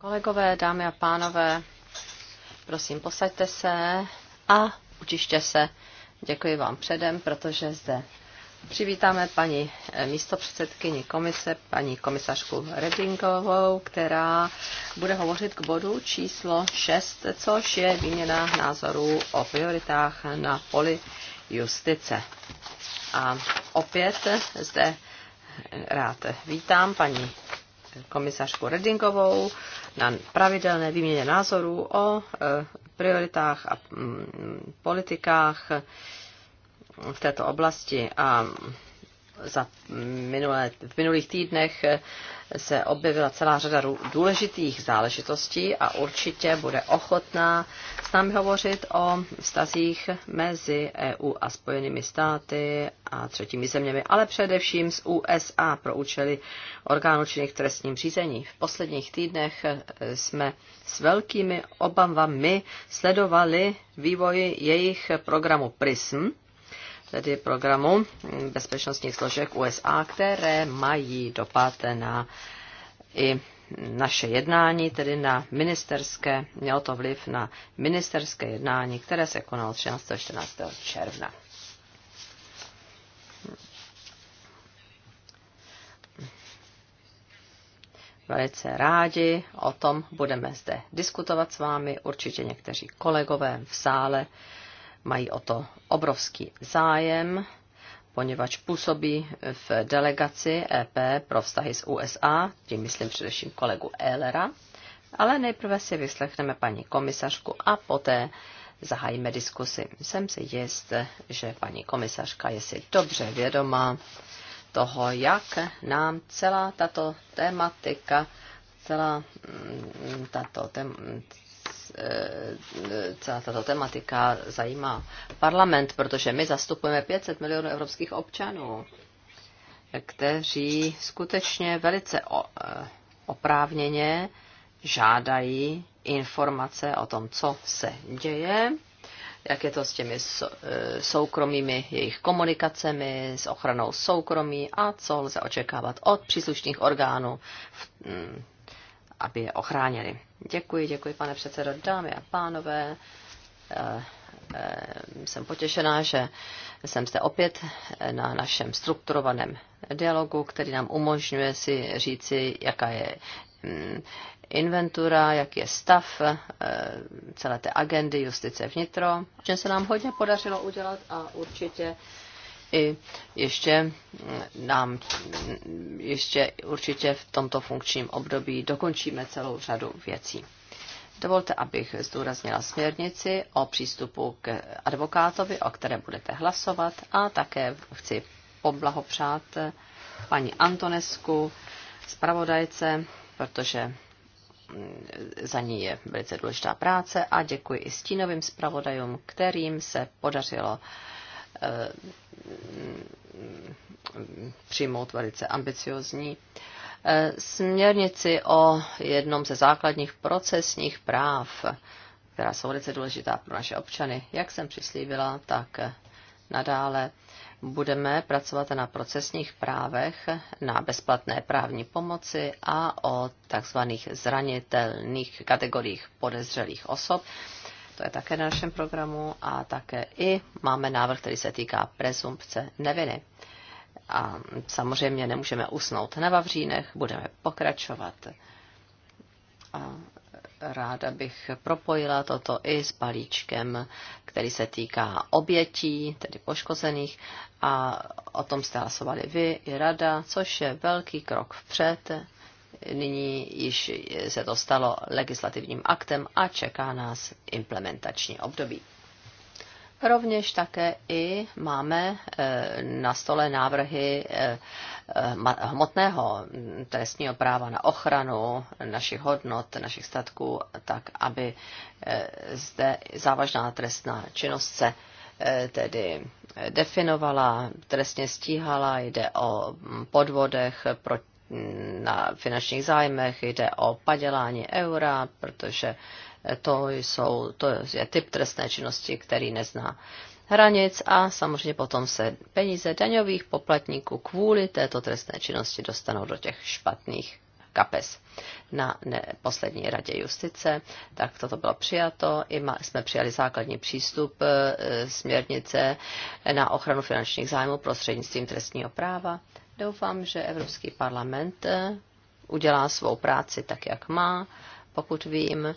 Kolegové, dámy a pánové, prosím, posaďte se a učiště se. Děkuji vám předem, protože zde přivítáme paní eh, místopředsedkyni komise, paní komisařku Redingovou, která bude hovořit k bodu číslo 6, což je výměna názorů o prioritách na poli justice. A opět zde rád vítám paní komisařku Redingovou na pravidelné výměně názorů o e, prioritách a mm, politikách v této oblasti a za minulé, v minulých týdnech eh, se objevila celá řada důležitých záležitostí a určitě bude ochotná s námi hovořit o vztazích mezi EU a Spojenými státy a třetími zeměmi, ale především z USA pro účely orgánů činných trestním řízení. V posledních týdnech eh, jsme s velkými obavami sledovali vývoj jejich programu PRISM, tedy programu bezpečnostních složek USA, které mají dopad na i naše jednání, tedy na ministerské, mělo to vliv na ministerské jednání, které se konalo 13. a 14. června. Velice rádi o tom budeme zde diskutovat s vámi, určitě někteří kolegové v sále mají o to obrovský zájem, poněvadž působí v delegaci EP pro vztahy s USA, tím myslím především kolegu Ehlera. Ale nejprve si vyslechneme paní komisařku a poté zahájíme diskusi. Jsem si jist, že paní komisařka je si dobře vědomá toho, jak nám celá tato tematika, celá mm, tato, tem, Eh, celá tato tematika zajímá parlament, protože my zastupujeme 500 milionů evropských občanů, kteří skutečně velice eh, oprávněně žádají informace o tom, co se děje, jak je to s těmi eh, soukromými jejich komunikacemi, s ochranou soukromí a co lze očekávat od příslušných orgánů v mm, aby je ochránili. Děkuji, děkuji, pane předsedo, dámy a pánové. Eh, eh, jsem potěšená, že jsem zde opět eh, na našem strukturovaném dialogu, který nám umožňuje si říci, jaká je mm, inventura, jak je stav celé té agendy justice vnitro, že se nám hodně podařilo udělat a určitě i ještě nám ještě určitě v tomto funkčním období dokončíme celou řadu věcí. Dovolte, abych zdůraznila směrnici o přístupu k advokátovi, o které budete hlasovat a také chci poblahopřát paní Antonesku, zpravodajce, protože mm, za ní je velice důležitá práce a děkuji i stínovým zpravodajům, kterým se podařilo eh, přijmout velice ambiciozní eh, směrnici o jednom ze základních procesních práv, která jsou velice důležitá pro naše občany. Jak jsem přislíbila, tak nadále budeme pracovat na procesních právech, na bezplatné právní pomoci a o takzvaných zranitelných kategoriích podezřelých osob to je také na našem programu, a také i máme návrh, který se týká prezumpce neviny. A samozřejmě nemůžeme usnout na Vavřínech, budeme pokračovat. A ráda bych propojila toto i s balíčkem, který se týká obětí, tedy poškozených, a o tom jste hlasovali vy i rada, což je velký krok vpřed nyní již se to stalo legislativním aktem a čeká nás implementační období. Rovněž také i máme eh, na stole návrhy eh, hmotného trestního práva na ochranu našich hodnot, našich statků, tak aby eh, zde závažná trestná činnost se tedy definovala, trestně stíhala, jde o hm, podvodech na finančních zájmech, jde o padělání eura, protože to, jsou, to je typ trestné činnosti, který nezná hranic a samozřejmě potom se peníze daňových poplatníků kvůli této trestné činnosti dostanou do těch špatných kapes. Na ne, poslední radě justice, tak toto bylo přijato. I ma, jsme přijali základní přístup e, směrnice na ochranu finančních zájmů prostřednictvím trestního práva Doufám, že Evropský parlament eh, udělá svou práci tak, jak má. Pokud vím,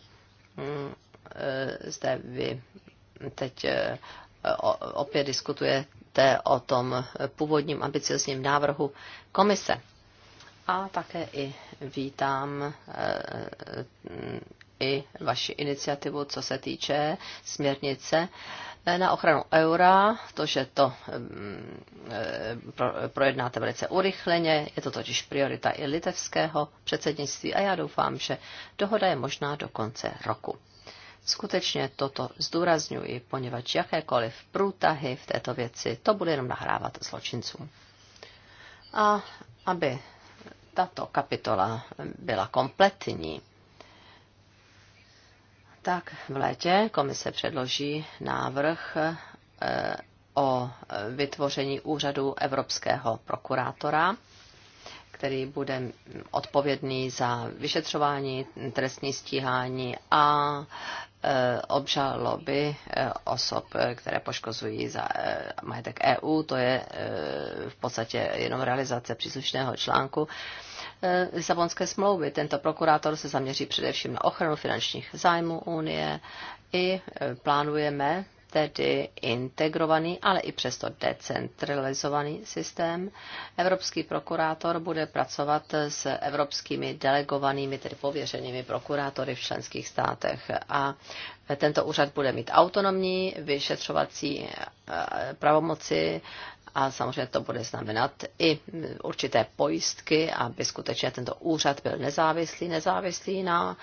mm, eh, zde vy teď eh, opět diskutujete o tom původním ambiciozním návrhu komise. A také i vítám mm, i vaši iniciativu, co se týče směrnice na ochranu eura, to, že to projednáte velice urychleně, je to totiž priorita i litevského předsednictví a já doufám, že dohoda je možná do konce roku. Skutečně toto zdůrazňuji, poněvadž jakékoliv průtahy v této věci to bude jenom nahrávat zločincům. A aby tato kapitola byla kompletní, tak v létě komise předloží návrh eh, o vytvoření úřadu evropského prokurátora, který bude odpovědný za vyšetřování, trestní stíhání a eh, obžaloby eh, osob, které poškozují za majetek EU. To je v podstatě jenom realizace příslušného článku Eh, Lisabonské smlouvy. Tento prokurátor se zaměří především na ochranu finančních zájmů Unie i eh, plánujeme tedy integrovaný, ale i přesto decentralizovaný systém. Evropský prokurátor bude pracovat s evropskými delegovanými, tedy pověřenými prokurátory v členských státech a eh, tento úřad bude mít autonomní vyšetřovací pravomoci a samozřejmě to bude znamenat i určité pojistky, aby skutečně tento úřad byl nezávislý, nezávislý na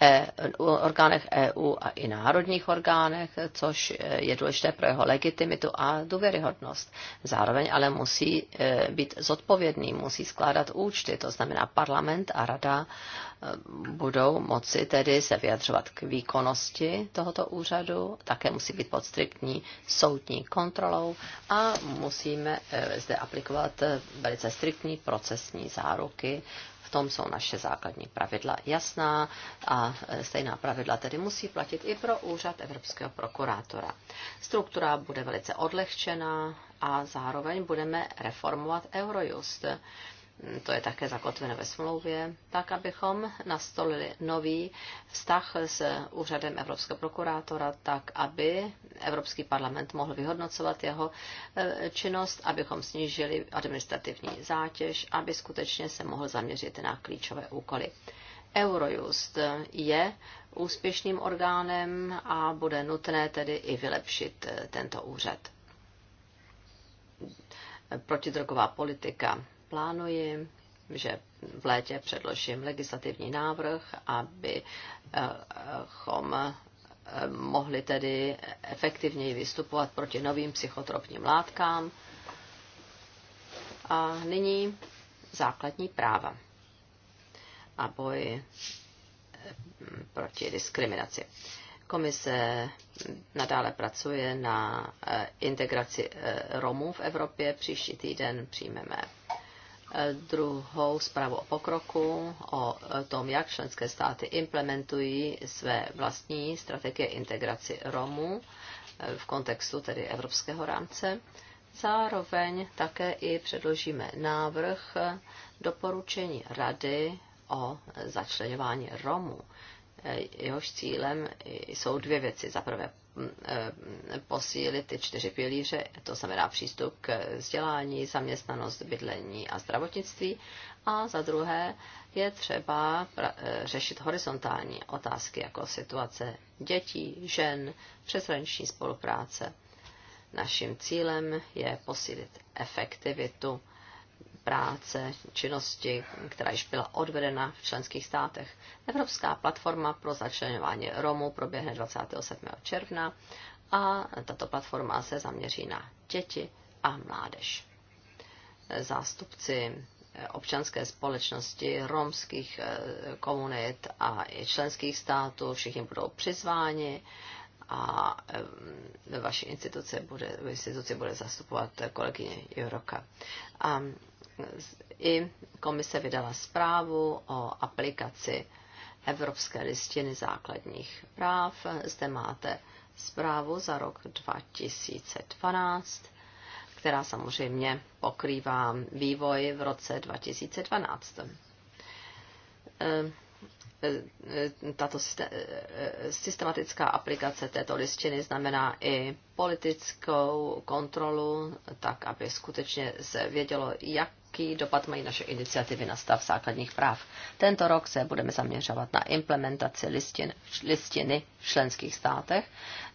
eh, orgánech EU a i národních orgánech, což eh, je důležité pro jeho legitimitu a důvěryhodnost. Zároveň ale musí eh, být zodpovědný, musí skládat účty, to znamená parlament a rada budou moci tedy se vyjadřovat k výkonnosti tohoto úřadu, také musí být pod striktní soudní kontrolou a musíme eh, zde aplikovat eh, velice striktní procesní záruky. V tom jsou naše základní pravidla jasná a eh, stejná pravidla tedy musí platit i pro úřad Evropského prokurátora. Struktura bude velice odlehčená a zároveň budeme reformovat Eurojust to je také zakotveno ve smlouvě, tak abychom nastolili nový vztah s úřadem Evropského prokurátora, tak aby Evropský parlament mohl vyhodnocovat jeho e, činnost, abychom snížili administrativní zátěž, aby skutečně se mohl zaměřit na klíčové úkoly. Eurojust je úspěšným orgánem a bude nutné tedy i vylepšit e, tento úřad. Protidrogová politika plánuji, že v létě předložím legislativní návrh, abychom eh, mohli tedy efektivněji vystupovat proti novým psychotropním látkám. A nyní základní práva a boj eh, proti diskriminaci. Komise nadále pracuje na eh, integraci Romů v Evropě. Příští týden přijmeme druhou zprávu o pokroku, o tom, jak členské státy implementují své vlastní strategie integraci Romů eh, v kontextu tedy evropského rámce. Zároveň také i předložíme návrh doporučení Rady o začlenování Romů. Eh, Jehož cílem jsou dvě věci. Za prvé Eh, posílit ty čtyři pilíře, to znamená přístup k vzdělání, zaměstnanost, bydlení a zdravotnictví. A za druhé je třeba eh, řešit horizontální otázky jako situace dětí, žen, přeshraniční spolupráce. Naším cílem je posílit efektivitu práce, činnosti, která již byla odvedena v členských státech. Evropská platforma pro začlenování Romů proběhne 27. června a tato platforma se zaměří na děti a mládež. Zástupci občanské společnosti, romských eh, komunit a i členských států, všichni budou přizváni a ve eh, vaší instituci bude, v instituci bude zastupovat kolegyně Joroka. A i komise vydala zprávu o aplikaci Evropské listiny základních práv. Zde máte zprávu za rok 2012, která samozřejmě pokrývá vývoj v roce 2012. E, e, tato e, systematická aplikace této listiny znamená i politickou kontrolu, tak aby skutečně se vědělo, jak jaký dopad mají naše iniciativy na stav základních práv. Tento rok se budeme zaměřovat na implementaci listin, listiny v členských státech.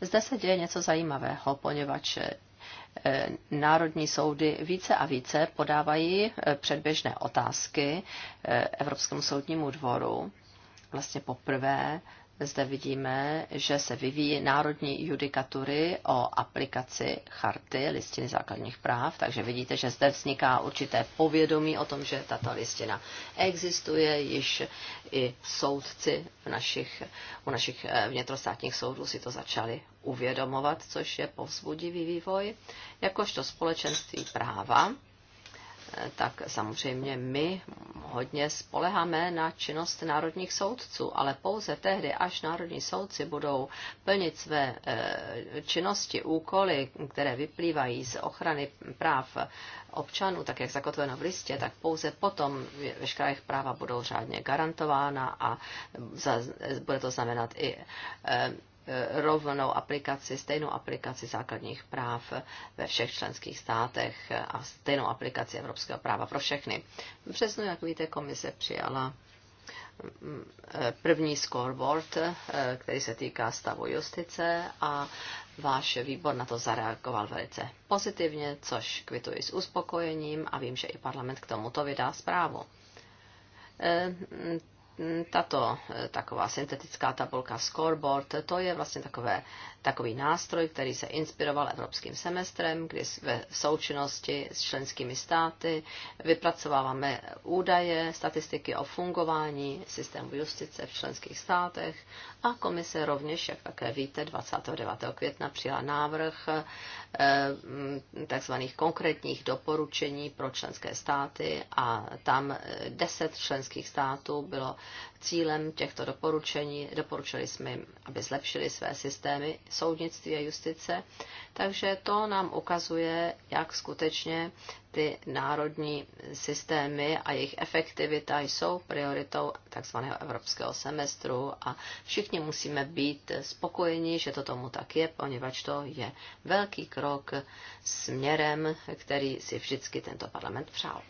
Zde se děje něco zajímavého, poněvadž eh, národní soudy více a více podávají eh, předběžné otázky eh, Evropskému soudnímu dvoru. Vlastně poprvé zde vidíme, že se vyvíjí národní judikatury o aplikaci charty listiny základních práv, takže vidíte, že zde vzniká určité povědomí o tom, že tato listina existuje, již i soudci v našich, u našich eh, vnitrostátních soudů si to začali uvědomovat, což je povzbudivý vývoj, jakožto společenství práva tak samozřejmě my hodně spoleháme na činnost národních soudců, ale pouze tehdy, až národní soudci budou plnit své eh, činnosti, úkoly, které vyplývají z ochrany práv občanů, tak jak zakotveno v listě, tak pouze potom veškerá jejich práva budou řádně garantována a bude to znamenat i eh, Eh, rovnou aplikaci, stejnou aplikaci základních práv ve všech členských státech a stejnou aplikaci evropského práva pro všechny. Přesně jak víte, komise přijala mm, eh, první scoreboard, eh, který se týká stavu justice a váš výbor na to zareagoval velice pozitivně, což kvituji s uspokojením a vím, že i parlament k tomuto vydá zprávu tato eh, taková syntetická tabulka scoreboard, to je vlastně takové, takový nástroj, který se inspiroval evropským semestrem, kdy ve součinnosti s členskými státy vypracováváme údaje, statistiky o fungování systému justice v členských státech a komise rovněž, jak také víte, 29. května přijala návrh eh, mm, takzvaných konkrétních doporučení pro členské státy a tam 10 eh, členských států bylo Cílem těchto doporučení, doporučili jsme jim, aby zlepšili své systémy soudnictví a justice, takže to nám ukazuje, jak skutečně ty národní systémy a jejich efektivita jsou prioritou takzvaného evropského semestru a všichni musíme být spokojeni, že to tomu tak je, poněvadž to je velký krok směrem, který si vždycky tento parlament přál.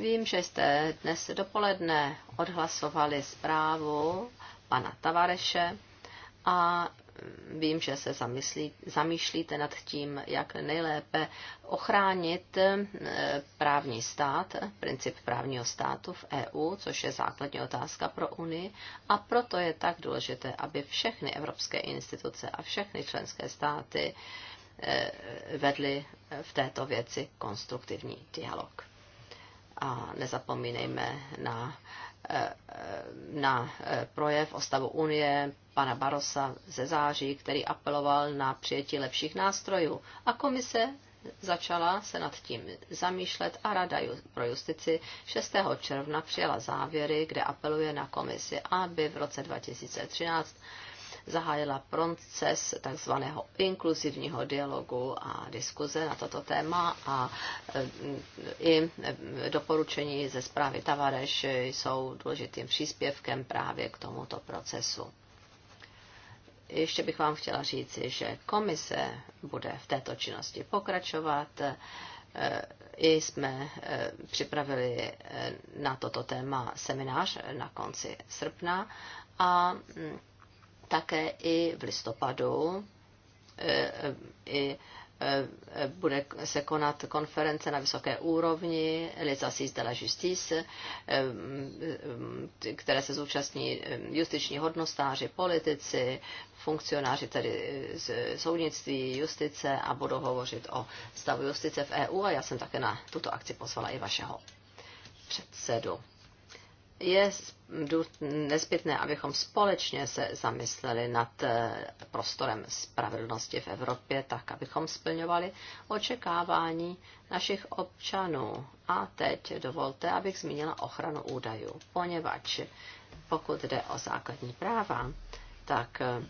Vím, že jste dnes dopoledne odhlasovali zprávu pana Tavareše a vím, že se zamyslí, zamýšlíte nad tím, jak nejlépe ochránit eh, právní stát, princip právního státu v EU, což je základní otázka pro Unii. A proto je tak důležité, aby všechny evropské instituce a všechny členské státy eh, vedly v této věci konstruktivní dialog a nezapomínejme na, eh, eh, na eh, projev o stavu Unie pana Barosa ze září, který apeloval na přijetí lepších nástrojů. A komise začala se nad tím zamýšlet a Rada pro justici 6. června přijala závěry, kde apeluje na komisi, aby v roce 2013 zahájila proces takzvaného inkluzivního dialogu a diskuze na toto téma a e, i e, doporučení ze zprávy Tavareš jsou důležitým příspěvkem právě k tomuto procesu. Ještě bych vám chtěla říci, že komise bude v této činnosti pokračovat. E, I jsme připravili na toto téma seminář na konci srpna a také i v listopadu e, e, i e, bude se konat konference na vysoké úrovni Les Assises de la Justice, které se zúčastní justiční hodnostáři, politici, funkcionáři tedy z soudnictví, justice a budou hovořit o stavu justice v EU a já jsem také na tuto akci pozvala i vašeho předsedu je nezbytné, abychom společně se zamysleli nad eh, prostorem spravedlnosti v Evropě, tak abychom splňovali očekávání našich občanů. A teď dovolte, abych zmínila ochranu údajů, poněvadž pokud jde o základní práva, tak eh,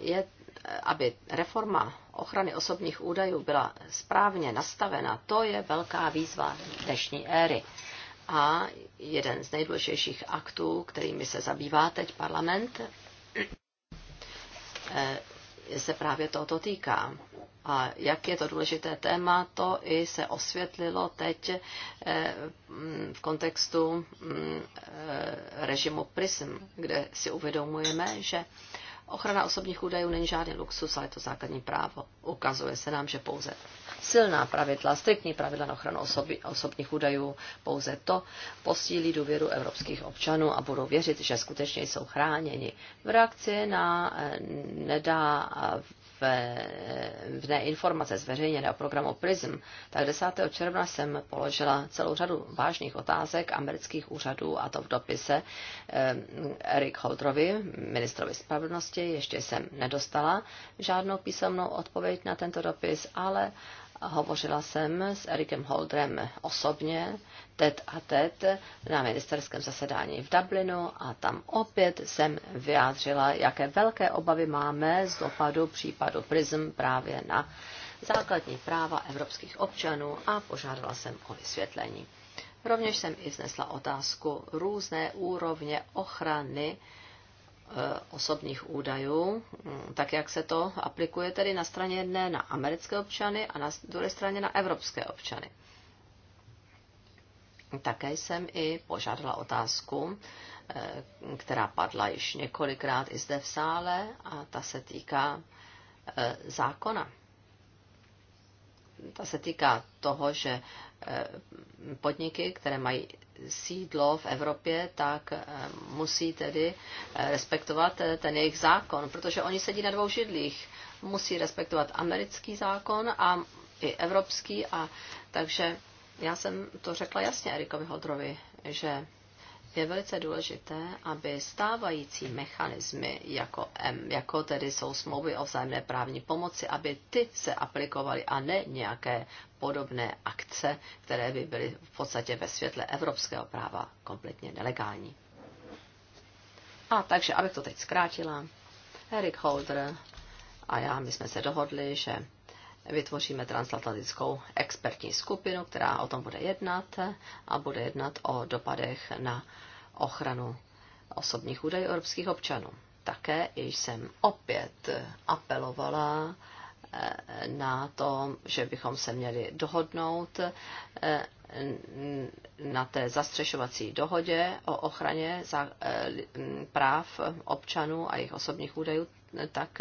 je, eh, aby reforma ochrany osobních údajů byla správně nastavena, to je velká výzva dnešní éry. A jeden z nejdůležitějších aktů, kterými se zabývá teď parlament, eh, se právě tohoto týká. A jak je to důležité téma, to i se osvětlilo teď eh, mm, v kontextu mm, eh, režimu PRISM, kde si uvědomujeme, že Ochrana osobních údajů není žádný luxus, ale je to základní právo. Ukazuje se nám, že pouze silná pravidla, striktní pravidla na ochranu osobi, osobních údajů, pouze to posílí důvěru evropských občanů a budou věřit, že skutečně jsou chráněni. V reakci na eh, nedá v neinformace zveřejněné o programu PRISM, tak 10. června jsem položila celou řadu vážných otázek amerických úřadů, a to v dopise eh, Eric Holdrovi, ministrovi spravedlnosti. Ještě jsem nedostala žádnou písemnou odpověď na tento dopis, ale Hovořila jsem s Erikem Holdrem osobně, tet a tet, na ministerském zasedání v Dublinu a tam opět jsem vyjádřila, jaké velké obavy máme z dopadu případu PRISM právě na základní práva evropských občanů a požádala jsem o vysvětlení. Rovněž jsem i vznesla otázku různé úrovně ochrany Eh, osobních údajů, mm, tak jak se to aplikuje tedy na straně jedné na americké občany a na druhé straně na evropské občany. Také jsem i požádala otázku, eh, která padla již několikrát i zde v sále a ta se týká eh, zákona ta se týká toho, že eh, podniky, které mají sídlo v Evropě, tak eh, musí tedy eh, respektovat ten jejich zákon, protože oni sedí na dvou židlích. Musí respektovat americký zákon a i evropský. A, takže já jsem to řekla jasně Erikovi Hodrovi, že je velice důležité, aby stávající mechanismy, jako, M, jako tedy jsou smlouvy o vzájemné právní pomoci, aby ty se aplikovaly a ne nějaké podobné akce, které by byly v podstatě ve světle evropského práva kompletně nelegální. A takže, abych to teď zkrátila, Erik Holder a já, my jsme se dohodli, že vytvoříme transatlantickou expertní skupinu, která o tom bude jednat a bude jednat o dopadech na ochranu osobních údajů evropských občanů. Také jsem opět apelovala eh, na to, že bychom se měli dohodnout eh, na té zastřešovací dohodě o ochraně eh, práv občanů a jejich osobních údajů tak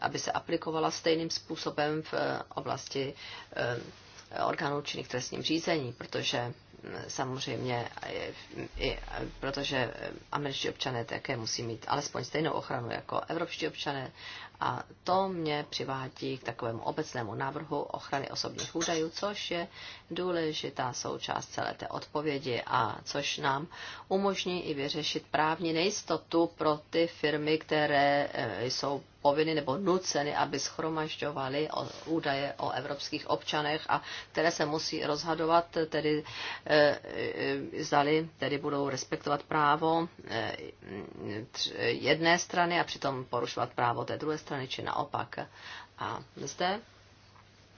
aby se aplikovala stejným způsobem v eh, oblasti eh, orgánů činných trestním řízení, protože hm, samozřejmě, eh, i, protože američtí občané také musí mít alespoň stejnou ochranu jako evropští občané a to mě přivádí k takovému obecnému návrhu ochrany osobních údajů, což je důležitá součást celé té odpovědi a což nám umožní i vyřešit právní nejistotu pro ty firmy, které eh, jsou povinny nebo nuceny, aby schromažďovaly údaje o evropských občanech a které se musí rozhadovat, tedy eh, zdali tedy budou respektovat právo eh, jedné strany a přitom porušovat právo té druhé strany strany, či naopak. A zde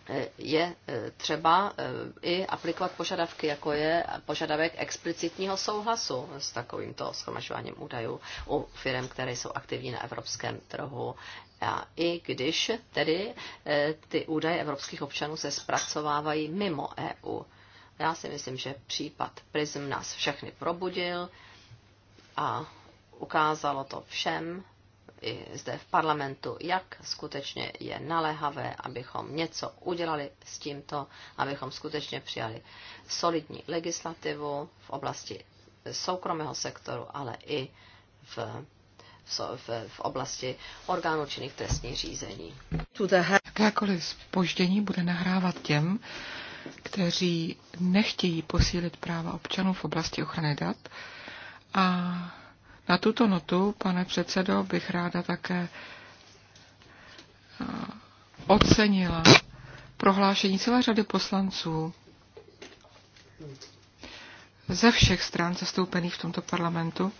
e, je e, třeba e, i aplikovat požadavky, jako je požadavek explicitního souhlasu s takovýmto schromažováním údajů u firm, které jsou aktivní na evropském trhu. A i když tedy ty údaje evropských občanů se zpracovávají mimo EU. Já si myslím, že případ PRISM nás všechny probudil a ukázalo to všem, i zde v parlamentu, jak skutečně je naléhavé, abychom něco udělali s tímto, abychom skutečně přijali solidní legislativu v oblasti soukromého sektoru, ale i v, v, v oblasti orgánů činných trestní řízení. Jakékoliv spoždění bude nahrávat těm, kteří nechtějí posílit práva občanů v oblasti ochrany dat a na tuto notu, pane předsedo, bych ráda také eh, ocenila prohlášení celé řady poslanců ze všech stran zastoupených v tomto parlamentu.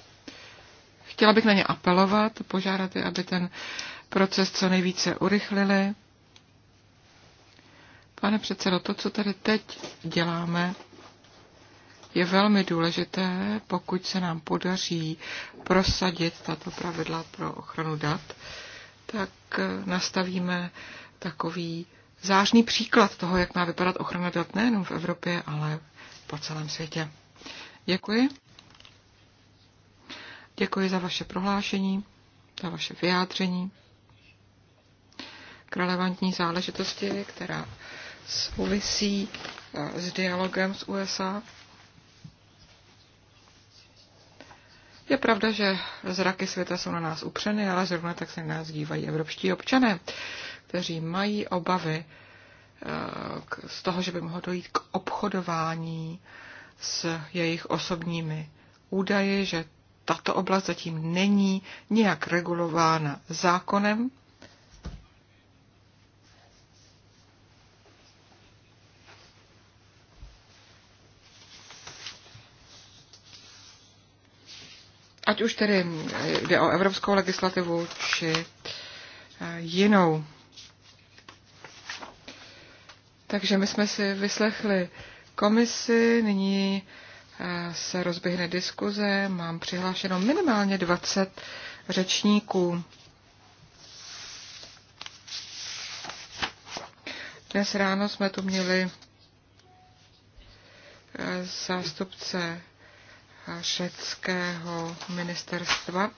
Chtěla bych na ně apelovat, požádat je, aby ten proces co nejvíce urychlili. Pane předsedo, to, co tady teď děláme, je velmi důležité, pokud se nám podaří prosadit tato pravidla pro ochranu dat, tak eh, nastavíme takový zářný příklad toho, jak má vypadat ochrana dat nejenom v Evropě, ale po celém světě. Děkuji. Děkuji za vaše prohlášení, za vaše vyjádření k relevantní záležitosti, která souvisí eh, s dialogem s USA. Je pravda, že zraky světa jsou na nás upřeny, ale zrovna tak se na nás dívají evropští občané, kteří mají obavy eh, z toho, že by mohlo dojít k obchodování s jejich osobními údaji, že tato oblast zatím není nějak regulována zákonem ať už tedy jde o evropskou legislativu či eh, jinou. Takže my jsme si vyslechli komisi, nyní eh, se rozběhne diskuze, mám přihlášeno minimálně 20 řečníků. Dnes ráno jsme tu měli eh, zástupce švédského ministerstva.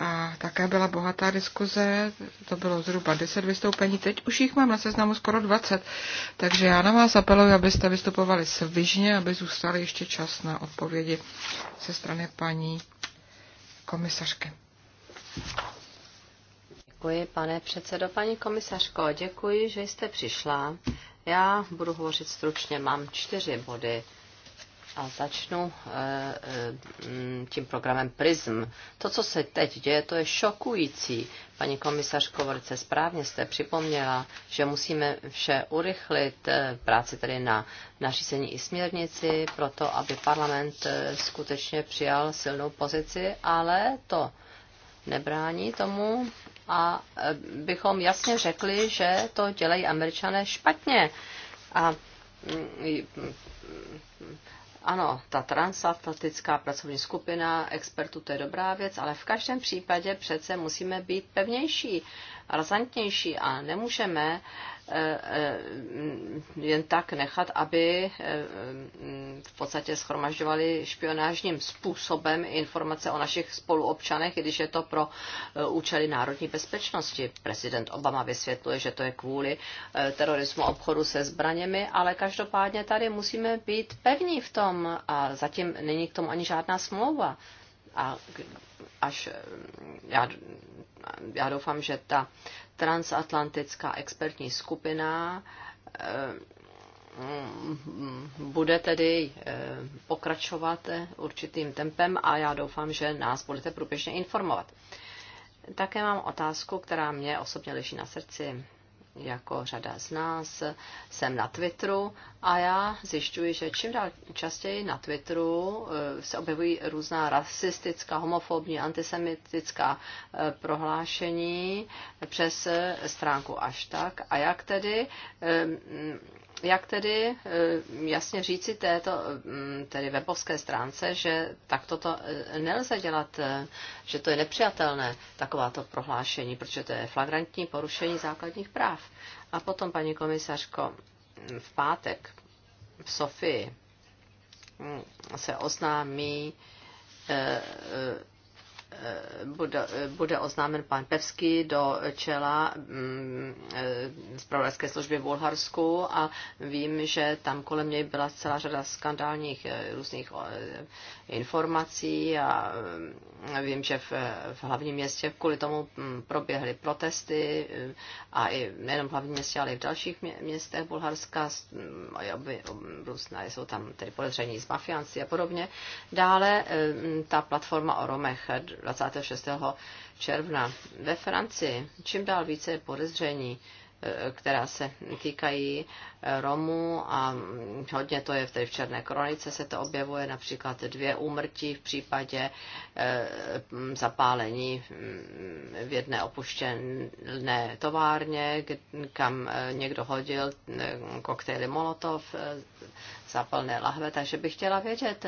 A také byla bohatá diskuze, to bylo zhruba 10 vystoupení, teď už jich mám na seznamu skoro 20, takže já na vás apeluji, abyste vystupovali svižně, aby zůstali ještě čas na odpovědi ze strany paní komisařky. Děkuji, pane předsedo. Paní komisařko, děkuji, že jste přišla. Já budu hovořit stručně, mám čtyři body a začnu eh, eh, tím programem PRISM. To, co se teď děje, to je šokující. Paní komisařko, velice správně jste připomněla, že musíme vše urychlit, eh, práci tedy na nařízení i směrnici, proto aby parlament skutečně přijal silnou pozici, ale to nebrání tomu, a bychom jasně řekli, že to dělají američané špatně. A mm, ano, ta transatlantická pracovní skupina expertů, to je dobrá věc, ale v každém případě přece musíme být pevnější, razantnější a nemůžeme uh, E, e, jen tak nechat, aby e, v podstatě schromažďovali špionážním způsobem informace o našich spoluobčanech, i když je to pro účely národní bezpečnosti. Prezident Obama vysvětluje, že to je kvůli terorismu obchodu se zbraněmi, ale každopádně tady musíme být pevní v tom a zatím není k tomu ani žádná smlouva a až já, já doufám, že ta transatlantická expertní skupina eh, bude tedy eh, pokračovat určitým tempem a já doufám, že nás budete průběžně informovat. Také mám otázku, která mě osobně leží na srdci jako řada z nás, jsem na Twitteru a já zjišťuji, že čím dál častěji na Twitteru eh, se objevují různá rasistická, homofobní, antisemitická eh, prohlášení přes stránku až tak. A jak tedy eh, jak tedy eh, jasně říci této mm, tedy webovské stránce, že takto to eh, nelze dělat, eh, že to je nepřijatelné, takováto prohlášení, protože to je flagrantní porušení základních práv. A potom, paní komisařko, v pátek v Sofii mm, se oznámí bude, bude oznámen pan Pevsky do čela mm, e, zpravodajské služby v Bulharsku a vím, že tam kolem něj byla celá řada skandálních e, různých e, informací a vím, že v, v hlavním městě kvůli tomu mm, proběhly protesty a i nejenom v hlavním městě, ale i v dalších městech Bulharska. Mm, Různé jsou tam tedy podezření z mafiánci a podobně. Dále ta platforma o Romech 26. června. Ve Francii čím dál více je podezření, která se týkají eh, Romů a hodně to je v, v Černé kronice, se to objevuje například dvě úmrtí v případě eh, zapálení mm, v jedné opuštěné továrně, kam eh, někdo hodil koktejly Molotov, zapalné lahve, takže bych chtěla vědět,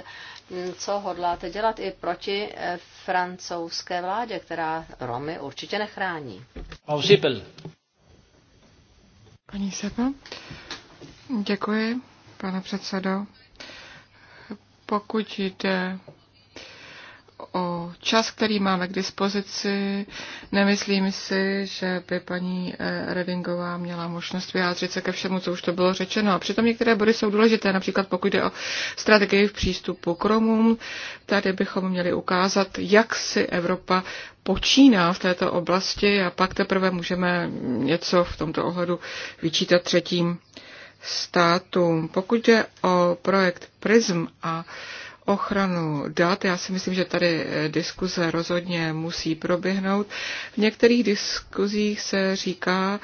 mm, co hodláte dělat i proti francouzské vládě, která Romy určitě nechrání. Paní Sepa, děkuji, pane předsedo. Pokud jde o čas, který máme k dispozici. Nemyslím si, že by paní eh, Redingová měla možnost vyjádřit se ke všemu, co už to bylo řečeno. A přitom některé body jsou důležité, například pokud jde o strategii v přístupu k Romům. Tady bychom měli ukázat, jak si Evropa počíná v této oblasti a pak teprve můžeme něco v tomto ohledu vyčítat třetím státům. Pokud jde o projekt PRISM a uh, ochranu dat. Já si myslím, že tady eh, diskuze rozhodně musí proběhnout. V některých diskuzích se říká,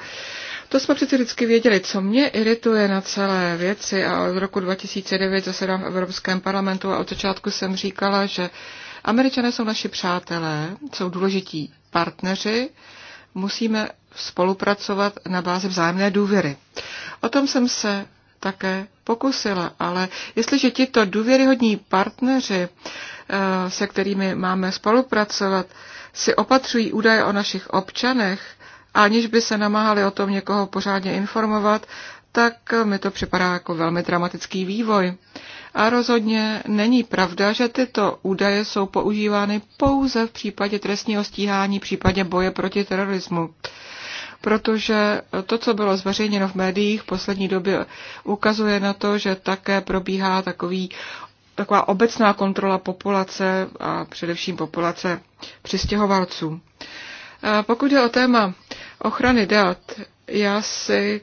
to jsme přece vždycky věděli, co mě irituje na celé věci a od roku 2009 zasedám v Evropském parlamentu a od začátku jsem říkala, že Američané jsou naši přátelé, jsou důležití partneři, musíme spolupracovat na bázi vzájemné důvěry. O tom jsem se také pokusila. Ale jestliže tito důvěryhodní partneři, eh, se kterými máme spolupracovat, si opatřují údaje o našich občanech, aniž by se namáhali o tom někoho pořádně informovat, tak mi to připadá jako velmi dramatický vývoj. A rozhodně není pravda, že tyto údaje jsou používány pouze v případě trestního stíhání, případě boje proti terorismu protože to, co bylo zveřejněno v médiích v poslední době, ukazuje na to, že také probíhá takový, taková obecná kontrola populace a především populace přistěhovalců. Pokud je o téma ochrany dat, já si,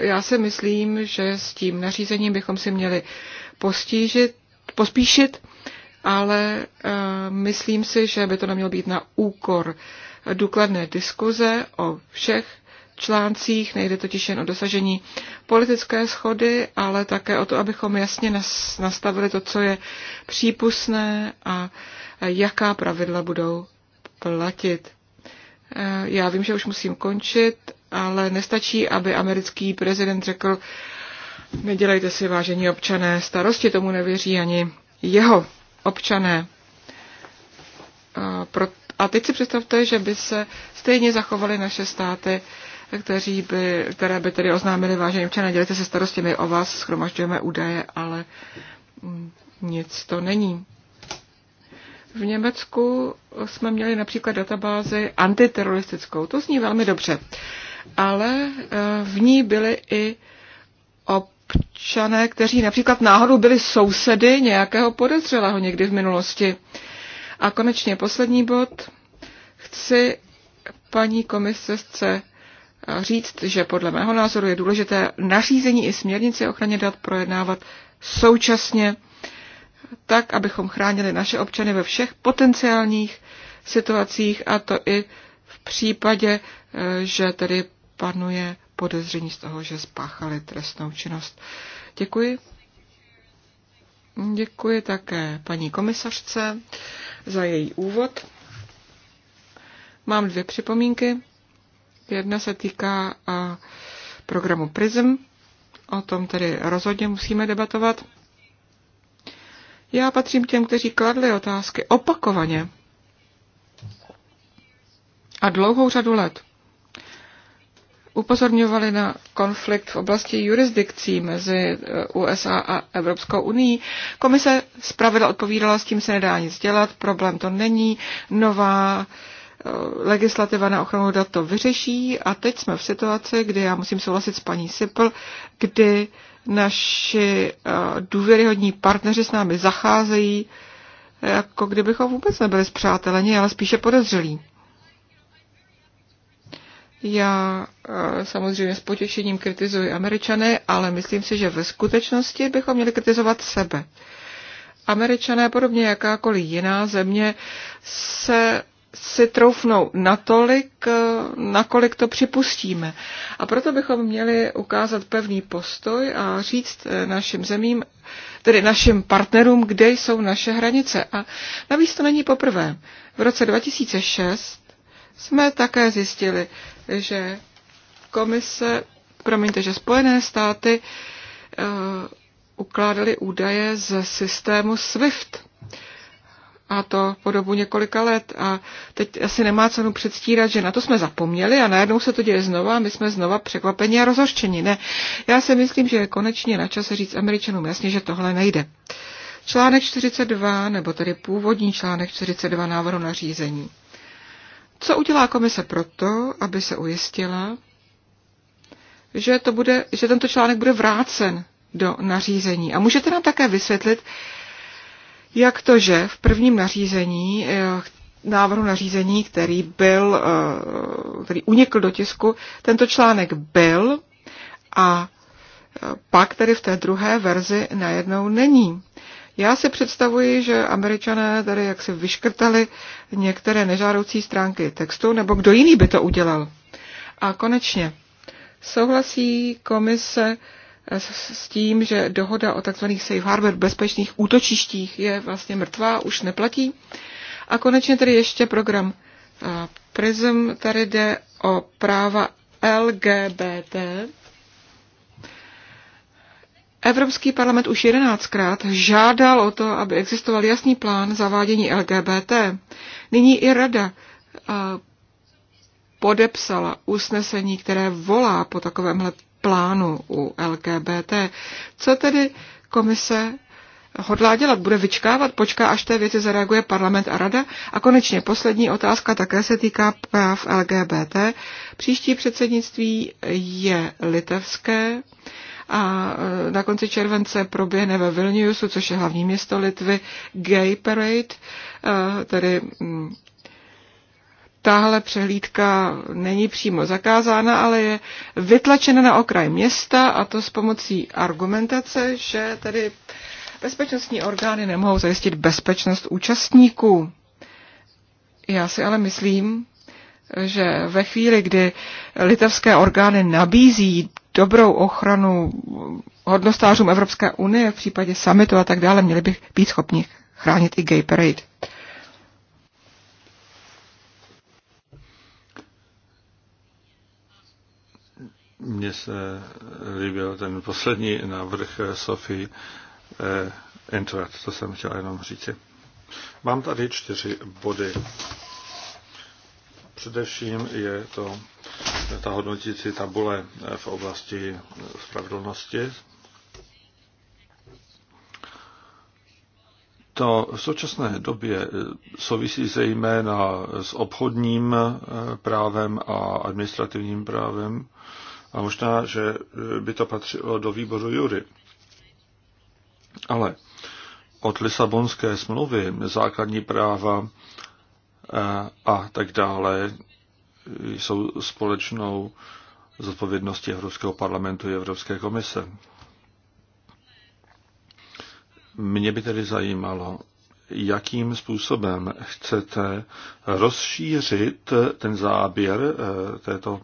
já si myslím, že s tím nařízením bychom si měli postížit, pospíšit, ale eh, myslím si, že by to nemělo být na úkor důkladné diskuze o všech článcích. Nejde totiž jen o dosažení politické schody, ale také o to, abychom jasně nastavili to, co je přípustné a jaká pravidla budou platit. Já vím, že už musím končit, ale nestačí, aby americký prezident řekl, nedělejte si vážení občané starosti, tomu nevěří ani jeho občané. Proto a teď si představte, že by se stejně zachovaly naše státy, kteří by, které by tedy oznámili, vážení občané, dělejte se starostěmi o vás, schromažďujeme údaje, ale mm, nic to není. V Německu jsme měli například databázi antiteroristickou, to zní velmi dobře, ale eh, v ní byly i občané, kteří například náhodou byli sousedy nějakého podezřelého někdy v minulosti. A konečně poslední bod. Chci paní komisce říct, že podle mého názoru je důležité nařízení i směrnici ochraně dat projednávat současně, tak, abychom chránili naše občany ve všech potenciálních situacích, a to i v případě, eh, že tedy panuje podezření z toho, že spáchali trestnou činnost. Děkuji. Děkuji také paní komisařce za její úvod. Mám dvě připomínky. Jedna se týká programu PRISM. O tom tedy rozhodně musíme debatovat. Já patřím těm, kteří kladli otázky opakovaně a dlouhou řadu let upozorňovali na konflikt v oblasti jurisdikcí mezi eh, USA a Evropskou unii. Komise zpravidla odpovídala, s tím se nedá nic dělat, problém to není, nová eh, legislativa na ochranu dat to vyřeší a teď jsme v situaci, kdy já musím souhlasit s paní Sipl, kdy naši eh, důvěryhodní partneři s námi zacházejí, jako kdybychom vůbec nebyli zpřáteleni, ale spíše podezřelí. Já eh, samozřejmě s potěšením kritizuji američané, ale myslím si, že ve skutečnosti bychom měli kritizovat sebe. Američané, podobně jakákoliv jiná země, se si troufnou natolik, eh, nakolik to připustíme. A proto bychom měli ukázat pevný postoj a říct eh, našim zemím, tedy našim partnerům, kde jsou naše hranice. A navíc to není poprvé. V roce 2006 jsme také zjistili, že komise, promiňte, že Spojené státy eh, ukládaly údaje ze systému SWIFT. A to po dobu několika let. A teď asi nemá cenu předstírat, že na to jsme zapomněli a najednou se to děje znova a my jsme znova překvapeni a rozhořčeni. Ne, já si myslím, že je konečně na čase říct Američanům jasně, že tohle nejde. Článek 42, nebo tedy původní článek 42 návrhu na řízení. Co udělá komise proto, aby se ujistila, že, to bude, že tento článek bude vrácen do nařízení? A můžete nám také vysvětlit, jak to, že v prvním nařízení, eh, návrhu nařízení, který byl, eh, který unikl do tisku, tento článek byl a eh, pak tedy v té druhé verzi najednou není. Já si představuji, že američané tady jak vyškrtali některé nežádoucí stránky textu, nebo kdo jiný by to udělal. A konečně, souhlasí komise s tím, že dohoda o tzv. safe harbor bezpečných útočištích je vlastně mrtvá, už neplatí. A konečně tady ještě program PRISM, tady jde o práva LGBT Evropský parlament už jedenáctkrát žádal o to, aby existoval jasný plán zavádění LGBT. Nyní i Rada eh, podepsala usnesení, které volá po takovémhle plánu u LGBT. Co tedy komise hodlá dělat? Bude vyčkávat, počká, až té věci zareaguje parlament a rada? A konečně poslední otázka také se týká práv LGBT. Příští předsednictví je litevské a e, na konci července proběhne ve Vilniusu, což je hlavní město Litvy, Gay Parade, e, tedy mm, tahle přehlídka není přímo zakázána, ale je vytlačena na okraj města a to s pomocí argumentace, že tedy bezpečnostní orgány nemohou zajistit bezpečnost účastníků. Já si ale myslím, že ve chvíli, kdy litevské orgány nabízí dobrou ochranu hodnostářům Evropské unie v případě summitu a tak dále, měli by být schopni chránit i gay parade. Mně se líbil ten poslední návrh Sofie Entwert, eh, to jsem chtěl jenom říct. Mám tady čtyři body. Především je to ta hodnotící tabule v oblasti spravedlnosti. To v současné době souvisí zejména s obchodním právem a administrativním právem a možná, že by to patřilo do výboru jury. Ale od Lisabonské smlouvy základní práva a tak dále jsou společnou zodpovědností Evropského parlamentu i Evropské komise. Mě by tedy zajímalo, jakým způsobem chcete rozšířit ten záběr eh, této,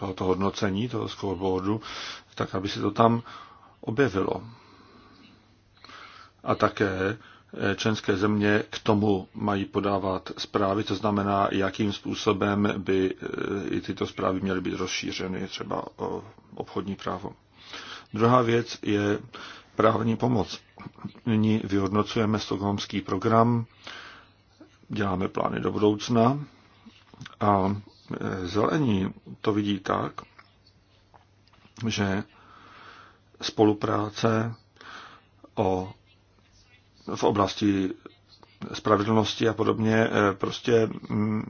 tohoto hodnocení, toho scoreboardu, tak aby se to tam objevilo. A také členské země k tomu mají podávat zprávy, to znamená, jakým způsobem by eh, i tyto zprávy měly být rozšířeny třeba o obchodní právo. Druhá věc je právní pomoc. Nyní vyhodnocujeme stokholmský program, děláme plány do budoucna a eh, zelení to vidí tak, že spolupráce o v oblasti spravedlnosti a podobně eh, prostě mm,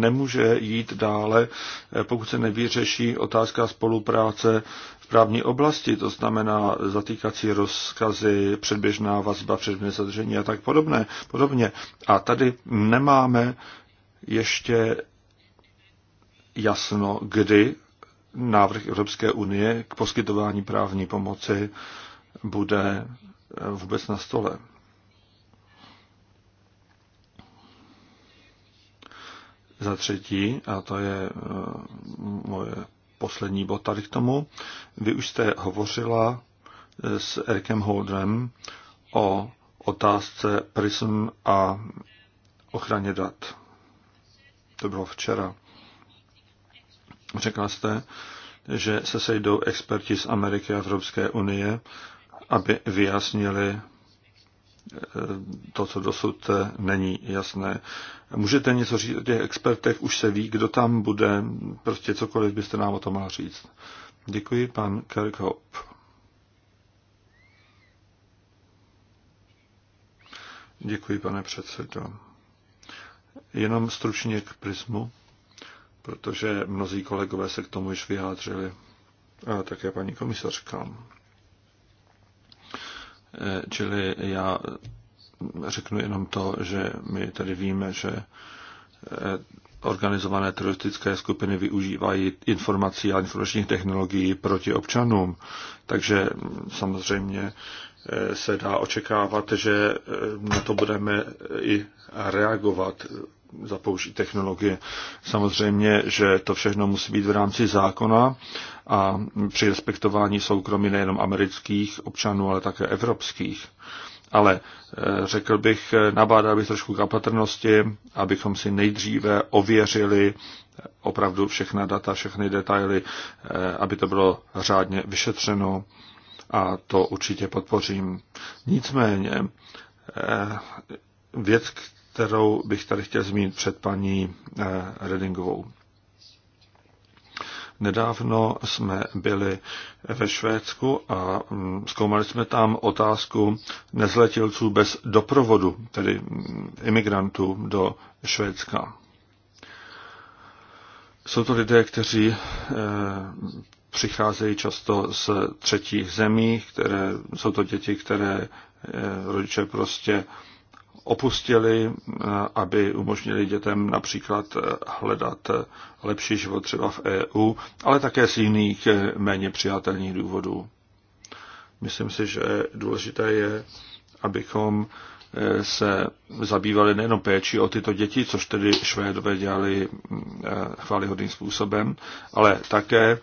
nemůže jít dále, eh, pokud se nevyřeší otázka spolupráce v právní oblasti, to znamená zatýkací rozkazy, předběžná vazba, předběžné zadržení a tak podobné, podobně. A tady nemáme ještě jasno, kdy návrh Evropské unie k poskytování právní pomoci bude eh, vůbec na stole. Za třetí, a to je e, moje poslední bod tady k tomu, vy už jste hovořila e, s Erikem Holdrem o otázce PRISM a ochraně dat. To bylo včera. Řekla jste, že se sejdou experti z Ameriky a Evropské unie, aby vyjasnili to, co dosud eh, není jasné. Můžete něco říct o těch expertech, už se ví, kdo tam bude, prostě cokoliv byste nám o tom mohl říct. Děkuji, pan Kirkhope. Děkuji, pane předsedo. Jenom stručně k prismu, protože mnozí kolegové se k tomu již vyjádřili, a také paní komisařka. Čili já řeknu jenom to, že my tady víme, že eh, organizované teroristické skupiny využívají informací a informačních technologií proti občanům. Takže mm, samozřejmě eh, se dá očekávat, že eh, na to budeme i reagovat za použití technologie. Samozřejmě, že to všechno musí být v rámci zákona a při respektování soukromí nejenom amerických občanů, ale také evropských. Ale eh, řekl bych, nabádal bych trošku k opatrnosti, abychom si nejdříve ověřili eh, opravdu všechna data, všechny detaily, eh, aby to bylo řádně vyšetřeno a to určitě podpořím. Nicméně věc, kterou bych tady chtěl zmínit před paní eh, Redingovou. Nedávno jsme byli ve Švédsku a mm, zkoumali jsme tam otázku nezletilců bez doprovodu, tedy mm, imigrantů do Švédska. Jsou to lidé, kteří eh, přicházejí často z třetích zemí, které, jsou to děti, které eh, rodiče prostě opustili, eh, aby umožnili dětem například eh, hledat eh, lepší život třeba v EU, ale také z jiných méně přijatelných důvodů. Myslím si, že důležité je, abychom se zabývali nejenom péči o tyto děti, což tedy Švédové dělali chválihodným způsobem, ale také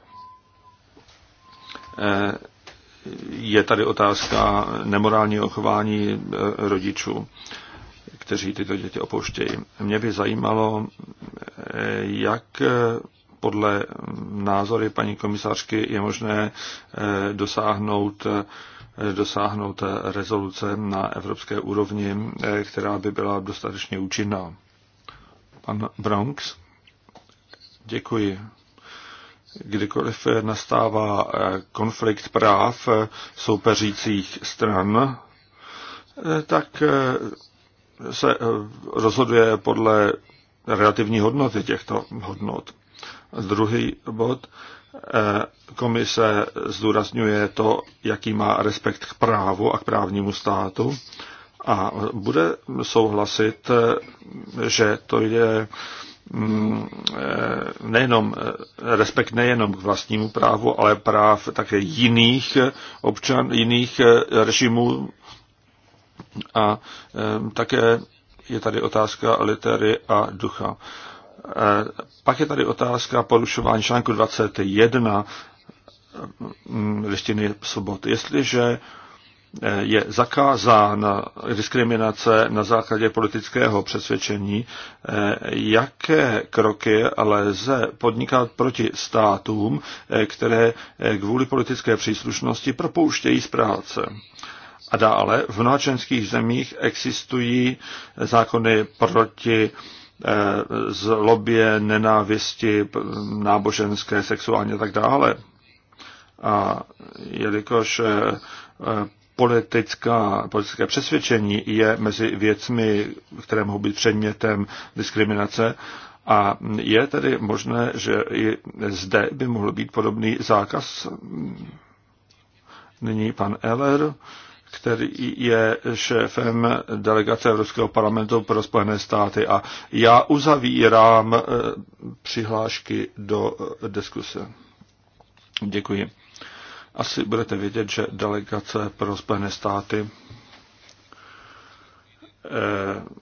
je tady otázka nemorálního chování rodičů kteří tyto děti opouštějí. Mě by zajímalo, jak podle názory paní komisářky je možné eh, dosáhnout eh, dosáhnout rezoluce na evropské úrovni, eh, která by byla dostatečně účinná. Pan Bronx, děkuji. Kdykoliv nastává konflikt práv soupeřících stran, tak se eh, rozhoduje podle relativní hodnoty těchto hodnot. Druhý bod, eh, komise zdůrazňuje to, jaký má respekt k právu a k právnímu státu a bude souhlasit, eh, že to je mm, nejenom, respekt nejenom k vlastnímu právu, ale práv také jiných občan, jiných režimů a také je tady otázka litery a ducha. E, pak je tady otázka porušování článku 21 listiny svobod. Jestliže e, je zakázána diskriminace na základě politického přesvědčení, e, jaké kroky lze podnikat proti státům, které kvůli politické příslušnosti propouštějí z práce. A dále v mnoha členských zemích existují zákony proti eh, zlobě, nenávisti, náboženské, sexuální a tak dále. A jelikož eh, politická, politické přesvědčení je mezi věcmi, které mohou být předmětem diskriminace, a je tedy možné, že i zde by mohl být podobný zákaz. Nyní pan Eller který je šéfem delegace Evropského parlamentu pro Spojené státy. A já uzavírám eh, přihlášky do eh, diskuse. Děkuji. Asi budete vědět, že delegace pro Spojené státy eh,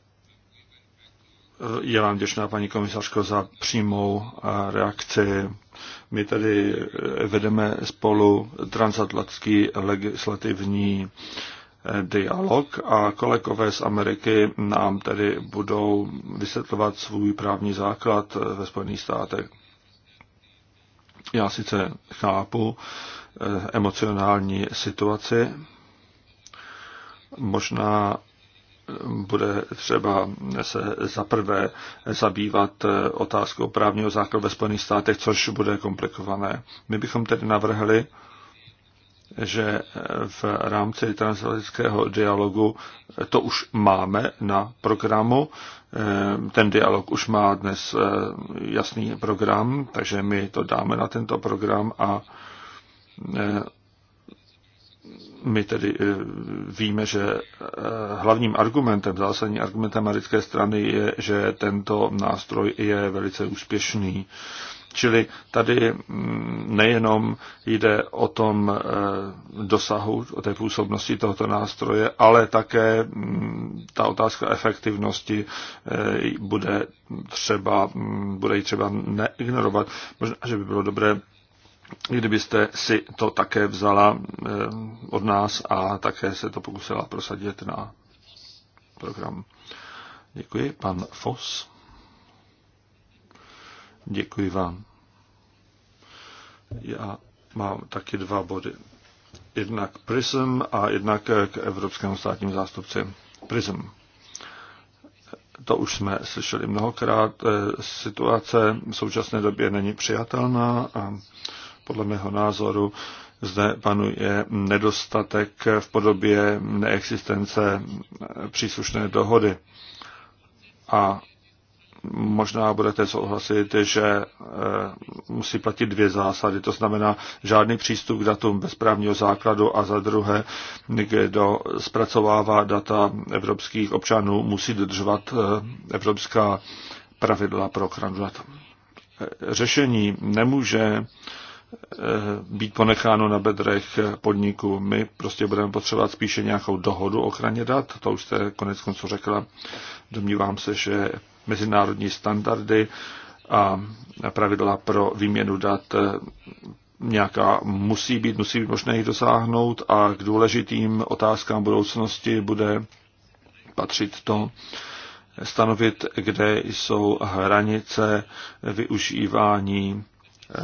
je vám děčná, paní komisařko, za přímou reakci. My tady eh, vedeme spolu transatlantský legislativní eh, dialog a kolegové z Ameriky nám tedy budou vysvětlovat svůj právní základ eh, ve Spojených státech. Já sice chápu emocionální situaci, možná bude třeba se zaprvé zabývat otázkou právního základu ve Spojených státech, což bude komplikované. My bychom tedy navrhli, že v rámci transatlantického dialogu to už máme na programu. Ten dialog už má dnes jasný program, takže my to dáme na tento program a my tedy eh, víme, že eh, hlavním argumentem, zásadním argumentem americké strany je, že tento nástroj je velice úspěšný. Čili tady mm, nejenom jde o tom eh, dosahu, o té působnosti tohoto nástroje, ale také mm, ta otázka efektivnosti bude třeba, mm, bude ji třeba neignorovat. Možná, že by bylo dobré kdybyste si to také vzala eh, od nás a také se to pokusila prosadit na program. Děkuji, pan Fos. Děkuji vám. Já mám taky dva body. Jednak PRISM a jednak k Evropskému státním zástupci PRISM. To už jsme slyšeli mnohokrát. Eh, situace v současné době není přijatelná a podle mého názoru zde panuje nedostatek v podobě neexistence příslušné dohody. A možná budete souhlasit, že e, musí platit dvě zásady. To znamená žádný přístup k datům bez právního základu a za druhé, kdo zpracovává data evropských občanů, musí dodržovat e, evropská pravidla pro ochranu dat. E, řešení nemůže Eh, být ponecháno na bedrech podniku. My prostě budeme potřebovat spíše nějakou dohodu o ochraně dat, to už jste konec konců řekla. Domnívám se, že mezinárodní standardy a pravidla pro výměnu dat eh, nějaká musí být, musí být možné jich dosáhnout a k důležitým otázkám budoucnosti bude patřit to, stanovit, kde jsou hranice využívání eh,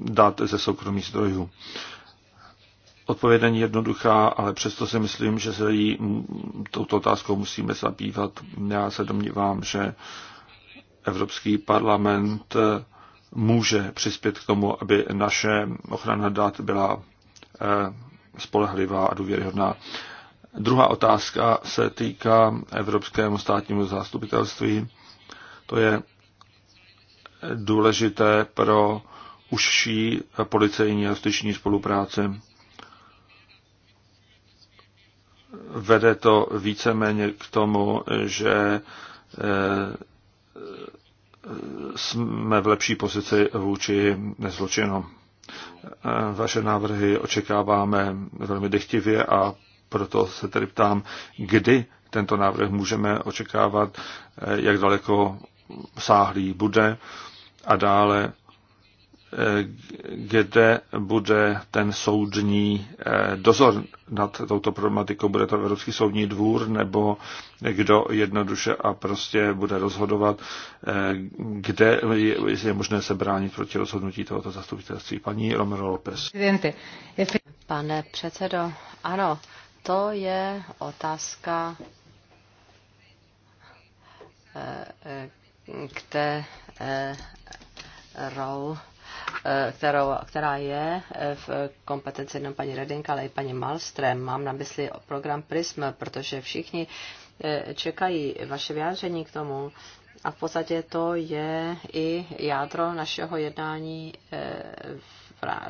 dát ze soukromých zdrojů. Odpověď není jednoduchá, ale přesto si myslím, že se jí touto otázkou musíme zabývat. Já se domnívám, že Evropský parlament může přispět k tomu, aby naše ochrana dat byla eh, spolehlivá a důvěryhodná. Druhá otázka se týká Evropskému státnímu zástupitelství. To je důležité pro užší policejní a justiční spolupráce Vede to víceméně k tomu, že eh, jsme v lepší pozici vůči zločinu. Vaše návrhy očekáváme velmi dechtivě a proto se tedy ptám, kdy tento návrh můžeme očekávat, eh, jak daleko sáhlý bude a dále Eh, kde bude ten soudní eh, dozor nad touto problematikou. Bude to Evropský soudní dvůr nebo kdo jednoduše a prostě bude rozhodovat, eh, kde je možné se bránit proti rozhodnutí tohoto zastupitelství. Paní Romero López. Pane předsedo, ano, to je otázka, kterou Eh, kterou, která je eh, v kompetenci jenom paní Redinka, ale i paní Malstrem. Mám na mysli program PRISM, protože všichni eh, čekají vaše vyjádření k tomu. A v podstatě to je i jádro našeho jednání v,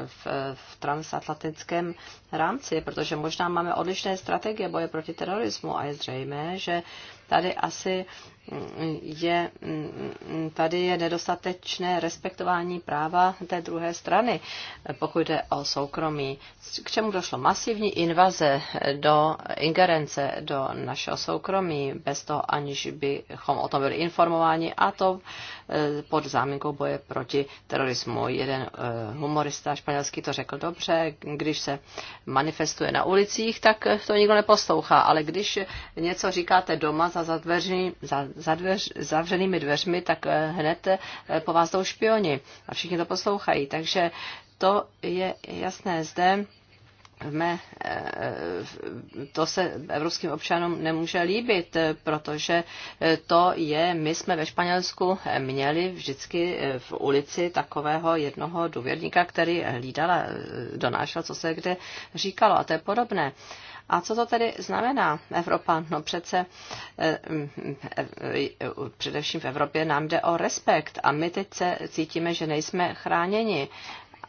v, v transatlantickém rámci, protože možná máme odlišné strategie boje proti terorismu a je zřejmé, že tady asi je, tady je nedostatečné respektování práva té druhé strany, pokud jde o soukromí. K čemu došlo? Masivní invaze do ingerence do našeho soukromí, bez toho aniž bychom o tom byli informováni, a to eh, pod záminkou boje proti terorismu. Jeden eh, humorista španělský to řekl dobře, když se manifestuje na ulicích, tak to nikdo neposlouchá, ale když něco říkáte doma za zadveřmi, za za dveř, zavřenými dveřmi, tak eh, hned eh, po vás jdou špioni a všichni to poslouchají. Takže to je jasné zde v mé, eh, to se evropským občanům nemůže líbit, protože to je, my jsme ve Španělsku měli vždycky v ulici takového jednoho důvěrníka, který hlídal a donášel, co se kde říkalo a to je podobné. A co to tedy znamená Evropa? No přece eh, mm, eh, eh, především v Evropě nám jde o respekt a my teď se cítíme, že nejsme chráněni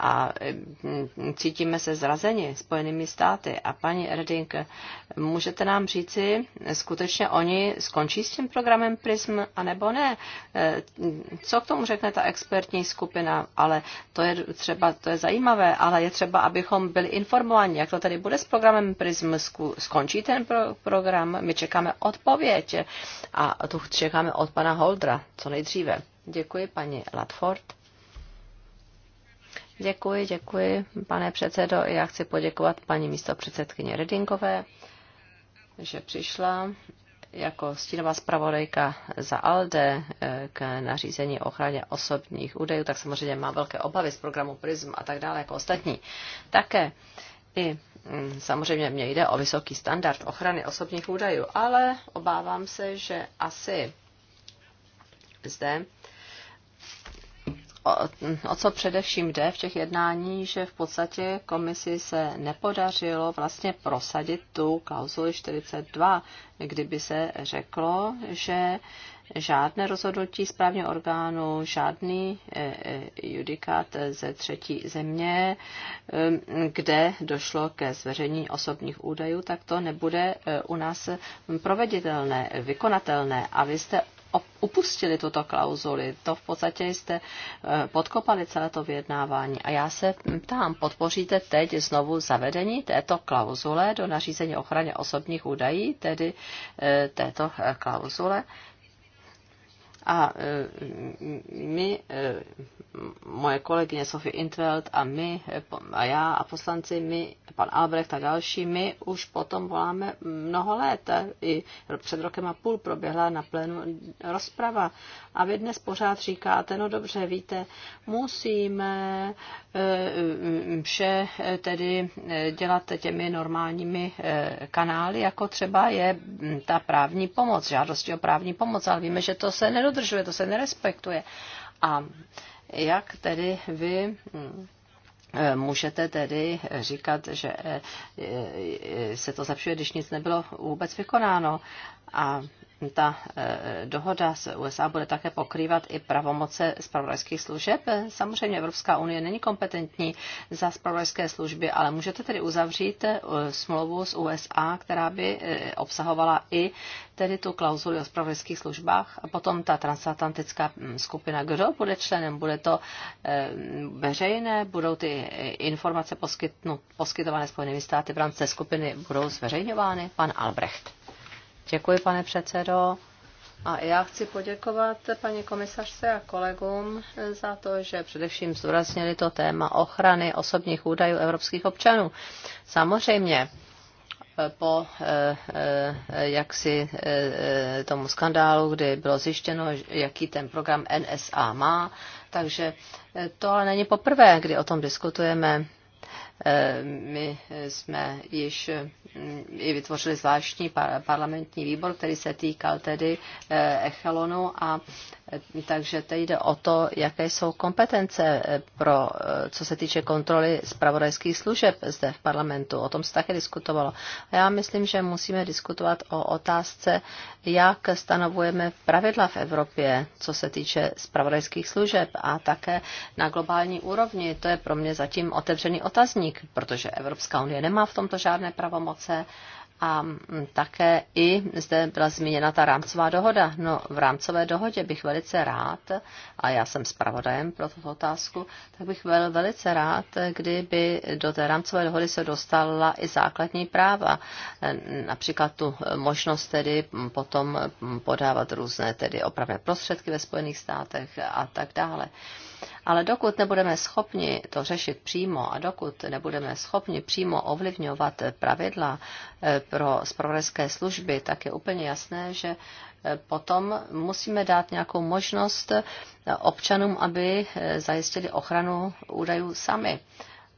a mm, cítíme se zrazeni Spojenými státy. A paní Erding, můžete nám říci, skutečně oni skončí s tím programem PRISM, anebo ne? E, co k tomu řekne ta expertní skupina? Ale to je třeba, to je zajímavé, ale je třeba, abychom byli informováni, jak to tady bude s programem PRISM, skončí ten pro- program, my čekáme odpověď a tu čekáme od pana Holdra, co nejdříve. Děkuji, paní Latford. Děkuji, děkuji, pane předsedo. Já chci poděkovat paní místo předsedkyně Redinkové, že přišla jako stínová zpravodajka za ALDE eh, k nařízení o ochraně osobních údajů, tak samozřejmě má velké obavy z programu PRISM a tak dále, jako ostatní. Také i mm, samozřejmě mě jde o vysoký standard ochrany osobních údajů, ale obávám se, že asi zde o, o co především jde v těch jednání, že v podstatě komisi se nepodařilo vlastně prosadit tu klauzuli 42, kdyby se řeklo, že žádné rozhodnutí správního orgánu, žádný e, e, judikát ze třetí země, e, kde došlo ke zveřejnění osobních údajů, tak to nebude u nás proveditelné, vykonatelné. A vy jste upustili tuto klauzuli. To v podstatě jste eh, podkopali celé to vyjednávání. A já se ptám, podpoříte teď znovu zavedení této klauzule do nařízení ochraně osobních údají, tedy eh, této eh, klauzule? A e, my, e, moje kolegyně Sophie Intveld a my, a já a poslanci, my, pan Albrecht a další, my už potom voláme mnoho let. E, I před rokem a půl proběhla na plénu rozprava. A vy dnes pořád říkáte, no dobře, víte, musíme vše tedy dělat těmi normálními kanály, jako třeba je ta právní pomoc, žádosti o právní pomoc, ale víme, že to se nedostává nedodržuje, to se nerespektuje. A jak tedy vy hm, eh, můžete tedy říkat, že eh, eh, se to zlepšuje, když nic nebylo vůbec vykonáno? A ta e, dohoda s USA bude také pokrývat i pravomoce spravodajských služeb. Samozřejmě Evropská unie není kompetentní za spravodajské služby, ale můžete tedy uzavřít e, smlouvu s USA, která by e, obsahovala i tedy tu klauzuli o spravodajských službách a potom ta transatlantická mm, skupina, kdo bude členem, bude to veřejné, budou ty informace poskytnu, poskytované Spojenými státy v rámci skupiny, budou zveřejňovány, pan Albrecht. Děkuji, pane předsedo. A já chci poděkovat paní komisařce a kolegům za to, že především zdůraznili to téma ochrany osobních údajů evropských občanů. Samozřejmě, po eh, eh, jaksi eh, tomu skandálu, kdy bylo zjištěno, jaký ten program NSA má. Takže to ale není poprvé, kdy o tom diskutujeme Eh, my jsme již mm, i vytvořili zvláštní parlamentní výbor, který se týkal tedy eh, echelonu a takže teď jde o to, jaké jsou kompetence eh, pro, eh, co se týče kontroly zpravodajských služeb zde v parlamentu. O tom se také diskutovalo. A já myslím, že musíme diskutovat o otázce, jak stanovujeme pravidla v Evropě, co se týče zpravodajských služeb a také na globální úrovni. To je pro mě zatím otevřený otazník, protože Evropská unie nemá v tomto žádné pravomoce. A také i zde byla zmíněna ta rámcová dohoda. No, v rámcové dohodě bych velice rád, a já jsem zpravodajem pro tuto otázku, tak bych byl velice rád, kdyby do té rámcové dohody se dostala i základní práva. Například tu možnost tedy potom podávat různé tedy opravné prostředky ve Spojených státech a tak dále. Ale dokud nebudeme schopni to řešit přímo a dokud nebudeme schopni přímo ovlivňovat pravidla eh, pro spravodajské služby, tak je úplně jasné, že eh, potom musíme dát nějakou možnost eh, občanům, aby zajistili ochranu údajů sami.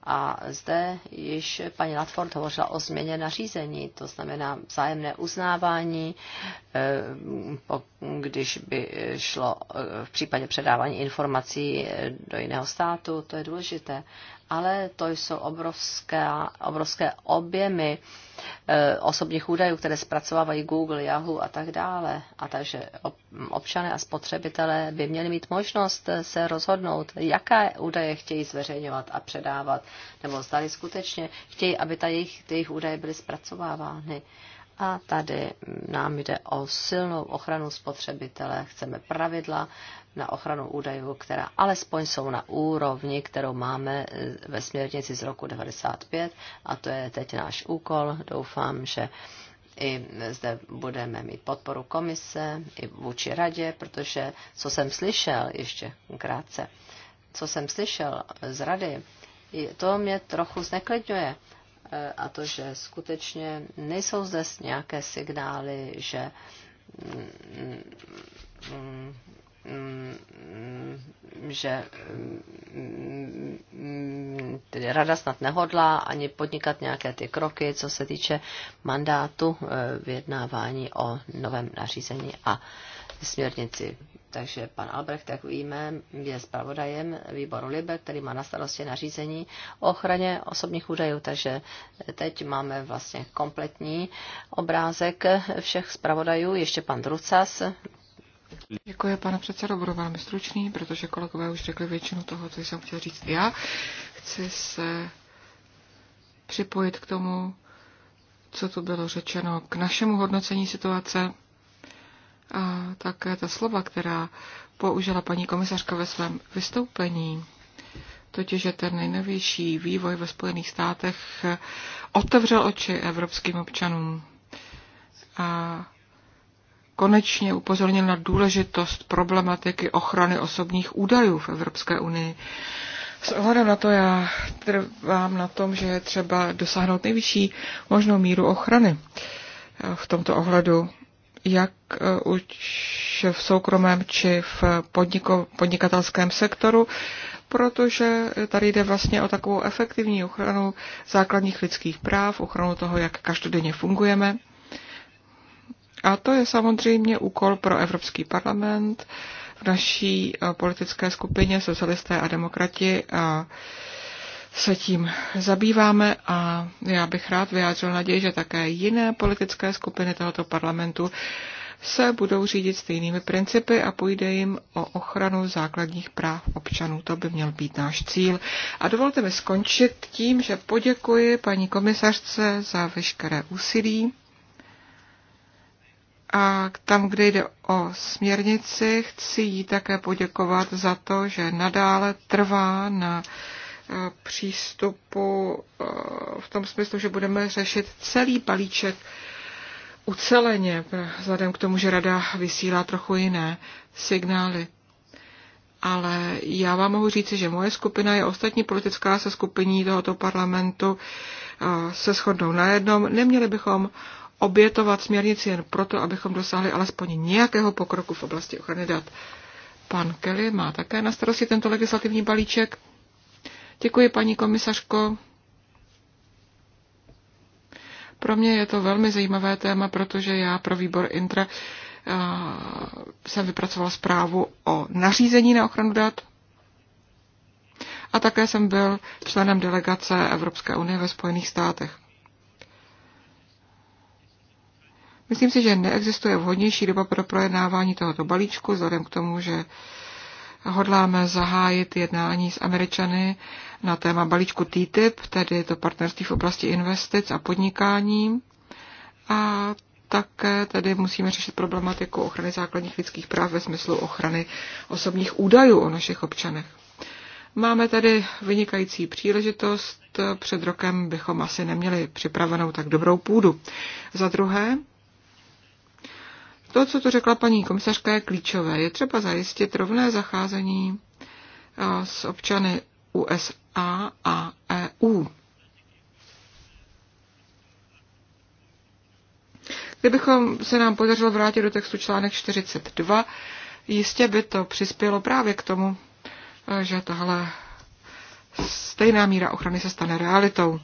A zde již paní Latford hovořila o změně nařízení, to znamená vzájemné uznávání, eh, když by šlo eh, v případě předávání informací eh, do jiného státu, to je důležité ale to jsou obrovské, obrovské objemy eh, osobních údajů, které zpracovávají Google, Yahoo a tak dále. A takže občané a spotřebitelé by měli mít možnost se rozhodnout, jaké údaje chtějí zveřejňovat a předávat, nebo zdali skutečně chtějí, aby ta jejich, ty jejich údaje byly zpracovávány. A tady nám jde o silnou ochranu spotřebitele, chceme pravidla, na ochranu údajů, která alespoň jsou na úrovni, kterou máme e, ve směrnici z roku 95 a to je teď náš úkol. Doufám, že i zde budeme mít podporu komise i vůči radě, protože co jsem slyšel, ještě krátce, co jsem slyšel z rady, to mě trochu zneklidňuje. E, a to, že skutečně nejsou zde nějaké signály, že mm, mm, Mm, mm, že mm, tedy rada snad nehodlá ani podnikat nějaké ty kroky, co se týče mandátu eh, vyjednávání o novém nařízení a směrnici. Takže pan Albrecht, jak víme, je zpravodajem výboru Libe, který má na starosti nařízení o ochraně osobních údajů. Takže teď máme vlastně kompletní obrázek všech zpravodajů. Ještě pan Drucas, Děkuji, pane předsedo, budu velmi stručný, protože kolegové už řekli většinu toho, co jsem chtěl říct já. Chci se připojit k tomu, co tu bylo řečeno, k našemu hodnocení situace a také ta slova, která použila paní komisařka ve svém vystoupení, totiž že ten nejnovější vývoj ve Spojených státech otevřel oči evropským občanům. A konečně upozornil na důležitost problematiky ochrany osobních údajů v Evropské unii. S ohledem na to já trvám na tom, že je třeba dosáhnout nejvyšší možnou míru ochrany eh, v tomto ohledu, jak eh, už v soukromém či v podniko, podnikatelském sektoru, protože tady jde vlastně o takovou efektivní ochranu základních lidských práv, ochranu toho, jak každodenně fungujeme a to je samozřejmě úkol pro Evropský parlament. V naší eh, politické skupině socialisté a demokrati a se tím zabýváme a já bych rád vyjádřil naději, že také jiné politické skupiny tohoto parlamentu se budou řídit stejnými principy a půjde jim o ochranu základních práv občanů. To by měl být náš cíl. A dovolte mi skončit tím, že poděkuji paní komisařce za veškeré úsilí a tam, kde jde o směrnici, chci jí také poděkovat za to, že nadále trvá na e, přístupu e, v tom smyslu, že budeme řešit celý palíček uceleně, vzhledem k tomu, že rada vysílá trochu jiné signály. Ale já vám mohu říci, že moje skupina je ostatní politická se skupiní tohoto parlamentu e, se shodnou na jednom. Neměli bychom obětovat směrnici jen proto, abychom dosáhli alespoň nějakého pokroku v oblasti ochrany dat. Pan Kelly má také na starosti tento legislativní balíček. Děkuji, paní komisařko. Pro mě je to velmi zajímavé téma, protože já pro výbor Intra eh, jsem vypracoval zprávu o nařízení na ochranu dat a také jsem byl členem delegace Evropské unie ve Spojených státech. Myslím si, že neexistuje vhodnější doba pro projednávání tohoto balíčku, vzhledem k tomu, že hodláme zahájit jednání s Američany na téma balíčku TTIP, tedy to partnerství v oblasti investic a podnikání. A také tedy musíme řešit problematiku ochrany základních lidských práv ve smyslu ochrany osobních údajů o našich občanech. Máme tady vynikající příležitost. Před rokem bychom asi neměli připravenou tak dobrou půdu. Za druhé, to, co tu řekla paní komisařka, je klíčové. Je třeba zajistit rovné zacházení eh, s občany USA a EU. Kdybychom se nám podařilo vrátit do textu článek 42, jistě by to přispělo právě k tomu, eh, že tahle stejná míra ochrany se stane realitou.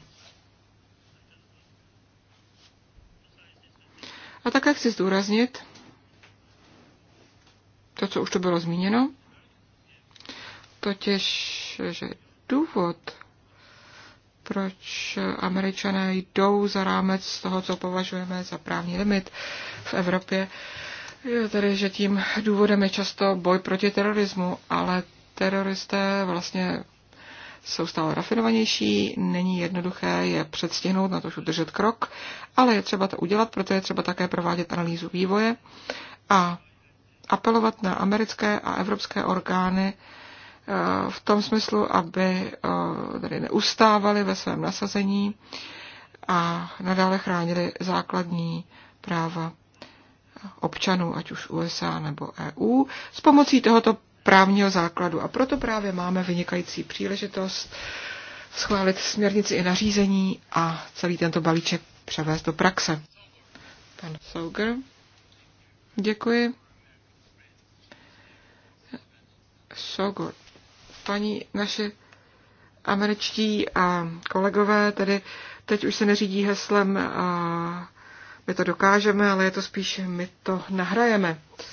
A také chci zdůraznit, to, co už to bylo zmíněno, totiž, že důvod, proč američané jdou za rámec toho, co považujeme za právní limit v Evropě, je tedy, že tím důvodem je často boj proti terorismu, ale teroristé vlastně jsou stále rafinovanější, není jednoduché je předstihnout, na to udržet krok, ale je třeba to udělat, proto je třeba také provádět analýzu vývoje a apelovat na americké a evropské orgány eh, v tom smyslu, aby eh, tady neustávali ve svém nasazení a nadále chránili základní práva občanů, ať už USA nebo EU, s pomocí tohoto právního základu. A proto právě máme vynikající příležitost schválit směrnici i nařízení a celý tento balíček převést do praxe. Pan Souger, děkuji. Sogor. Paní naše američtí a kolegové tedy teď už se neřídí heslem a my to dokážeme, ale je to spíš my to nahrajeme. Uh,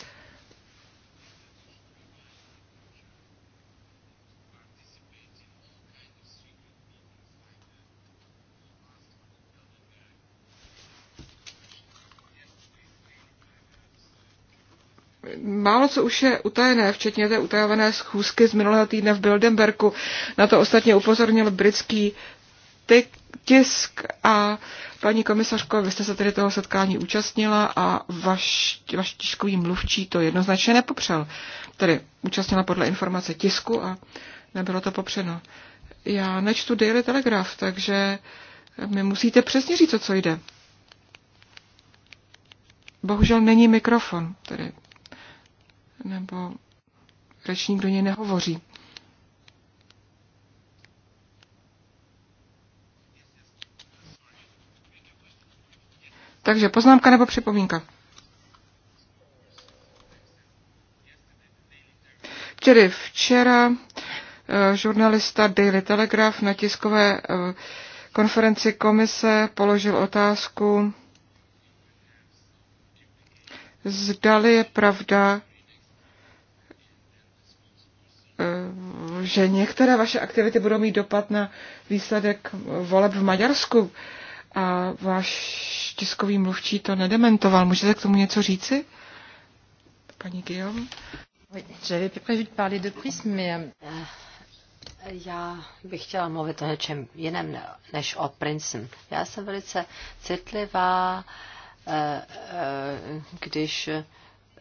málo co už je utajené, včetně té utajované schůzky z minulého týdne v Bildenberku. Na to ostatně upozornil britský tisk a paní komisařko, vy jste se tedy toho setkání účastnila a vaš, vaš tiskový mluvčí to jednoznačně nepopřel. Tedy účastnila podle informace tisku a nebylo to popřeno. Já nečtu Daily Telegraph, takže mi musíte přesně říct, o co jde. Bohužel není mikrofon, tedy nebo radši nikdo něj nehovoří. Takže poznámka nebo připomínka? Tedy včera eh, žurnalista Daily Telegraph na tiskové eh, konferenci komise položil otázku, zdali je pravda, Eh, že některé vaše aktivity budou mít dopad na výsledek voleb v Maďarsku a váš tiskový mluvčí to nedementoval. Můžete k tomu něco říci? Paní Guillaume? J'avais prévu de parler de prisme, mais... Euh, já bych chtěla mluvit o něčem jiném než o princem. Já jsem velice citlivá, eh, eh, když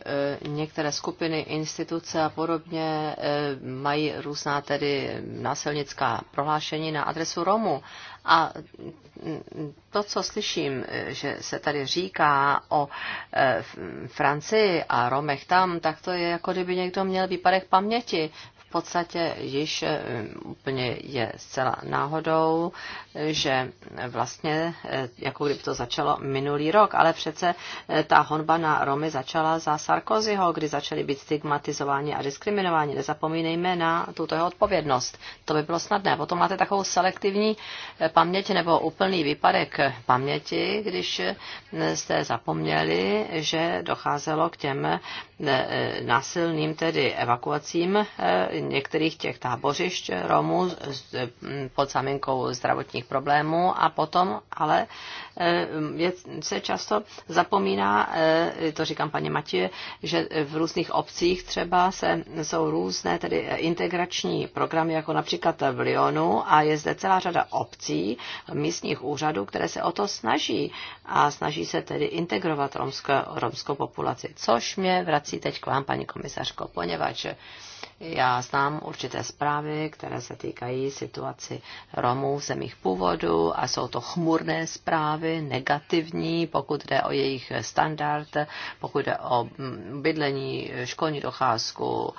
Eh, některé skupiny, instituce a podobně eh, mají různá tedy násilnická prohlášení na adresu Romů. A to, co slyším, eh, že se tady říká o Francii a Romech tam, tak to je jako kdyby někdo měl výpadek paměti podstatě již eh, úplně je zcela náhodou, že vlastně, eh, jako kdyby to začalo minulý rok, ale přece eh, ta honba na Romy začala za Sarkozyho, kdy začaly být stigmatizováni a diskriminováni. Nezapomínejme na tuto jeho odpovědnost. To by bylo snadné. Potom máte takovou selektivní paměť nebo úplný výpadek paměti, když jste zapomněli, že docházelo k těm E, násilným tedy evakuacím e, některých těch tábořišť Romů pod zaminkou zdravotních problémů a potom ale e, je, se často zapomíná, to říkám paní Matě, že v různých obcích třeba se, jsou různé tedy integrační programy, jako například v Lyonu a je zde celá řada obcí, místních úřadů, které se o to snaží a snaží se tedy integrovat romskou, romskou populaci, což mě vrací obrací teď k vám, paní komisařko, poněvadž já znám určité zprávy, které se týkají situaci Romů v zemích původu a jsou to chmurné zprávy, negativní, pokud jde o jejich standard, pokud jde o mm, bydlení, školní docházku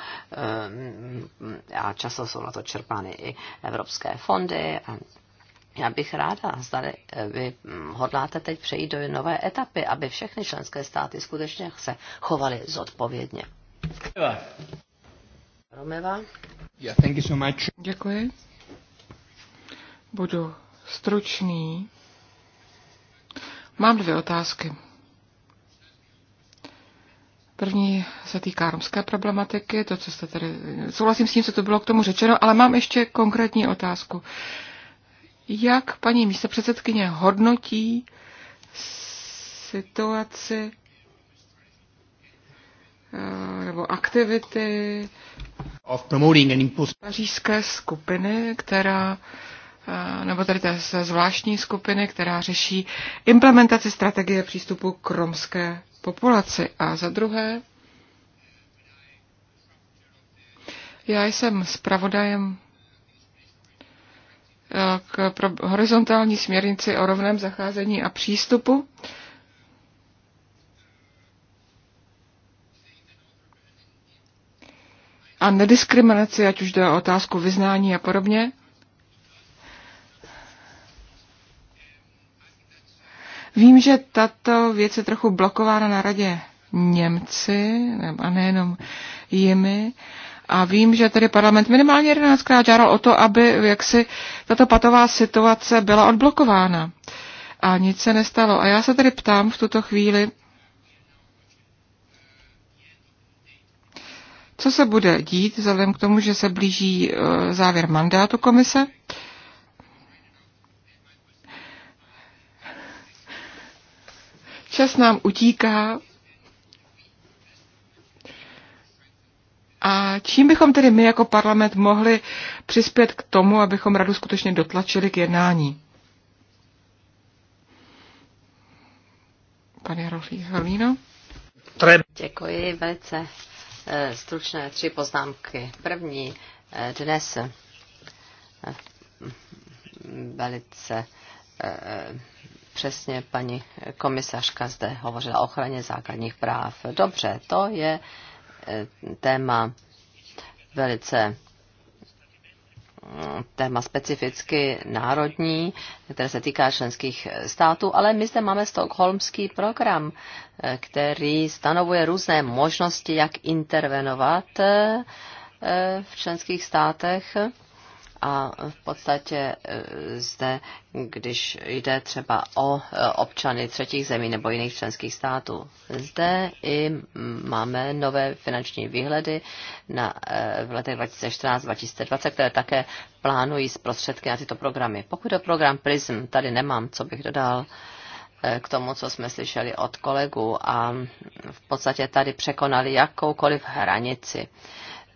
mm, mm, a často jsou na to čerpány i evropské fondy a já bych ráda, zda eh, vy hm, hodláte teď přejít do nové etapy, aby všechny členské státy skutečně se chovaly zodpovědně. Romeva. Yeah, thank you so much. Děkuji. Budu stručný. Mám dvě otázky. První se týká romské problematiky, to, co jste tady... Souhlasím s tím, co to bylo k tomu řečeno, ale mám ještě konkrétní otázku jak paní místopředsedkyně hodnotí situaci eh, nebo aktivity of promoting an impost- pařížské skupiny, která eh, nebo tady té zvláštní skupiny, která řeší implementaci strategie přístupu k romské populaci. A za druhé, já jsem zpravodajem k horizontální směrnici o rovném zacházení a přístupu. A nediskriminaci, ať už jde o otázku vyznání a podobně. Vím, že tato věc je trochu blokována na radě Němci, a nejenom jimi, a vím, že tedy parlament minimálně 11krát žádal o to, aby jaksi tato patová situace byla odblokována. A nic se nestalo. A já se tedy ptám v tuto chvíli, co se bude dít, vzhledem k tomu, že se blíží e, závěr mandátu komise. Čas nám utíká, A čím bychom tedy my jako parlament mohli přispět k tomu, abychom radu skutečně dotlačili k jednání? Pane Jarolí Hlíno. Děkuji velice. Eh, stručné tři poznámky. První, eh, dnes eh, velice přesně paní komisařka zde hovořila o ochraně základních práv. Dobře, to je Eh, téma velice eh, téma specificky národní, které se týká členských států, ale my zde máme stokholmský program, eh, který stanovuje různé možnosti, jak intervenovat v členských státech a v podstatě e, zde, když jde třeba o e, občany třetích zemí nebo jiných členských států, zde i máme nové finanční výhledy na, e, v letech 2014-2020, které také plánují z prostředky na tyto programy. Pokud o program PRISM, tady nemám, co bych dodal k tomu, co jsme slyšeli od kolegů a v podstatě tady překonali jakoukoliv hranici,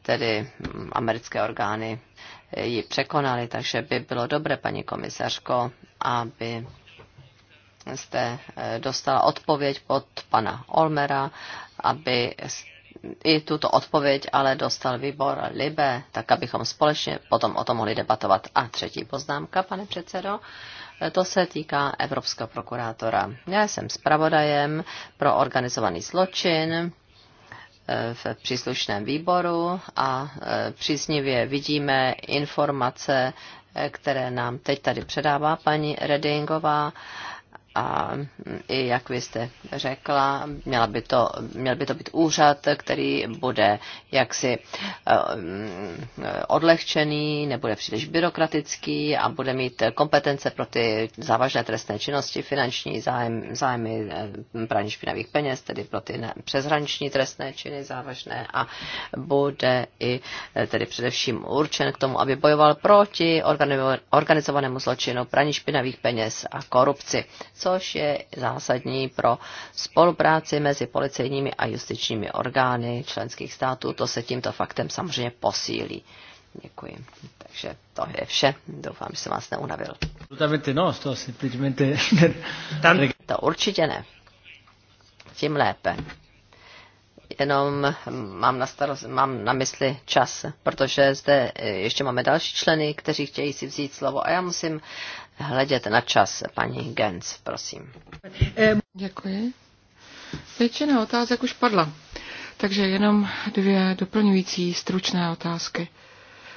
tedy americké orgány ji překonali, takže by bylo dobré, paní komisařko, aby jste eh, dostala odpověď od pana Olmera, aby i tuto odpověď ale dostal výbor Libe, tak abychom společně potom o tom mohli debatovat. A třetí poznámka, pane předsedo, eh, to se týká Evropského prokurátora. Já jsem zpravodajem pro organizovaný zločin v příslušném výboru a e, příznivě vidíme informace, e, které nám teď tady předává paní Redingová a i jak vy jste řekla, měla by to, měl by to být úřad, který bude jaksi eh, odlehčený, nebude příliš byrokratický a bude mít kompetence pro ty závažné trestné činnosti, finanční zájem, zájmy eh, praní špinavých peněz, tedy pro ty přeshraniční trestné činy závažné a bude i eh, tedy především určen k tomu, aby bojoval proti organizovanému zločinu praní špinavých peněz a korupci. Co což je zásadní pro spolupráci mezi policejními a justičními orgány členských států. To se tímto faktem samozřejmě posílí. Děkuji. Takže to je vše. Doufám, že jsem vás neunavil. No, to určitě ne. Tím lépe jenom mám na, starost, mám na mysli čas, protože zde ještě máme další členy, kteří chtějí si vzít slovo a já musím hledět na čas. Paní Gens, prosím. Děkuji. Většina otázek už padla, takže jenom dvě doplňující stručné otázky.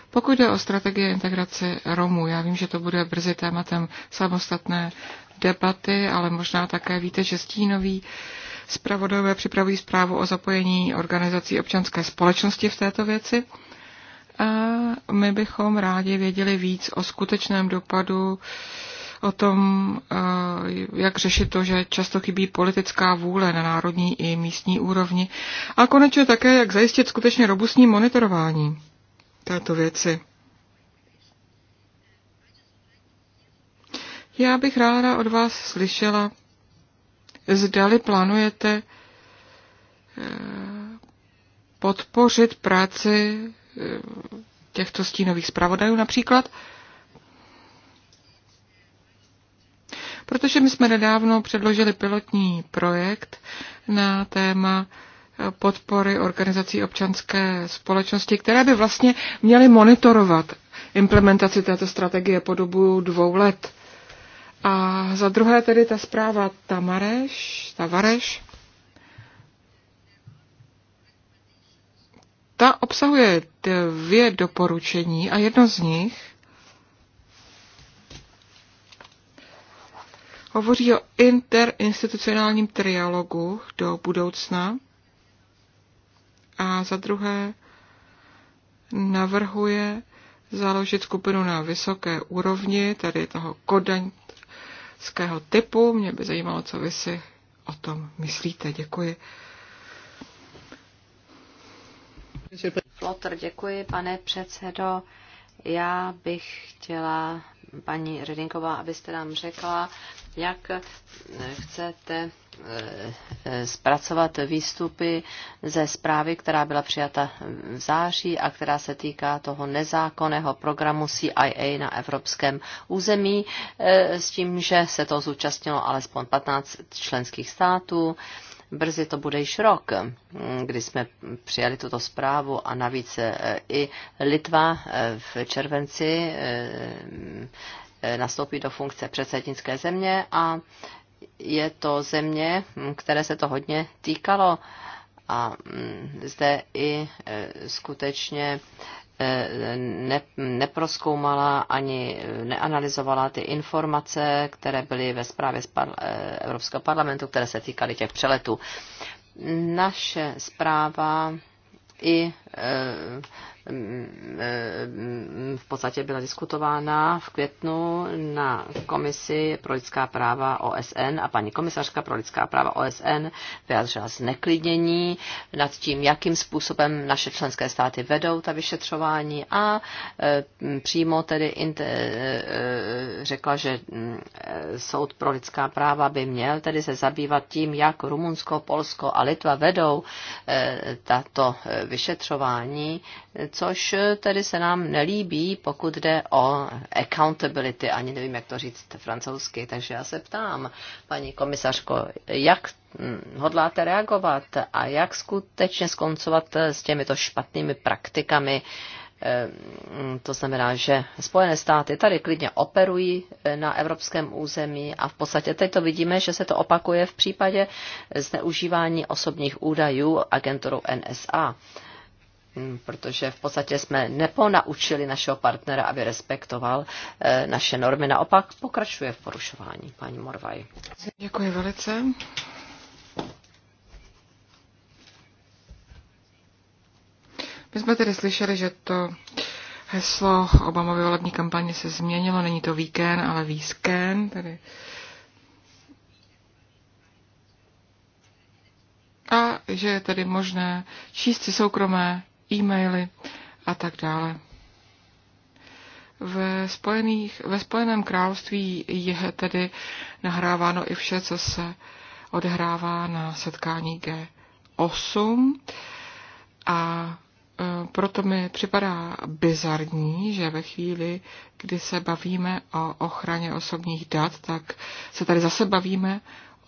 Pokud jde o strategie integrace Romů, já vím, že to bude brzy tématem samostatné debaty, ale možná také víte, že stínový Spravodajové připravují zprávu o zapojení organizací občanské společnosti v této věci. A my bychom rádi věděli víc o skutečném dopadu, o tom, jak řešit to, že často chybí politická vůle na národní i místní úrovni. A konečně také, jak zajistit skutečně robustní monitorování této věci. Já bych ráda od vás slyšela zdali plánujete eh, podpořit práci eh, těchto stínových zpravodajů například, protože my jsme nedávno předložili pilotní projekt na téma podpory organizací občanské společnosti, které by vlastně měly monitorovat implementaci této strategie po dobu dvou let. A za druhé tedy ta zpráva Tamareš, Tavareš, ta obsahuje dvě doporučení a jedno z nich hovoří o interinstitucionálním trialogu do budoucna a za druhé navrhuje založit skupinu na vysoké úrovni, tedy toho kodaň, ského typu. Mě by zajímalo, co vy si o tom myslíte. Děkuji. Flotr, děkuji, pane předsedo. Já bych chtěla, paní Redinková, abyste nám řekla, jak chcete Eh, zpracovat výstupy ze zprávy, která byla přijata v září a která se týká toho nezákonného programu CIA na evropském území, eh, s tím, že se to zúčastnilo alespoň 15 členských států. Brzy to bude již rok, mm, kdy jsme přijali tuto zprávu a navíc eh, i Litva v červenci mm, nastoupí do funkce předsednické země a je to země, které se to hodně týkalo. A mm, zde i e, skutečně e, ne, neproskoumala ani neanalyzovala ty informace, které byly ve zprávě z par, e, Evropského parlamentu, které se týkaly těch přeletů. Naše zpráva i e, v podstatě byla diskutována v květnu na komisi pro lidská práva OSN a paní komisařka pro lidská práva OSN vyjádřila zneklidnění nad tím, jakým způsobem naše členské státy vedou ta vyšetřování a e, přímo tedy e, e, řekla, že soud pro lidská práva by měl tedy se zabývat tím, jak Rumunsko, Polsko a Litva vedou tato vyšetřování což eh, tedy se nám nelíbí, pokud jde o accountability, ani nevím, jak to říct francouzsky. Takže já se ptám, paní komisařko, jak hm, hodláte reagovat a jak skutečně skoncovat eh, s těmito špatnými praktikami, eh, hm, to znamená, že Spojené státy tady klidně operují na evropském území a v podstatě teď to vidíme, že se to opakuje v případě zneužívání osobních údajů agenturou NSA. Mm, protože v podstatě jsme neponaučili našeho partnera, aby respektoval eh, naše normy. Naopak pokračuje v porušování, paní Morvaj. Děkuji velice. My jsme tedy slyšeli, že to heslo Obamovy volební kampaně se změnilo. Není to víkend, ale vísken, tedy a že je tedy možné číst si soukromé e-maily a tak dále. Ve, spojených, ve Spojeném království je tedy nahráváno i vše, co se odehrává na setkání G8 a e, proto mi připadá bizarní, že ve chvíli, kdy se bavíme o ochraně osobních dat, tak se tady zase bavíme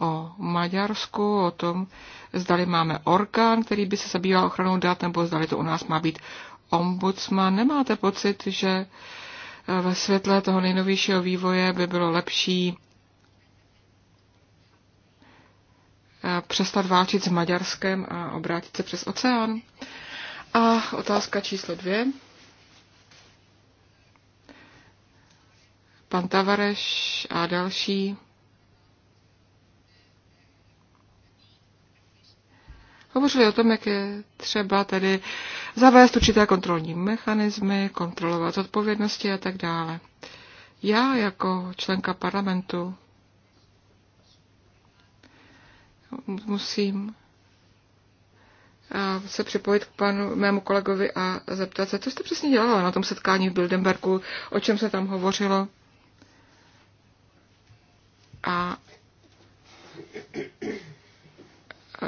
o Maďarsku, o tom, zdali máme orgán, který by se zabýval ochranou dat, nebo zdali to u nás má být ombudsman. Nemáte pocit, že e, ve světle toho nejnovějšího vývoje by bylo lepší e, přestat válčit s Maďarskem a obrátit se přes oceán? A otázka číslo dvě. Pan Tavareš a další Hovořili o tom, jak je třeba tedy zavést určité kontrolní mechanismy, kontrolovat odpovědnosti a tak dále. Já jako členka parlamentu musím eh, se připojit k panu mému kolegovi a zeptat se, co jste přesně dělala na tom setkání v Bildenbergu, o čem se tam hovořilo. A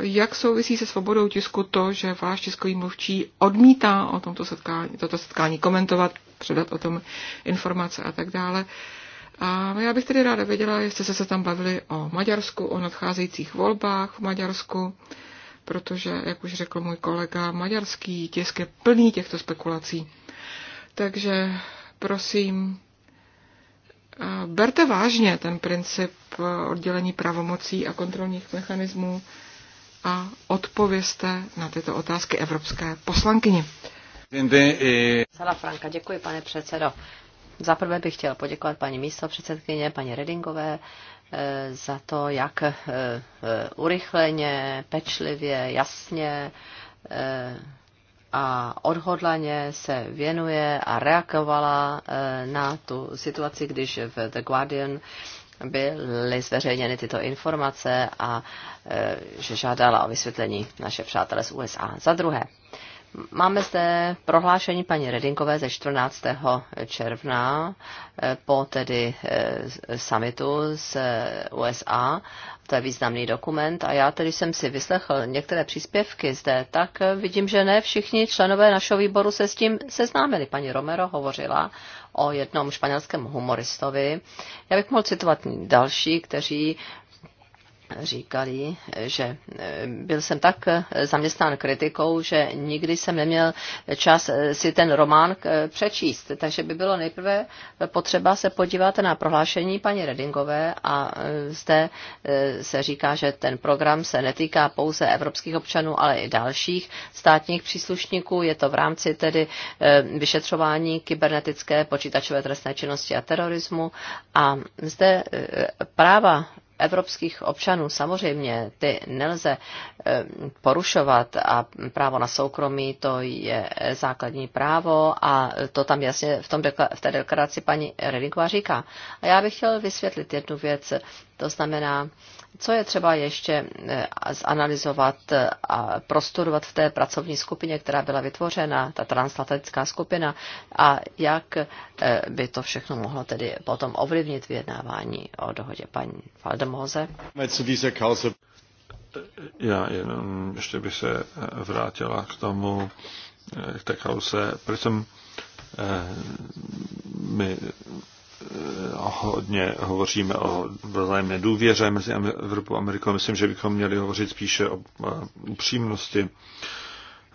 jak souvisí se svobodou tisku to, že váš tiskový mluvčí odmítá o tomto setkání, toto setkání komentovat, předat o tom informace a tak dále. A já bych tedy ráda věděla, jestli jste se tam bavili o Maďarsku, o nadcházejících volbách v Maďarsku, protože, jak už řekl můj kolega, maďarský tisk je plný těchto spekulací. Takže prosím, berte vážně ten princip oddělení pravomocí a kontrolních mechanismů a odpověste na tyto otázky evropské poslankyni. Sala Franka, děkuji, pane předsedo. Za prvé bych chtěl poděkovat paní místo předsedkyně, paní Redingové, eh, za to, jak eh, eh, urychleně, pečlivě, jasně a odhodlaně se věnuje a reagovala na tu situaci, když v The Guardian byly zveřejněny tyto informace a e, že žádala o vysvětlení naše přátelé z USA. Za druhé, Máme zde prohlášení paní Redinkové ze 14. června eh, po tedy eh, summitu z eh, USA. To je významný dokument a já tedy jsem si vyslechl některé příspěvky zde, tak vidím, že ne všichni členové našeho výboru se s tím seznámili. Paní Romero hovořila o jednom španělském humoristovi. Já bych mohl citovat další, kteří říkali, že e, byl jsem tak e, zaměstnán kritikou, že nikdy jsem neměl čas e, si ten román přečíst. Takže by bylo nejprve potřeba se podívat na prohlášení paní Redingové a zde se říká, že ten program se netýká pouze evropských občanů, ale i dalších státních příslušníků. Je to v rámci tedy vyšetřování kybernetické počítačové trestné činnosti a terorismu. A zde práva evropských občanů. Samozřejmě ty nelze eh, porušovat a právo na soukromí to je základní právo a to tam jasně v, tom dekla- v té deklaraci paní Redinková říká. A já bych chtěl vysvětlit jednu věc. To znamená, co je třeba ještě eh, zanalizovat eh, a prostudovat v té pracovní skupině, která byla vytvořena, ta translatická skupina, a jak eh, by to všechno mohlo tedy potom ovlivnit vyjednávání o dohodě paní Faldemoze? Já jenom ještě bych se vrátila k tomu, k té kauze, proč jsem my Eh, hodně hovoříme o vzájemné důvěře mezi Evropou a Amerikou. Myslím, že bychom měli hovořit spíše o eh, upřímnosti.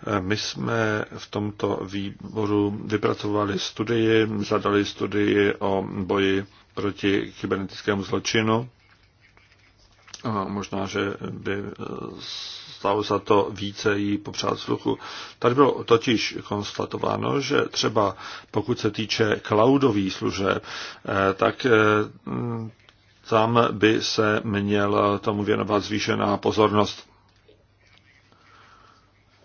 Eh, my jsme v tomto výboru vypracovali studii, zadali studii o boji proti kybernetickému zločinu. A možná, že by stálo za to více jí popřát sluchu. Tady bylo totiž konstatováno, že třeba pokud se týče cloudových služeb, eh, tak eh, mm, tam by se měla tomu věnovat zvýšená pozornost.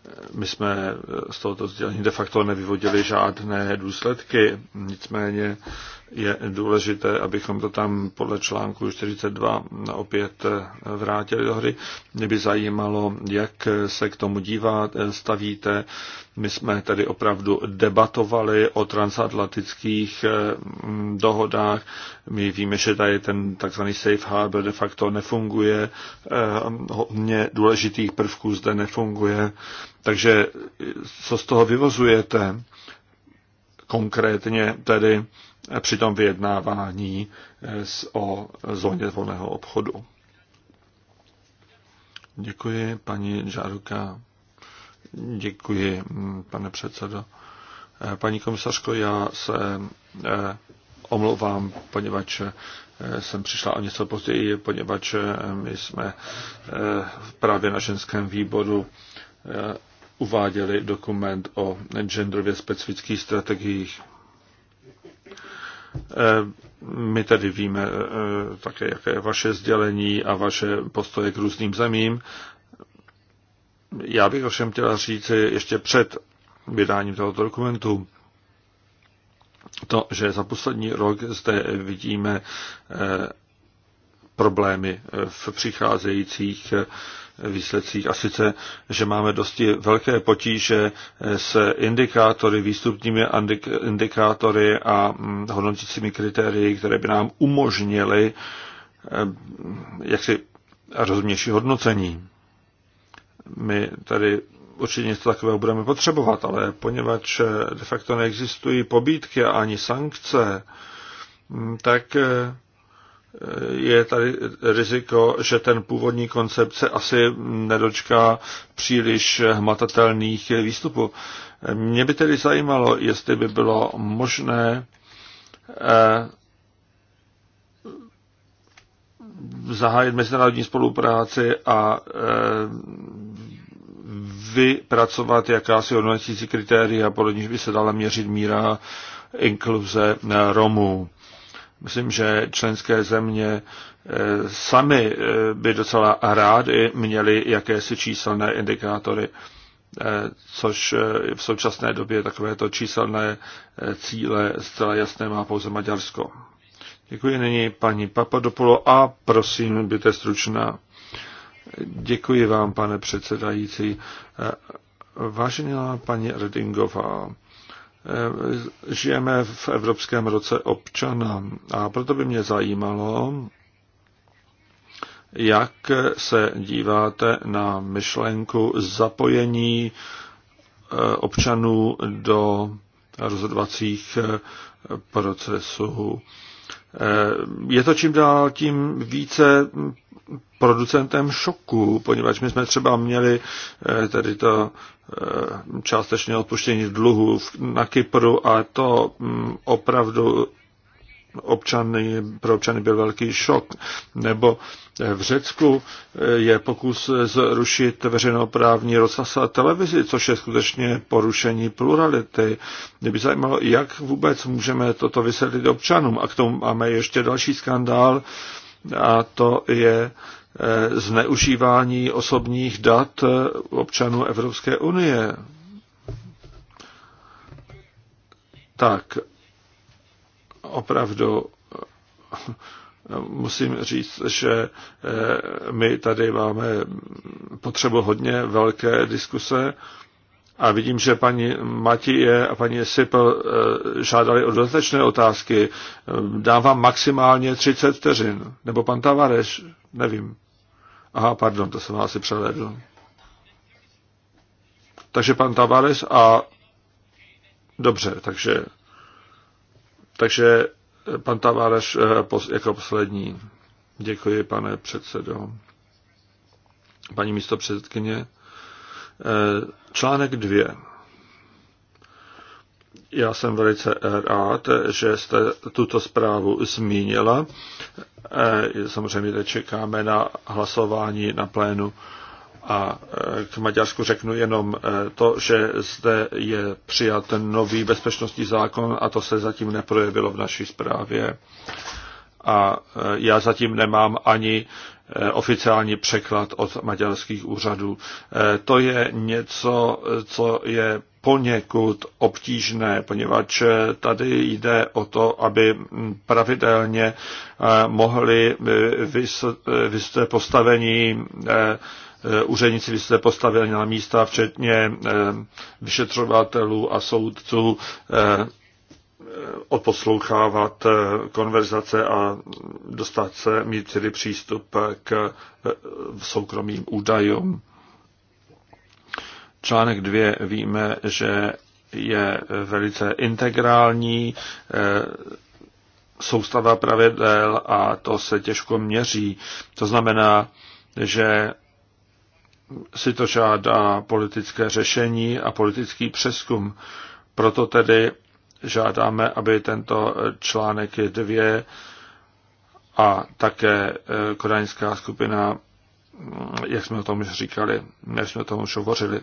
Eh, my jsme z tohoto sdělení de facto nevyvodili žádné důsledky, nicméně je důležité, abychom to tam podle článku 42 opět eh, vrátili do hry. Mě by zajímalo, jak se k tomu díváte, eh, stavíte. My jsme tady opravdu debatovali o transatlantických eh, mm, dohodách. My víme, že tady ten takzvaný safe harbor de facto nefunguje. Hodně důležitých prvků zde nefunguje. Takže co z toho vyvozujete? konkrétně tedy při tom vyjednávání eh, o zóně volného obchodu. Děkuji, paní Žáruka. Děkuji, mm, pane předsedo. Eh, paní komisařko, já se eh, omlouvám, poněvadž jsem přišla o něco později, poněvadž my jsme právě na ženském výboru uváděli dokument o genderově specifických strategiích Eh, my tedy víme eh, také, jaké je vaše sdělení a vaše postoje k různým zemím. Já bych ovšem chtěla říct ještě před vydáním tohoto dokumentu, to, že za poslední rok zde vidíme eh, problémy v přicházejících výsledcích. A sice, že máme dosti velké potíže s indikátory, výstupními indikátory a mm, hodnotícími kritérii, které by nám umožnily eh, jaksi rozumnější hodnocení. My tady určitě něco takového budeme potřebovat, ale poněvadž de facto neexistují pobídky a ani sankce, mm, tak eh, je tady riziko, že ten původní koncept se asi nedočká příliš hmatatelných výstupů. Mě by tedy zajímalo, jestli by bylo možné eh, zahájit mezinárodní spolupráci a eh, vypracovat jakási hodnotící kritéria, podle nich by se dala měřit míra inkluze Romů. Myslím, že členské země eh, sami eh, by docela rádi měli jakési číselné indikátory, eh, což v současné době takovéto číselné cíle zcela jasné má pouze Maďarsko. Děkuji nyní paní Papadopolo a prosím, byte stručná. Děkuji vám, pane předsedající. Vážená paní Redingová, Eh, žijeme v Evropském roce občana a proto by mě zajímalo, jak se díváte na myšlenku zapojení eh, občanů do rozhodovacích eh, procesů. Je to čím dál tím více producentem šoku, poněvadž my jsme třeba měli tady to Eh, částečně odpuštění dluhů na Kypru a to mm, opravdu občany, pro občany byl velký šok. Nebo eh, v Řecku eh, je pokus zrušit veřejnoprávní rozhlas a televizi, což je skutečně porušení plurality. Mě by zajímalo, jak vůbec můžeme toto vysvětlit občanům. A k tomu máme ještě další skandál, a to je Eh, zneužívání osobních dat eh, občanů Evropské unie. Tak, opravdu musím říct, že eh, my tady máme potřebu hodně velké diskuse a vidím, že paní je a paní Sipl žádali o dodatečné otázky. Dávám maximálně 30 vteřin. Nebo pan Tavareš, nevím. Aha, pardon, to jsem asi převedl. Takže pan Tavares a... Dobře, takže... Takže eh, pan Tavares eh, jako poslední. Děkuji, pane předsedo. Paní místo předsedkyně. Eh, článek 2. Já jsem velice rád, že jste tuto zprávu zmínila. E, samozřejmě teď čekáme na hlasování na plénu. A e, k Maďarsku řeknu jenom e, to, že zde je přijat nový bezpečnostní zákon a to se zatím neprojevilo v naší zprávě. A já zatím nemám ani Eh, oficiální překlad od maďarských úřadů. Eh, to je něco, co je poněkud obtížné, poněvadž eh, tady jde o to, aby mm, pravidelně mohli vyste postavení úředníci vysoce postavili na místa, včetně vyšetřovatelů a soudců, odposlouchávat eh, konverzace a dostat se, mít tedy přístup k eh, soukromým údajům. Článek 2 víme, že je velice integrální eh, soustava pravidel a to se těžko měří. To znamená, že si to žádá politické řešení a politický přeskum. Proto tedy žádáme, aby tento článek 2 a také eh, kodaňská skupina, eh, jak jsme o tom už říkali, jak jsme o tom už hovořili, eh,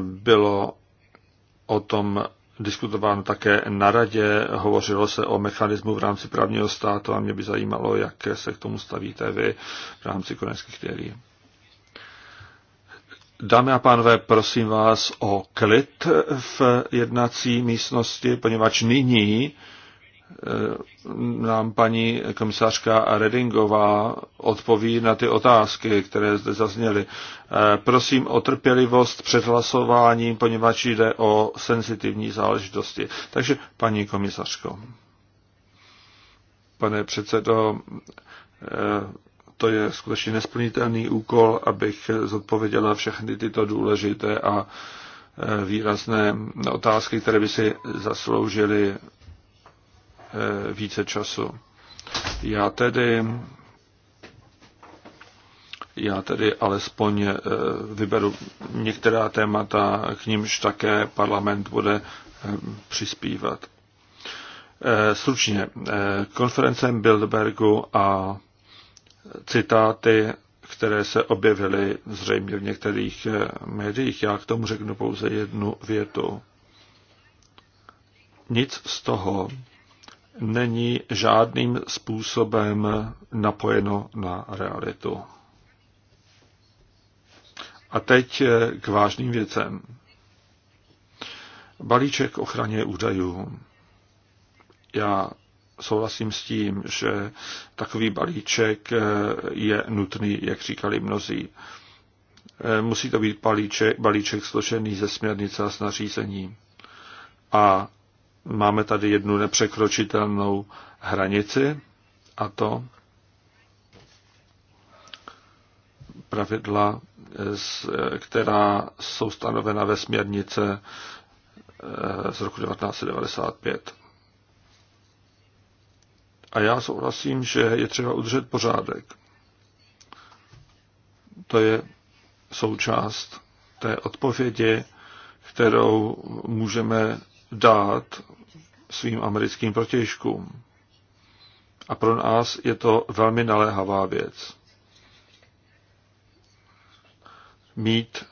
bylo o tom diskutováno také na radě, hovořilo se o mechanismu v rámci právního státu a mě by zajímalo, jak se k tomu stavíte vy v rámci koneckých teorií. Dámy a pánové, prosím vás o klid v jednací místnosti, poněvadž nyní eh, nám paní komisařka Redingová odpoví na ty otázky, které zde zazněly. Eh, prosím o trpělivost před hlasováním, poněvadž jde o senzitivní záležitosti. Takže paní komisařko. Pane předsedo, eh, to je skutečně nesplnitelný úkol, abych zodpověděl na všechny tyto důležité a e, výrazné otázky, které by si zasloužily e, více času. Já tedy, já tedy alespoň e, vyberu některá témata, k nímž také parlament bude přispívat. Stručně, konference Bilderbergu a citáty, které se objevily zřejmě v některých eh, médiích. Já k tomu řeknu pouze jednu větu. Nic z toho není žádným způsobem napojeno na realitu. A teď eh, k vážným věcem. Balíček ochraně údajů. Já souhlasím s tím, že takový balíček eh, je nutný, jak říkali mnozí. Eh, musí to být balíček, balíček složený ze směrnice a s nařízením. A máme tady jednu nepřekročitelnou hranici a to pravidla, eh, která jsou stanovena ve směrnice z roku 1995. A já souhlasím, že je třeba udržet pořádek. To je součást té odpovědi, kterou můžeme dát svým americkým protěžkům. A pro nás je to velmi naléhavá věc. Mít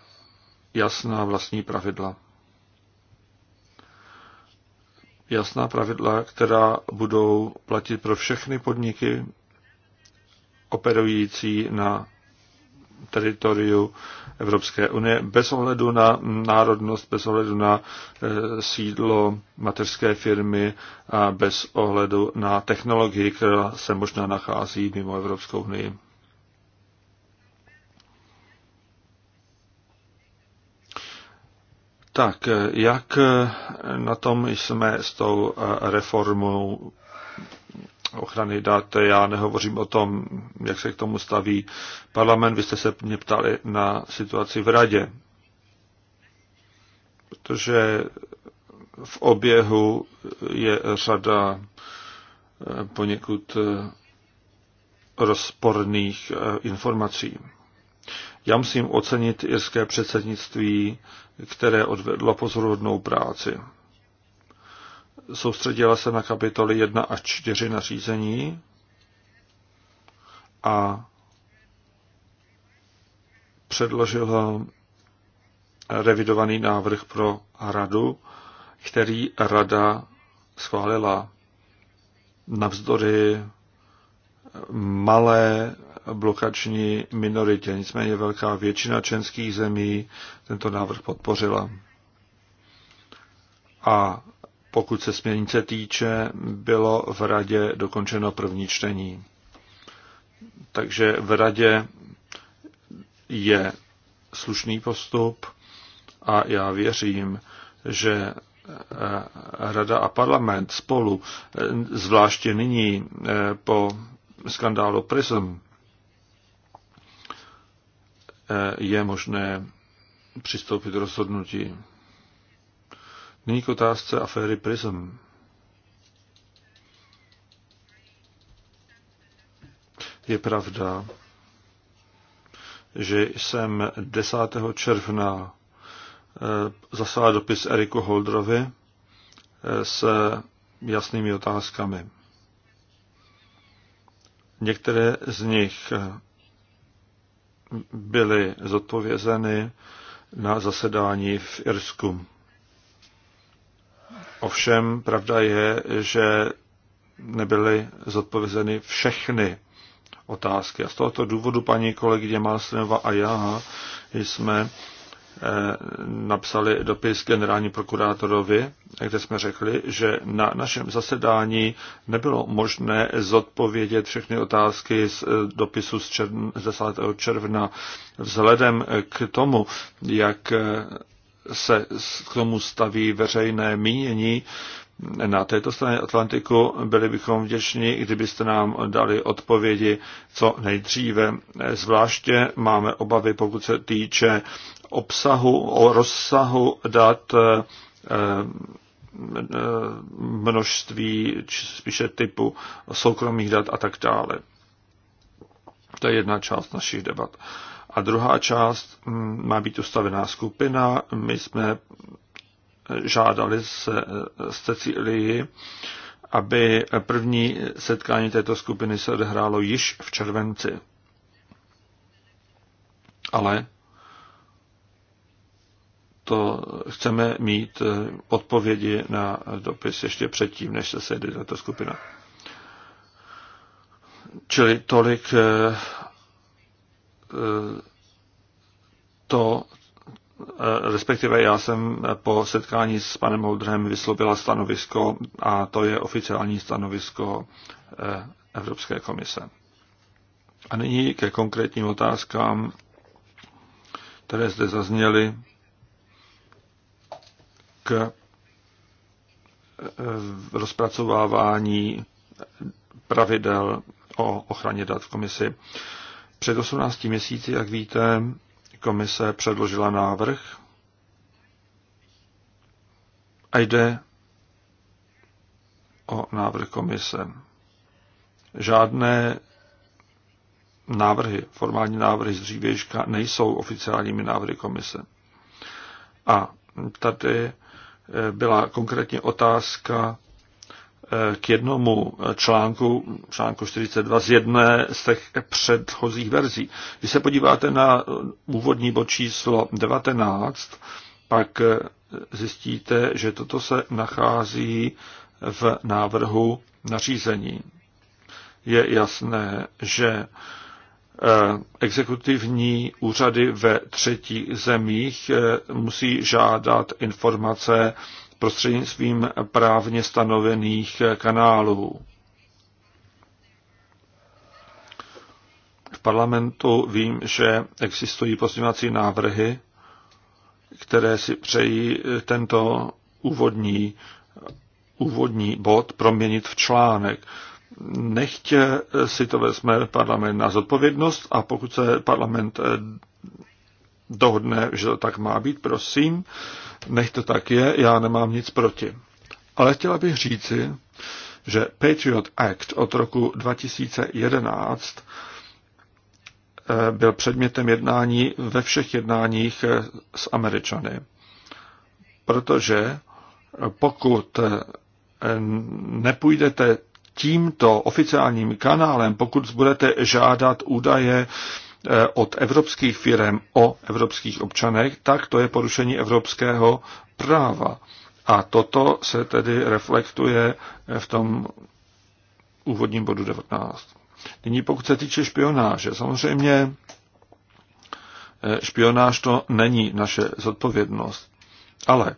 jasná vlastní pravidla jasná pravidla, která budou platit pro všechny podniky operující na teritoriu Evropské unie bez ohledu na národnost, bez ohledu na eh, sídlo mateřské firmy a bez ohledu na technologii, která se možná nachází mimo Evropskou unii. Tak, jak na tom jsme s tou eh, reformou ochrany dat? Já nehovořím o tom, jak se k tomu staví parlament. Vy jste se mě ptali na situaci v radě. Protože v oběhu je řada eh, poněkud eh, rozporných informací. Já musím ocenit irské předsednictví, které odvedlo pozoruhodnou práci. Soustředila se na kapitoly 1 až 4 nařízení a předložila revidovaný návrh pro radu, který rada schválila navzdory malé blokační minoritě. Nicméně velká většina členských zemí tento návrh podpořila. A pokud se směrnice týče, bylo v radě dokončeno první čtení. Takže v radě je slušný postup a já věřím, že eh, rada a parlament spolu, eh, zvláště nyní eh, po skandálu PRISM, je možné přistoupit k rozhodnutí. Nyní k otázce aféry PRISM. Je pravda, že jsem 10. června eh, zaslal dopis Eriku Holdrovi eh, s jasnými otázkami. Některé z nich eh, byly zodpovězeny na zasedání v Irsku. Ovšem pravda je, že nebyly zodpovězeny všechny otázky. A z tohoto důvodu paní kolegyně Malstrenová a já jsme napsali dopis generální prokurátorovi, kde jsme řekli, že na našem zasedání nebylo možné zodpovědět všechny otázky z dopisu z, z 10. června vzhledem k tomu, jak se k tomu staví veřejné mínění, na této straně Atlantiku. Byli bychom vděční, kdybyste nám dali odpovědi co nejdříve. Zvláště máme obavy, pokud se týče obsahu, o rozsahu dat, eh, eh, množství, či spíše typu soukromých dat a tak dále. To je jedna část našich debat. A druhá část mm, má být ustavená skupina. My jsme žádali se, eh, z Cecílii, aby první setkání této skupiny se odehrálo již v červenci. Ale to chceme mít eh, odpovědi na dopis ještě předtím, než se sejde tato skupina. Čili tolik eh, eh, to, respektive já jsem po setkání s panem Moudrem vyslobila stanovisko a to je oficiální stanovisko Evropské komise. A nyní ke konkrétním otázkám, které zde zazněly k eh, rozpracovávání pravidel o ochraně dat v komisi. Před 18 měsíci, jak víte, komise předložila návrh a jde o návrh komise. Žádné návrhy, formální návrhy z dřívějška nejsou oficiálními návrhy komise. A tady byla konkrétně otázka eh, k jednomu článku, článku 42 z jedné z těch předchozích verzí. Když se podíváte na úvodní bod číslo 19, pak eh, zjistíte, že toto se nachází v návrhu nařízení. Je jasné, že Eh, exekutivní úřady ve třetích zemích eh, musí žádat informace prostřednictvím právně stanovených eh, kanálů. V parlamentu vím, že existují pozměňovací návrhy, které si přejí tento úvodní, úvodní bod proměnit v článek nechť eh, si to vezme parlament na zodpovědnost a pokud se parlament eh, dohodne, že to tak má být, prosím, nech to tak je, já nemám nic proti. Ale chtěla bych říci, že Patriot Act od roku 2011 eh, byl předmětem jednání ve všech jednáních s Američany. Protože pokud nepůjdete tímto oficiálním kanálem, pokud budete žádat údaje eh, od evropských firm o evropských občanech, tak to je porušení evropského práva. A toto se tedy reflektuje v tom úvodním bodu 19. Nyní pokud se týče špionáže, samozřejmě eh, špionáž to není naše zodpovědnost, ale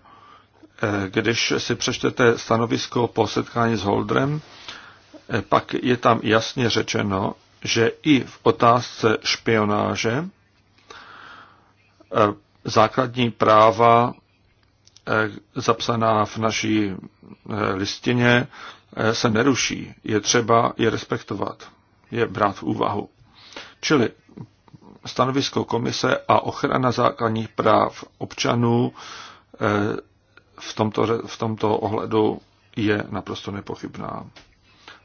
eh, když si přečtete stanovisko po setkání s Holdrem, pak je tam jasně řečeno, že i v otázce špionáže eh, základní práva eh, zapsaná v naší eh, listině se neruší. Je třeba je respektovat, je brát v úvahu. Čili stanovisko komise a ochrana základních práv občanů v tomto, v tomto ohledu je naprosto nepochybná.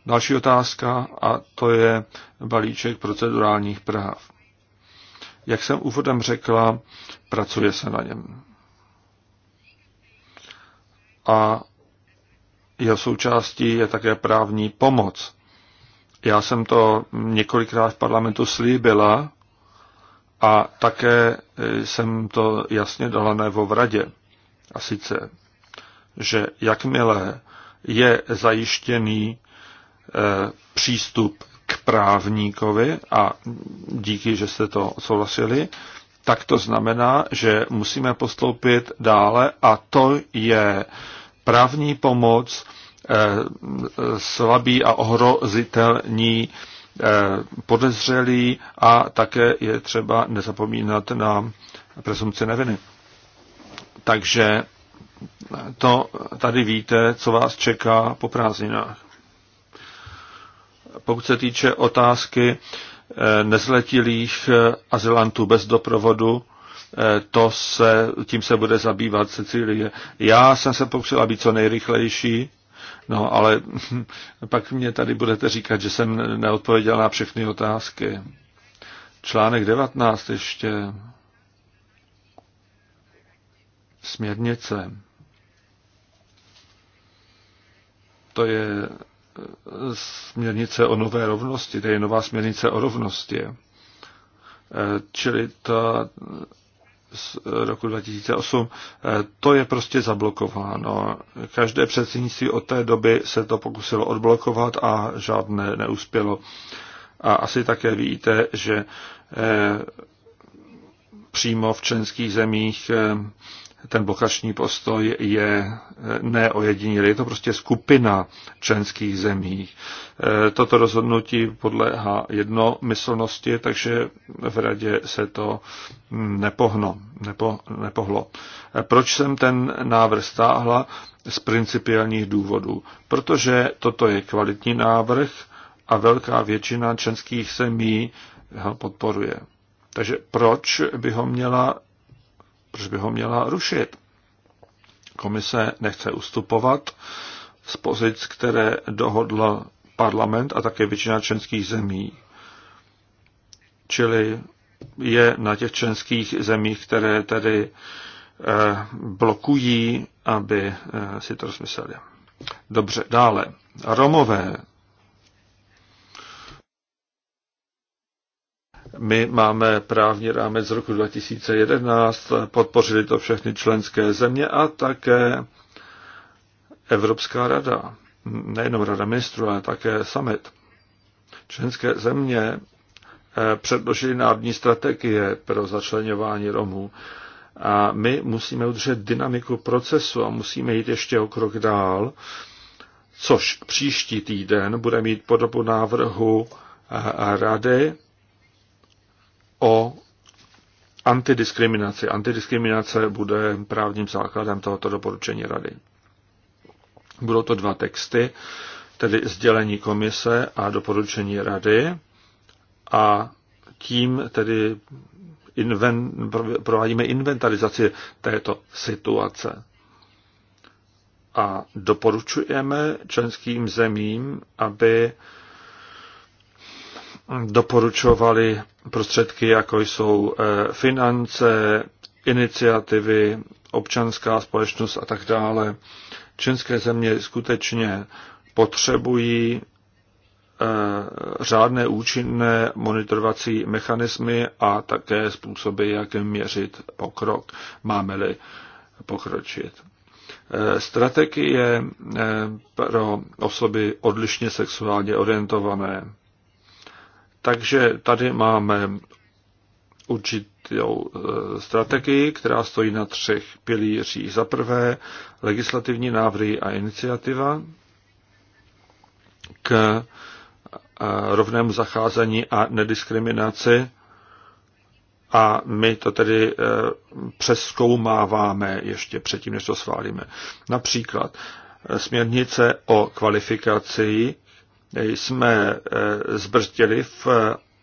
Další otázka a to je balíček procedurálních práv. Jak jsem úvodem řekla, pracuje se na něm. A jeho součástí je také právní pomoc. Já jsem to několikrát v parlamentu slíbila a také jsem to jasně dala najevo v radě. A sice, že jakmile je zajištěný přístup k právníkovi a díky, že jste to souhlasili, tak to znamená, že musíme postoupit dále a to je právní pomoc eh, slabý a ohrozitelní eh, podezřelí a také je třeba nezapomínat na presumci neviny. Takže to tady víte, co vás čeká po prázdninách. Pokud se týče otázky eh, nezletilých eh, azylantů bez doprovodu, eh, to se, tím se bude zabývat Cecílie. Já jsem se pokusil být co nejrychlejší, no ale pak mě tady budete říkat, že jsem neodpověděl na všechny otázky. Článek 19 ještě. Směrnice. To je směrnice o nové rovnosti, tedy nová směrnice o rovnosti. E, čili ta z roku 2008, e, to je prostě zablokováno. Každé předsednictví od té doby se to pokusilo odblokovat a žádné neuspělo. A asi také víte, že e, přímo v členských zemích ten blokační postoj je eh, ne ojedinělý, je to prostě skupina členských zemí. Eh, toto rozhodnutí podléhá jednomyslnosti, takže v radě se to hm, nepohno, nepo, nepohlo. Eh, proč jsem ten návrh stáhla? Z principiálních důvodů. Protože toto je kvalitní návrh a velká většina členských zemí ho podporuje. Takže proč by ho měla proč by ho měla rušit? Komise nechce ustupovat z pozic, které dohodl parlament a také většina členských zemí. Čili je na těch členských zemích, které tedy eh, blokují, aby eh, si to rozmysleli. Dobře, dále. Romové My máme právní rámec z roku 2011, podpořili to všechny členské země a také Evropská rada, nejenom rada ministrů, ale také summit. Členské země eh, předložili národní strategie pro začlenování Romů. A my musíme udržet dynamiku procesu a musíme jít ještě o krok dál, což příští týden bude mít podobu návrhu eh, Rady o antidiskriminaci. Antidiskriminace bude právním základem tohoto doporučení rady. Budou to dva texty, tedy sdělení komise a doporučení rady a tím tedy inven, provádíme inventarizaci této situace. A doporučujeme členským zemím, aby doporučovali prostředky, jako jsou eh, finance, iniciativy, občanská společnost a tak dále. Čínské země skutečně potřebují eh, řádné účinné monitorovací mechanismy a také způsoby, jak měřit pokrok, máme-li pokročit. Eh, strategie pro osoby odlišně sexuálně orientované. Takže tady máme určitou e, strategii, která stojí na třech pilířích. Za prvé legislativní návrhy a iniciativa k e, rovnému zacházení a nediskriminaci. A my to tedy e, přeskoumáváme ještě předtím, než to schválíme. Například směrnice o kvalifikaci jsme eh, zbrzdili v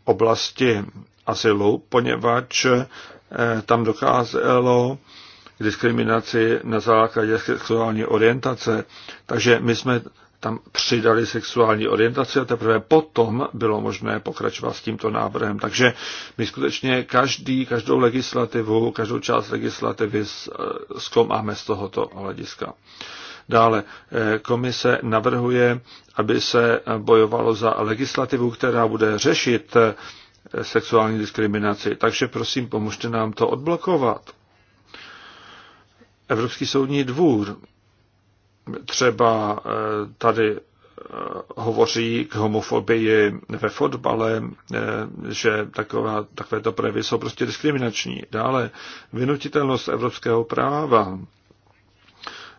oblasti asilu, poněvadž eh, tam dokázalo k diskriminaci na základě sexuální orientace. Takže my jsme tam přidali sexuální orientaci a teprve potom bylo možné pokračovat s tímto návrhem. Takže my skutečně každý, každou legislativu, každou část legislativy eh, zkoumáme z tohoto hlediska. Dále eh, komise navrhuje, aby se bojovalo za legislativu, která bude řešit eh, sexuální diskriminaci. Takže prosím, pomožte nám to odblokovat. Evropský soudní dvůr třeba eh, tady hovoří k homofobii ve fotbale, že taková, takovéto projevy jsou prostě diskriminační. Dále vynutitelnost evropského práva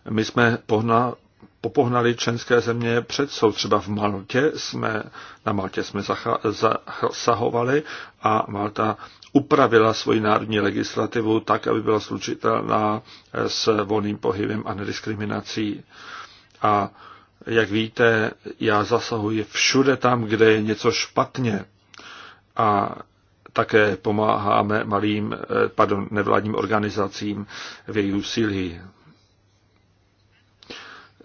my jsme pohna, popohnali členské země před soud. Třeba v Maltě jsme, na Maltě jsme zasahovali a Malta upravila svoji národní legislativu tak, aby byla slučitelná s volným pohybem a nediskriminací. A jak víte, já zasahuji všude tam, kde je něco špatně. A také pomáháme malým, eh, pardon, nevládním organizacím v jejich úsilí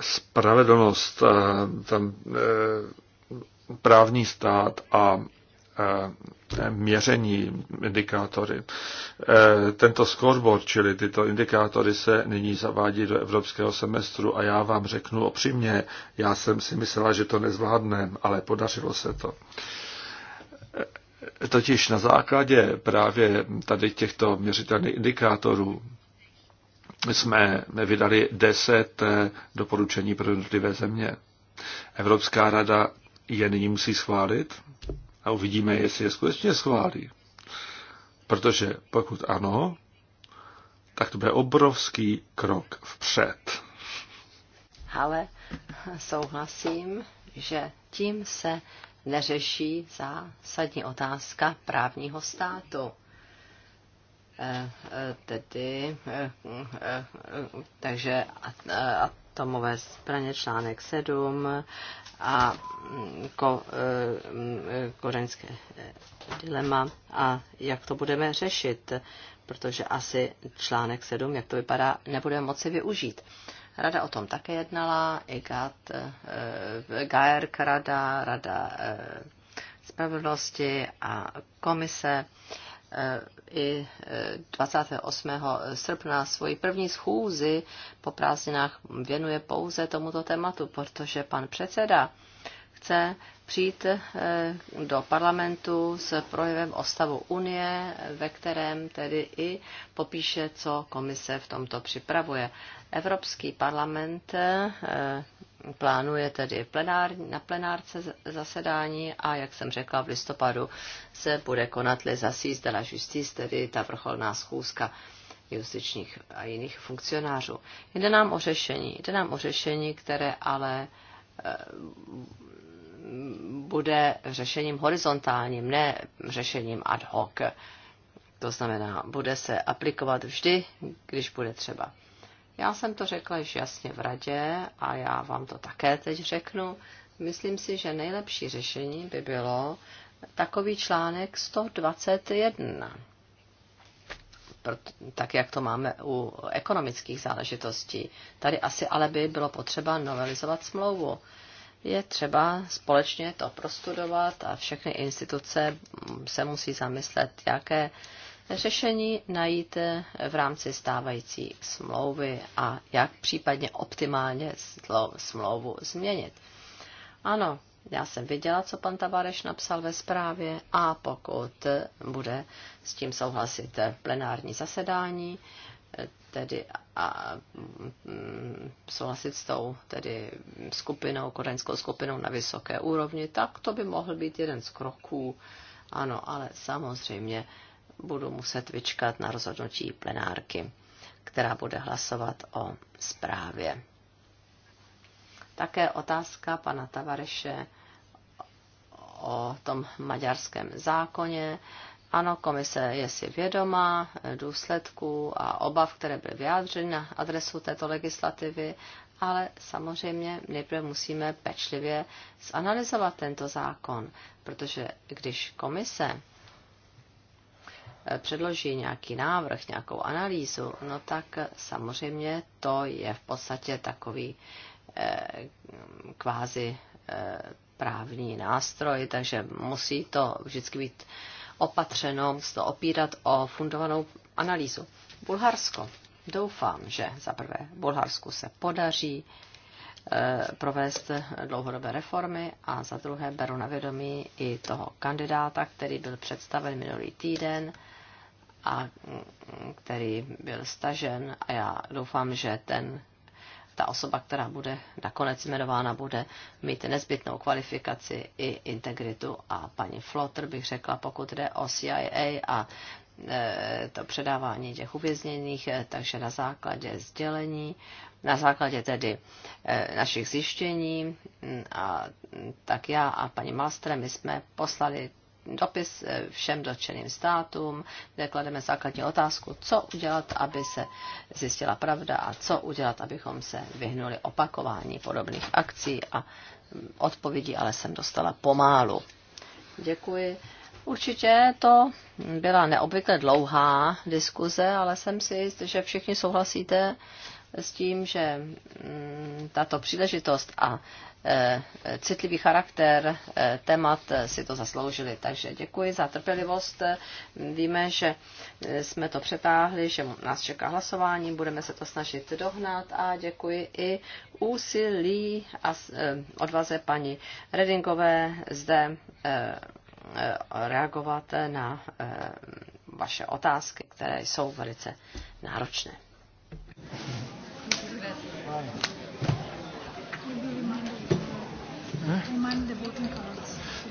spravedlnost, eh, ten eh, právní stát a eh, měření indikátory. Tento scoreboard, čili tyto indikátory, se nyní zavádí do evropského semestru a já vám řeknu opřímně, já jsem si myslela, že to nezvládneme, ale podařilo se to. Totiž na základě právě tady těchto měřitelných indikátorů jsme vydali deset eh, doporučení pro jednotlivé země. Evropská rada je nyní musí schválit a uvidíme, jestli je skutečně schválí. Protože pokud ano, tak to bude obrovský krok vpřed. Ale souhlasím, že tím se neřeší zásadní otázka právního státu tedy, takže atomové zbraně článek 7 a ko, kořenské dilema a jak to budeme řešit, protože asi článek 7, jak to vypadá, nebudeme moci využít. Rada o tom také jednala, IGAT, GAERK rada, rada eh, spravedlnosti a komise i 28. Eh, srpna svoji první schůzi po prázdninách věnuje pouze tomuto tématu, protože pan předseda chce přijít eh, do parlamentu s projevem o stavu Unie, ve kterém tedy i popíše, co komise v tomto připravuje. Evropský parlament eh, plánuje tedy plenár, na plenárce zasedání a, jak jsem řekla, v listopadu se bude konat les assise de la justice, tedy ta vrcholná schůzka justičních a jiných funkcionářů. Jde nám o řešení, jde nám o řešení, které ale eh, bude řešením horizontálním, ne řešením ad hoc. To znamená, bude se aplikovat vždy, když bude třeba. Já jsem to řekla již jasně v radě a já vám to také teď řeknu. Myslím si, že nejlepší řešení by bylo takový článek 121 tak jak to máme u ekonomických záležitostí. Tady asi ale by bylo potřeba novelizovat smlouvu. Je třeba společně to prostudovat a všechny instituce se musí zamyslet, jaké řešení najít eh, v rámci stávající smlouvy a jak případně optimálně smlouvu změnit. Ano, já jsem viděla, co pan Tavareš napsal ve zprávě a pokud bude s tím souhlasit plenární zasedání, eh, tedy a mm, souhlasit s tou tedy skupinou, koreňskou skupinou na vysoké úrovni, tak to by mohl být jeden z kroků. Ano, ale samozřejmě budu muset vyčkat na rozhodnutí plenárky, která bude hlasovat o zprávě. Také otázka pana Tavareše o tom maďarském zákoně. Ano, komise je si vědomá důsledků a obav, které byly vyjádřeny na adresu této legislativy, ale samozřejmě nejprve musíme pečlivě zanalizovat tento zákon, protože když komise předloží nějaký návrh, nějakou analýzu, no tak samozřejmě to je v podstatě takový eh, kvázi eh, právní nástroj, takže musí to vždycky být opatřeno, musí to opírat o fundovanou analýzu. Bulharsko. Doufám, že za prvé Bulharsku se podaří eh, provést dlouhodobé reformy a za druhé beru na vědomí i toho kandidáta, který byl představen minulý týden a který byl stažen a já doufám, že ten, ta osoba, která bude nakonec jmenována, bude mít nezbytnou kvalifikaci i integritu. A paní Flotter bych řekla, pokud jde o CIA a e, to předávání těch uvězněných, e, takže na základě sdělení, na základě tedy e, našich zjištění, a tak já a paní Malstre, my jsme poslali dopis eh, všem dotčeným státům, kde klademe základní otázku, co udělat, aby se zjistila pravda a co udělat, abychom se vyhnuli opakování podobných akcí a mm, odpovědi ale jsem dostala pomálu. Děkuji. Určitě to byla neobvykle dlouhá diskuze, ale jsem si jist, že všichni souhlasíte s tím, že mm, tato příležitost a Eh, eh, citlivý charakter eh, témat si to zasloužili. Takže děkuji za trpělivost. Víme, že jsme to přetáhli, že nás čeká hlasování, budeme se to snažit dohnat a děkuji i úsilí a odvaze paní Redingové zde reagovat na vaše otázky, které jsou velice náročné. Thank you.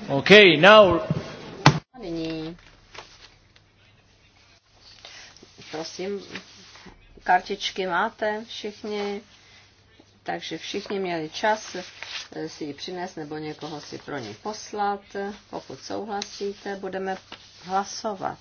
OK, now. Nyní. Prosím, kartičky máte všichni, takže všichni měli čas eh, si ji přinést nebo někoho si pro ně poslat. Pokud souhlasíte, budeme hlasovat.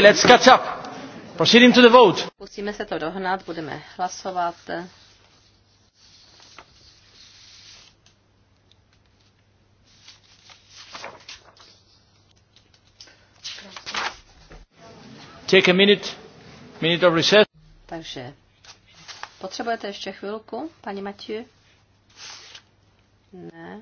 let's catch up. Proceeding to the vote. Musíme se to dohnat, budeme hlasovat. Take a minute, minute of recess. Takže potřebujete ještě chvilku, paní Matěj? Ne.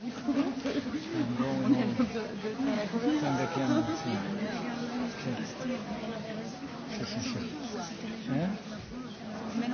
Quando é que é Sim. Sim, sim, sim. É?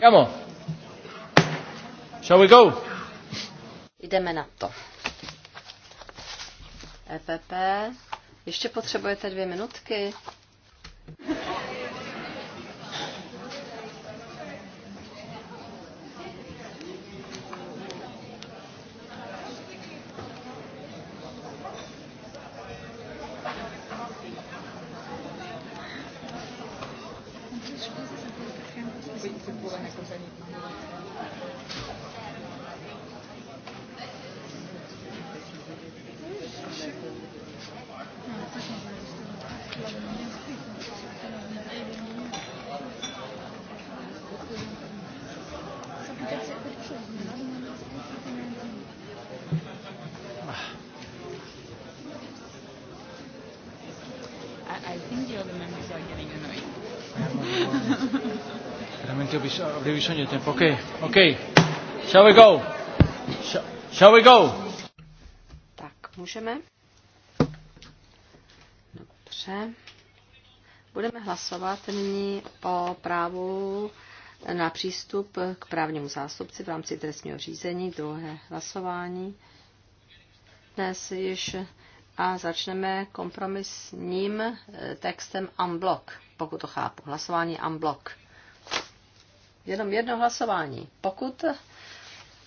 Come on. Shall we go? Jdeme na to. EPP. Ještě potřebujete dvě minutky? revision tempo. Ok, ok. Shall we go? Shall we go? Tak, můžeme? Dobře. Budeme hlasovat nyní o právu na přístup k právnímu zástupci v rámci trestního řízení, druhé hlasování. Dnes již a začneme kompromisním eh, textem unblock, pokud to chápu. Hlasování unblock. Jenom jedno hlasování. Pokud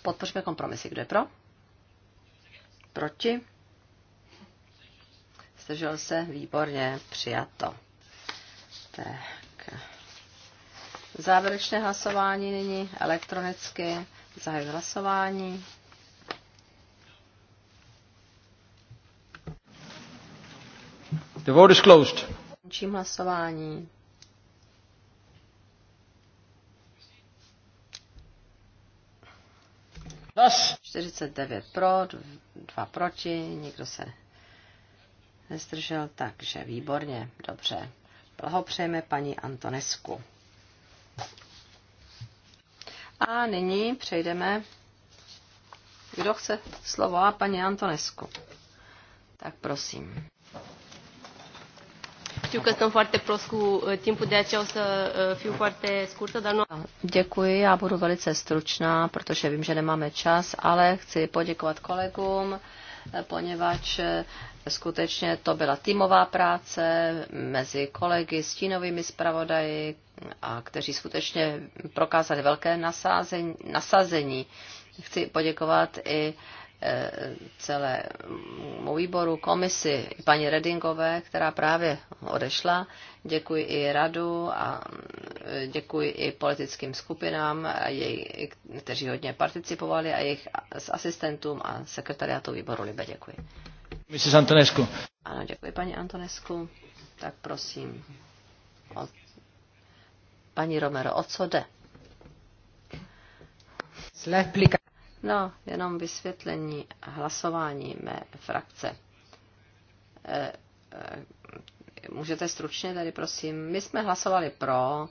podpoříme kompromisy, kdo je pro? Proti? Zdržel se? Výborně, přijato. Tak. Závěrečné hlasování nyní elektronicky. Zahajuji hlasování. The vote is closed. Končím hlasování. 49 pro, 2 proti, nikdo se nestržel, takže výborně, dobře. Blahopřejeme paní Antonesku. A nyní přejdeme. Kdo chce slovo? A paní Antonesku. Tak prosím. Știu că sunt foarte prost cu uh, timpul, de aceea o să uh, fiu foarte scurtă, dar nu... Děkuji, já budu velice stručná, protože vím, že nemáme čas, ale chci poděkovat kolegům, eh, poněvadž eh, skutečně to byla týmová práce mezi kolegy, stínovými zpravodaji, a kteří skutečně prokázali velké nasazení. Chci poděkovat i Eh, celému výboru, komisi, paní Redingové, která právě odešla. Děkuji i radu a eh, děkuji i politickým skupinám, a jej, kteří hodně participovali a jejich s asistentům a sekretariátu výboru Libe. Děkuji. Mrs. Antonescu. Ano, děkuji paní Antonescu. Tak prosím. O... Paní Romero, o co jde? plika. No, jenom vysvětlení hlasování mé frakce. E, e, můžete stručně tady, prosím. My jsme hlasovali pro,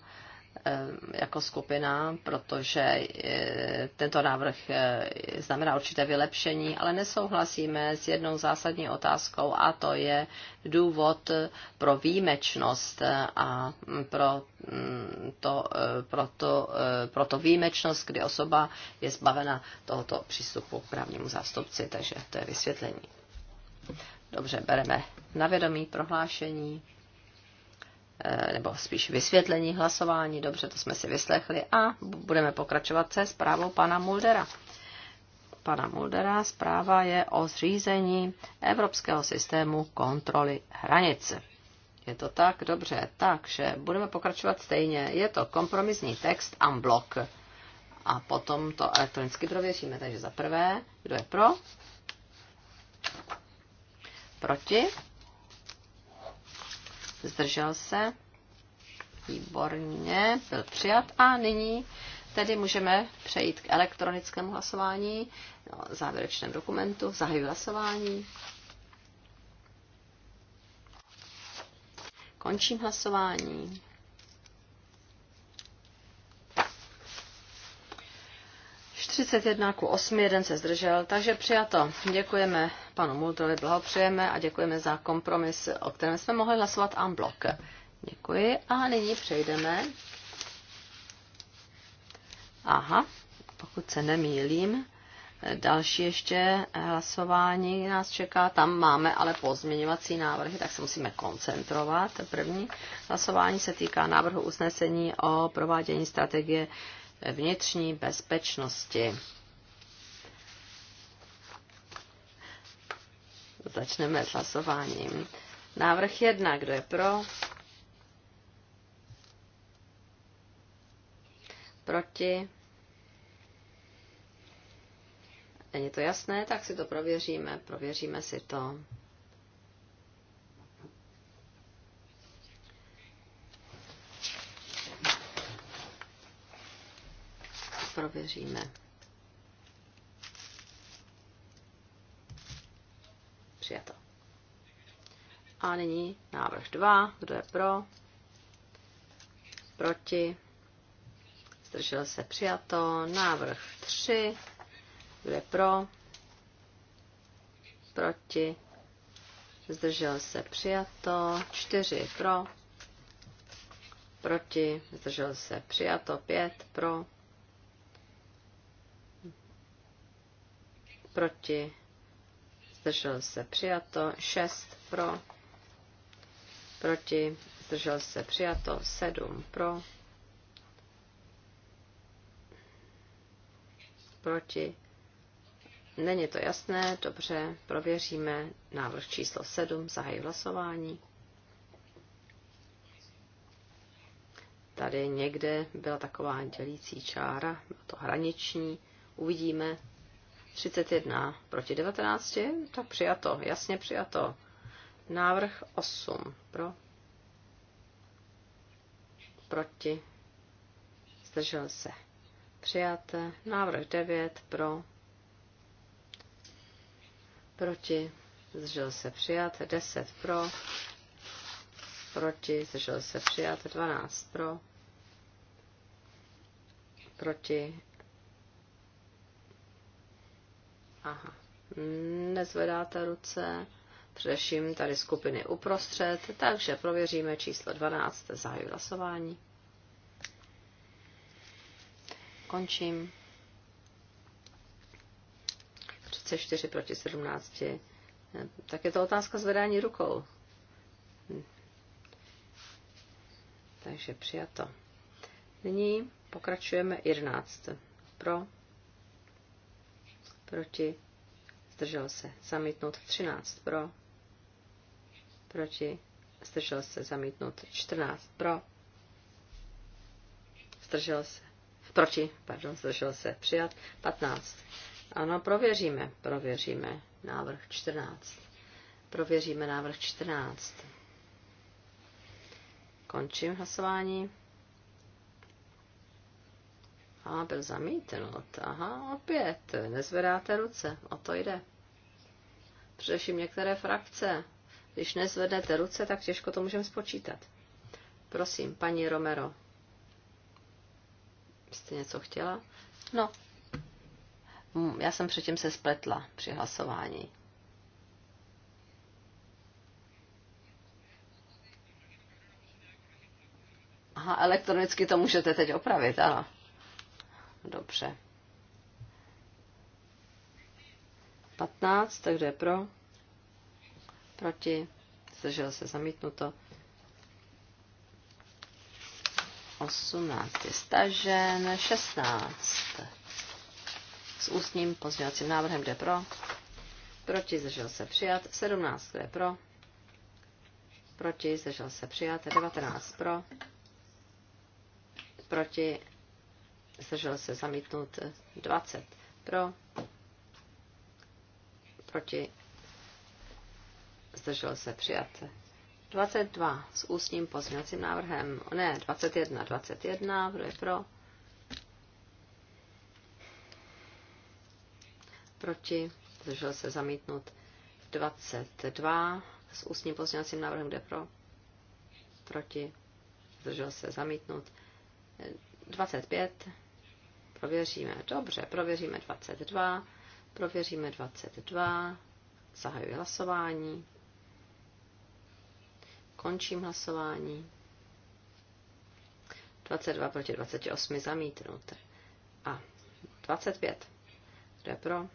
Eh, jako skupina, protože eh, tento návrh eh, znamená určité vylepšení, ale nesouhlasíme s jednou zásadní otázkou a to je důvod pro výjimečnost a pro mm, to, pro to, pro to výjimečnost, kdy osoba je zbavena tohoto přístupu k právnímu zástupci, takže to je vysvětlení. Dobře, bereme na vědomí prohlášení Eh, nebo spíš vysvětlení hlasování. Dobře, to jsme si vyslechli a budeme pokračovat se zprávou pana Muldera. Pana Muldera zpráva je o zřízení Evropského systému kontroly hranic. Je to tak? Dobře, takže budeme pokračovat stejně. Je to kompromisní text blok. A potom to elektronicky prověříme. Takže za prvé, kdo je pro? Proti? zdržel se, výborně, byl přijat a nyní tedy můžeme přejít k elektronickému hlasování, no, závěrečném dokumentu, zahajuji hlasování. Končím hlasování. jedna ku 8, jeden se zdržel, takže přijato. Děkujeme Panu Muldrovi blahopřejeme a děkujeme za kompromis, o kterém jsme mohli hlasovat en bloc. Děkuji a nyní přejdeme. Aha, pokud se nemýlím, další ještě hlasování nás čeká. Tam máme ale pozměňovací návrhy, tak se musíme koncentrovat. První hlasování se týká návrhu usnesení o provádění strategie vnitřní bezpečnosti. Začneme s hlasováním. Návrh jedna, kdo je pro? Proti? Není to jasné, tak si to prověříme. Prověříme si to. Prověříme. Přijato. A nyní návrh 2. Kdo je pro? Proti? Zdržel se přijato. Návrh 3. Kdo je pro? Proti? Zdržel se přijato. 4. Pro? Proti? Zdržel se přijato. 5. Pro? Proti? zdržel se přijato, 6 pro, proti, zdržel se přijato, 7 pro, proti, není to jasné, dobře, prověříme návrh číslo 7, zahají hlasování. Tady někde byla taková dělící čára, to hraniční, uvidíme, 31 proti 19, tak přijato, jasně přijato. Návrh 8 pro, proti, zdržel se. přijaté. návrh 9 pro, proti, zdržel se přijat, 10 pro, proti, zdržel se přijat, 12 pro, proti, Aha, nezvedáte ruce, především tady skupiny uprostřed, takže prověříme číslo 12, zahajuji hlasování. Končím. 34 proti 17. Tak je to otázka zvedání rukou. Takže přijato. Nyní pokračujeme 11. Pro proti, zdržel se, zamítnut 13 pro, proti, zdržel se, zamítnut 14 pro, zdržel se, proti, pardon, zdržel se, přijat 15. Ano, prověříme, prověříme návrh 14. Prověříme návrh 14. Končím hlasování. A byl zamítnut. Aha, opět, nezvedáte ruce, o to jde. Především některé frakce. Když nezvednete ruce, tak těžko to můžeme spočítat. Prosím, paní Romero. Jste něco chtěla? No, mm, já jsem předtím se spletla při hlasování. Aha, elektronicky to můžete teď opravit, ano. Dobře. 15, tak kdo je pro? Proti? Zdržel se zamítnuto. 18 je stažen. 16 s ústním pozměňovacím návrhem jde pro. Proti zdržel se přijat. 17 je pro. Proti zdržel se přijat. 19 pro. Proti zdržel se zamítnout 20 pro, proti, zdržel se přijat 22 s ústním pozměňovacím návrhem, ne, 21, 21, kdo je pro, proti, zdržel se zamítnout 22 s ústním pozměňovacím návrhem, kde pro, proti, zdržel se zamítnout 25. Prověříme. Dobře, prověříme 22. Prověříme 22. Zahajuji hlasování. Končím hlasování. 22 proti 28 zamítnut. A 25. Kdo je pro?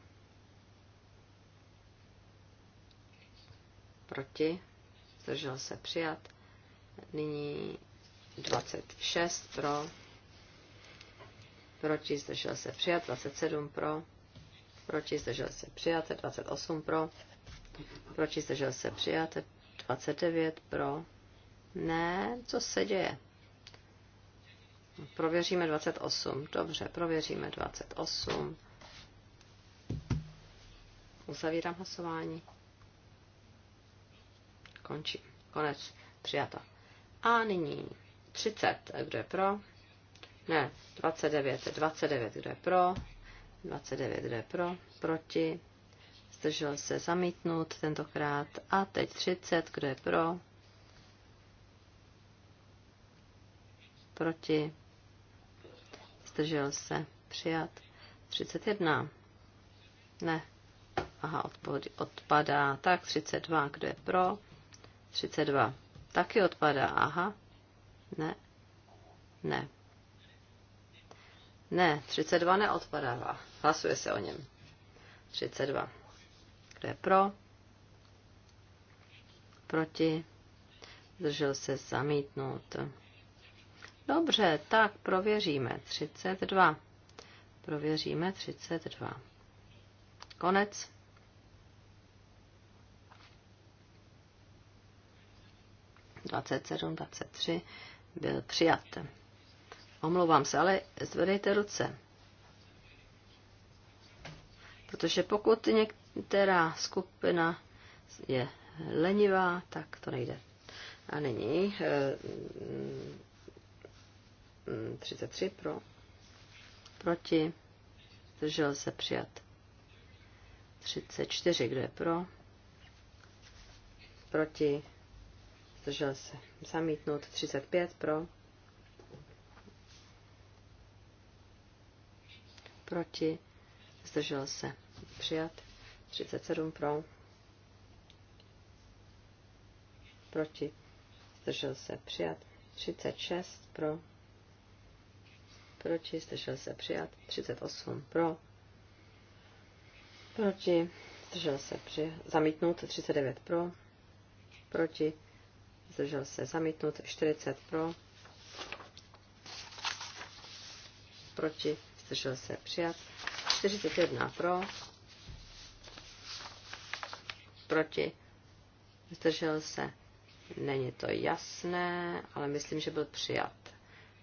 Proti? Zdržel se přijat. Nyní 26 pro proti, zdržel se přijat, 27 pro, proti, zdržel se přijat, 28 pro, proti, zdržel se přijat, 29 pro, ne, co se děje? Prověříme 28, dobře, prověříme 28. Uzavírám hlasování. Končím. Konec. Přijata. A nyní 30. Kdo je pro? Ne, 29, 29, kdo je pro, 29, kdo je pro, proti, zdržel se zamítnut tentokrát a teď 30, kdo je pro, proti, zdržel se přijat, 31, ne, aha, odpadá, tak 32, kdo je pro, 32, taky odpadá, aha, ne, ne, ne, 32 neodpadává. Hlasuje se o něm. 32. Kdo je pro? Proti? Zdržel se zamítnout. Dobře, tak prověříme. 32. Prověříme 32. Konec. Dvacet sedm, dvacet tři byl přijat. Omlouvám se, ale zvedejte ruce. Protože pokud některá skupina je lenivá, tak to nejde. A nyní 33 eh, mm, pro, proti, zdržel se přijat. 34, kdo je pro, proti, zdržel se zamítnout. 35 pro, proti, zdržel se přijat, 37 pro, proti, zdržel se přijat, 36 pro, proti, zdržel se přijat, 38 pro, proti, zdržel se při, zamítnut, 39 pro, proti, zdržel se zamítnut, 40 pro, proti, zdržel se přijat. 41 pro, proti, zdržel se. Není to jasné, ale myslím, že byl přijat.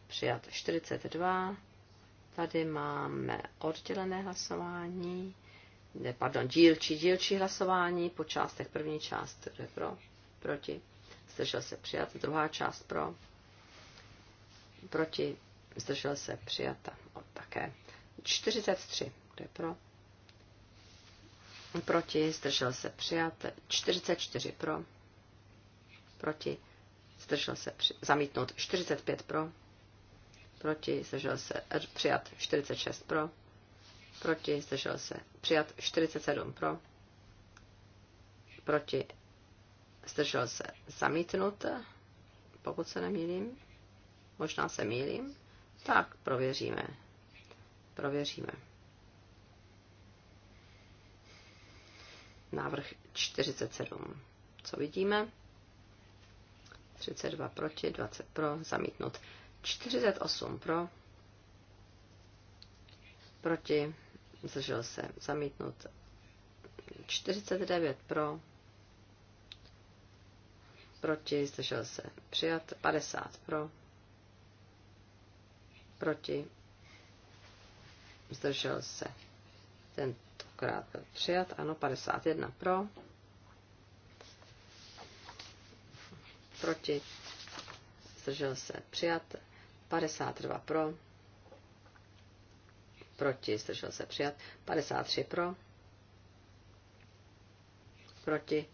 Přijat 42. Tady máme oddělené hlasování, ne, pardon, dílčí, dílčí hlasování po částech. První část je pro, proti, zdržel se přijat. Druhá část pro, proti, zdržel se přijata také. 43. Kdo je pro? Proti. Zdržel se přijat. 44 pro. Proti. Zdržel se při... zamítnout. 45 pro. Proti. Zdržel se přijat. 46 pro. Proti. Zdržel se přijat. 47 pro. Proti. Zdržel se zamítnout. Pokud se nemýlím. Možná se mýlím. Tak prověříme. Prověříme. Návrh 47. Co vidíme? 32 proti, 20 pro, zamítnut. 48 pro, proti, zdržel se, zamítnut. 49 pro, proti, zdržel se, přijat. 50 pro, proti, zdržel se. Tentokrát byl přijat, ano, 51 pro, proti, zdržel se, přijat, 52 pro, proti, zdržel se, přijat, 53 pro, proti,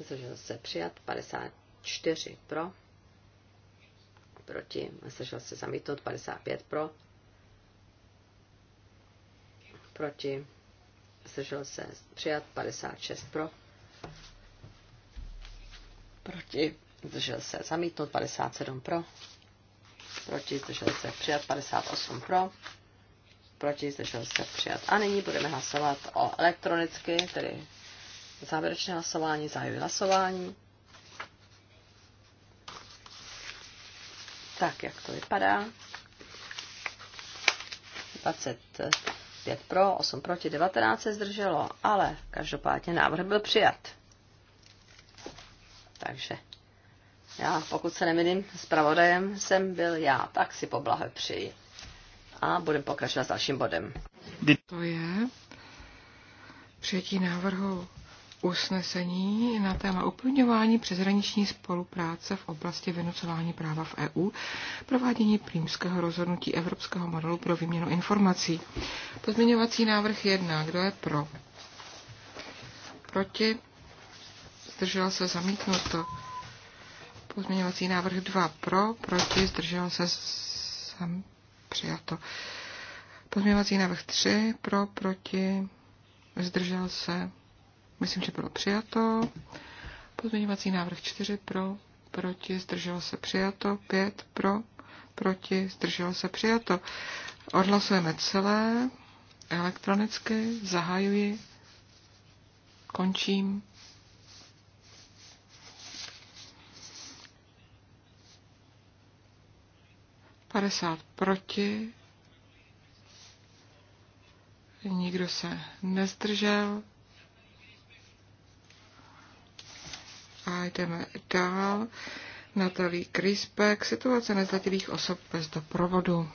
zdržel se, přijat, 54 pro, proti, zdržel se, zamítnout, 55 pro, proti, zdržel se přijat 56 pro, proti, zdržel se zamítnout, 57 pro, proti, zdržel se přijat 58 pro, proti, zdržel se přijat. A nyní budeme hlasovat o elektronicky, tedy závěrečné hlasování, zahajuji hlasování. Tak, jak to vypadá? 20 5 pro, 8 proti, 19 se zdrželo, ale každopádně návrh byl přijat. Takže já, pokud se nemýlím, pravodajem, jsem byl já, tak si přeji. A budeme pokračovat s dalším bodem. To je přijetí návrhu usnesení na téma uplňování přeshraniční spolupráce v oblasti vynucování práva v EU, provádění prýmského rozhodnutí Evropského modelu pro výměnu informací. Pozměňovací návrh 1. Kdo je pro? Proti? Zdržel se zamítnuto. Pozměňovací návrh 2. Pro? Proti? Zdržel se sam přijato. Pozměňovací návrh 3. Pro? Proti? Zdržel se Myslím, že bylo přijato. Pozměňovací návrh 4 pro, proti, zdrželo se přijato. 5 pro, proti, zdrželo se přijato. Odhlasujeme celé elektronicky, zahajuji, končím. Padesát proti, nikdo se nezdržel, a jdeme dál. Natalie Krispek, situace nezletilých osob bez doprovodu.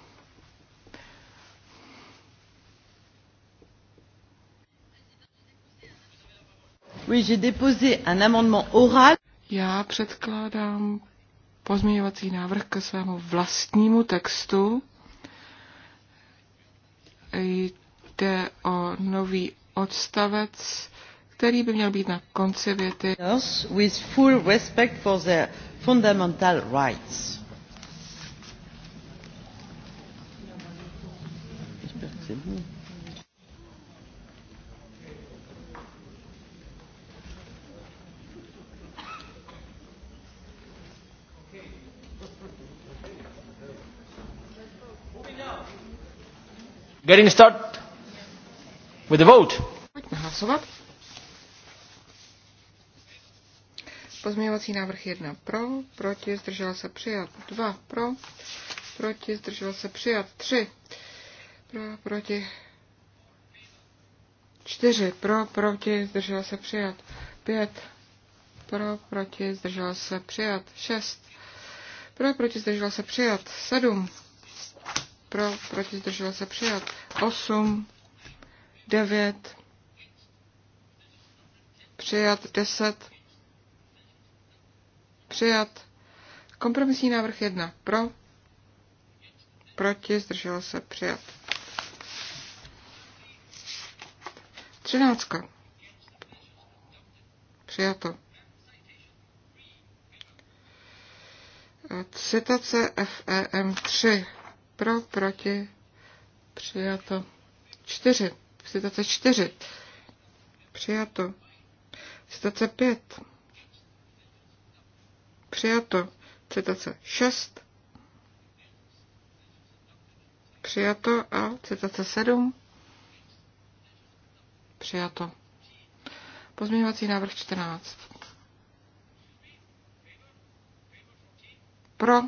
Oui, j'ai déposé un amendement oral. Já předkládám pozměňovací návrh ke svému vlastnímu textu. Jde o nový odstavec který by měl být na konci věty. With full respect for their fundamental rights. Getting started with the vote. Pojďme hlasovat. Pozměňovací návrh 1 pro, proti, zdržel se přijat 2 pro, proti, zdržel se přijat 3 pro, proti, 4 pro, proti, zdržel se přijat 5 pro, proti, zdržel se přijat 6 pro, proti, zdržel se přijat 7 pro, proti, zdržel se přijat 8 9 přijat 10 Přijat. Kompromisní návrh 1 pro. Proti Zdrželo se přijat. 13. Přijato. Citace FEM 3. Pro, proti, přijato. 4. Citace 4. Přijato. Citace 5. Přijato. Citace 6. Přijato. A citace 7. Přijato. Pozměňovací návrh 14. Pro.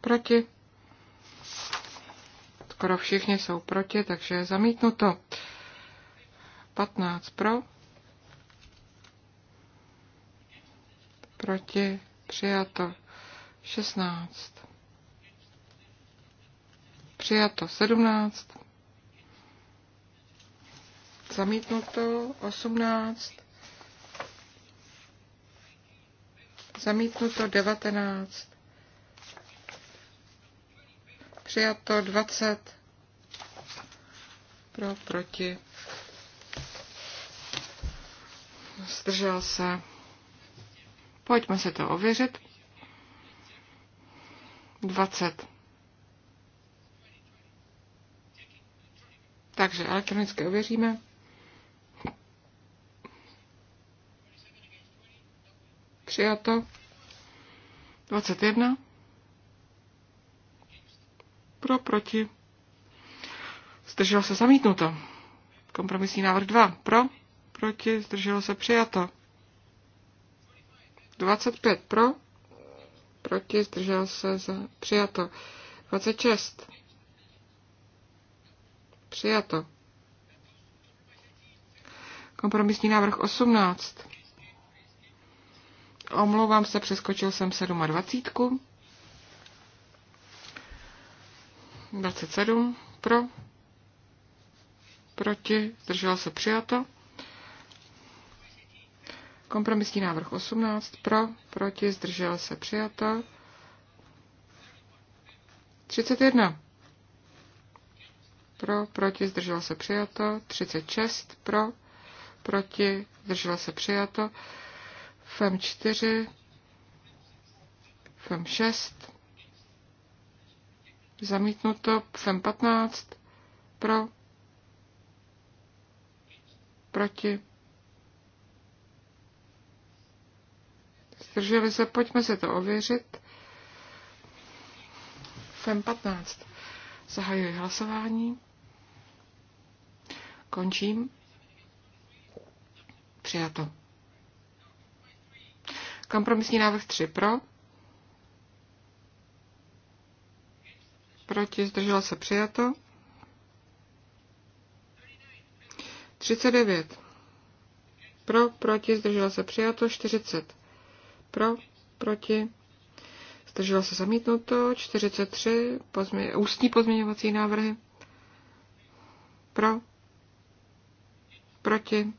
Proti skoro všichni jsou proti, takže je zamítnuto. 15 pro, proti, přijato 16, přijato 17, zamítnuto 18, zamítnuto 19, přijato 20 pro, proti, zdržel se. Pojďme se to ověřit. 20. Takže elektronicky ověříme. Přijato. 21. Pro, proti. Zdrželo se zamítnuto. Kompromisní návrh 2. Pro, proti. Zdrželo se přijato. 25 pro, proti, zdrželo se, za, přijato. 26. Přijato. Kompromisní návrh 18. Omlouvám se, přeskočil jsem 27. 27 pro, proti, zdržel se přijato. Kompromisní návrh 18 pro, proti, zdržel se přijato. 31 pro, proti, zdržel se přijato. 36 pro, proti, zdržel se přijato. FEM 4, FEM 6 Zamítnuto FEM 15 pro, proti. Zdrželi se, pojďme se to ověřit. FEM 15. Zahajuji hlasování. Končím. Přijato. Kompromisní návrh 3 pro. proti, zdržel se přijato. 39. Pro, proti, zdržel se přijato. 40. Pro, proti, zdržel se zamítnuto. 43. Pozmě, ústní pozměňovací návrhy. Pro, proti,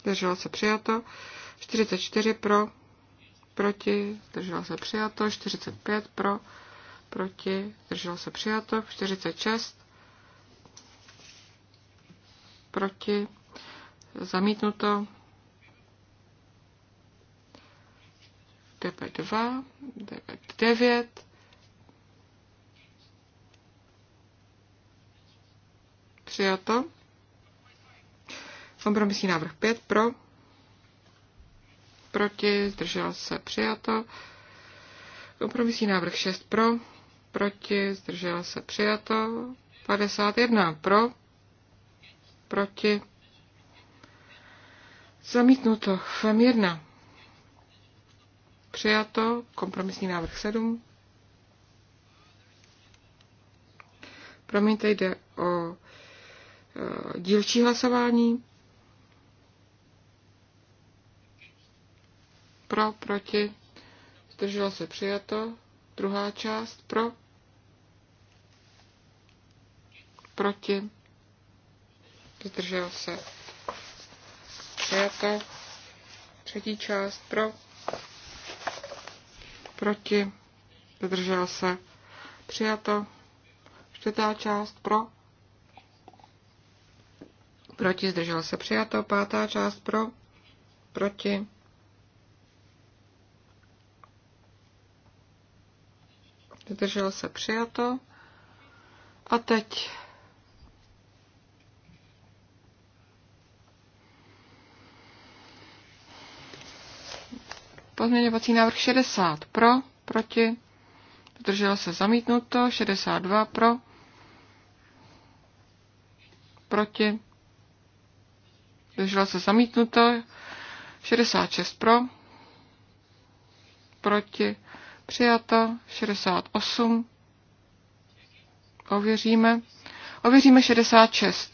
zdržel se přijato. 44 pro, proti, zdržel se přijato. 45 pro, proti, zdržel se přijato, 46, proti, zamítnuto, DB2, DB9, přijato, kompromisní návrh 5 pro, proti, zdržel se přijato, kompromisní návrh 6 pro, proti, zdržela se přijato. 51 pro, proti, zamítnuto. FEM 1 přijato, kompromisní návrh 7. Promiňte, jde o e, dílčí hlasování. Pro, proti, zdrželo se přijato. Druhá část pro, proti, zdržel se, přijato, třetí část pro, proti, zdržel se, přijato, čtvrtá část pro, proti, zdržel se, přijato, pátá část pro, proti, zdržel se, přijato, a teď Pozměňovací návrh 60 pro, proti, zdrželo se zamítnuto, 62 pro, proti, zdrželo se zamítnuto, 66 pro, proti, přijato, 68, ověříme, ověříme 66.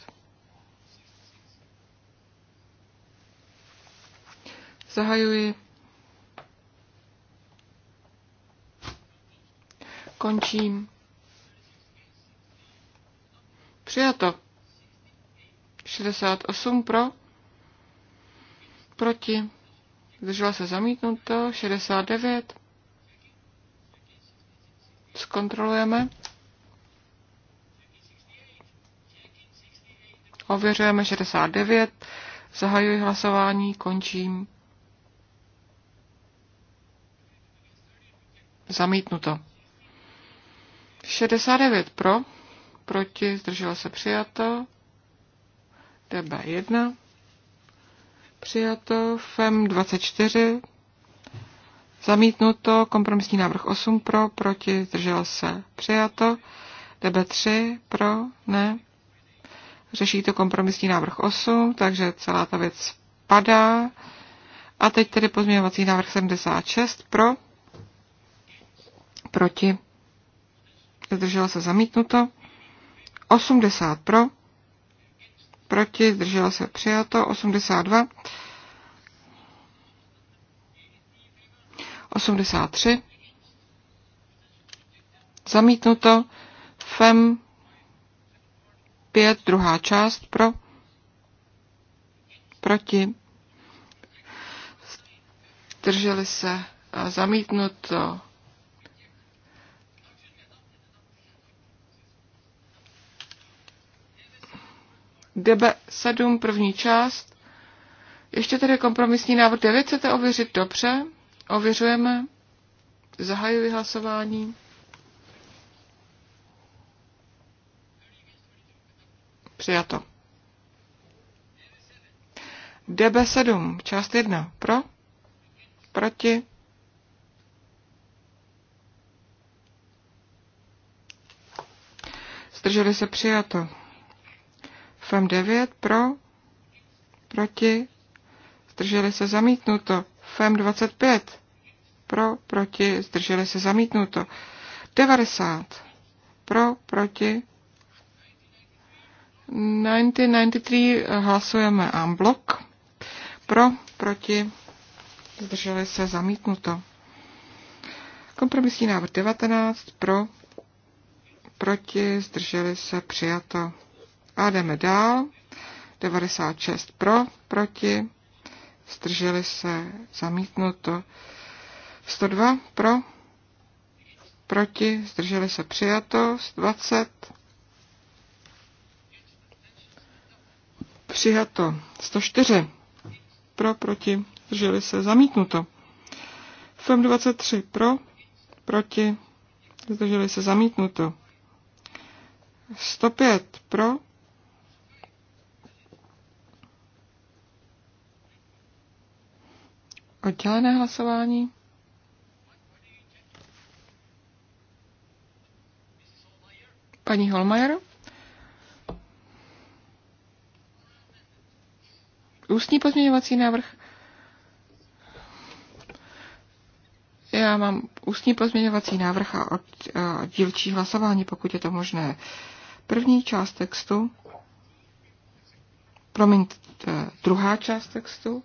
Zahajuji Končím. Přijato. 68 pro. Proti. Zdržela se zamítnuto. 69. Zkontrolujeme. Ověřujeme 69. Zahajuji hlasování. Končím. Zamítnuto. 69 pro, proti, zdrželo se přijato. DB1 přijato. FEM 24 zamítnuto. Kompromisní návrh 8 pro, proti, zdrželo se přijato. DB3 pro, ne. Řeší to kompromisní návrh 8, takže celá ta věc padá. A teď tedy pozměňovací návrh 76 pro, proti, zdrželo se zamítnuto, 80 pro, proti, zdrželo se přijato, 82, 83, zamítnuto, FEM 5, druhá část pro, proti, zdrželi se zamítnuto, DB7 první část. Ještě tady kompromisní návrh 9 chcete ověřit dobře. Ověřujeme. Zahajuji hlasování. Přijato. DB7, část 1. Pro? Proti? Zdrželi se přijato. FEM 9 pro, proti, zdrželi se zamítnuto. FEM 25 pro, proti, zdrželi se zamítnuto. 90 pro, proti. 1993 eh, hlasujeme en blok. Pro, proti, zdrželi se zamítnuto. Kompromisní návrh 19 pro, proti, zdrželi se přijato. A jdeme dál. 96 pro, proti, zdrželi se, zamítnuto. 102 pro, proti, zdrželi se, přijato. 20 přijato. 104 pro, proti, zdrželi se, zamítnuto. FEM 23 pro, proti, zdrželi se, zamítnuto. 105 pro, Oddělené hlasování. Paní Holmajer. Ústní pozměňovací návrh. Já mám ústní pozměňovací návrh a, od, a dílčí hlasování, pokud je to možné. První část textu, Promiňte, druhá část textu,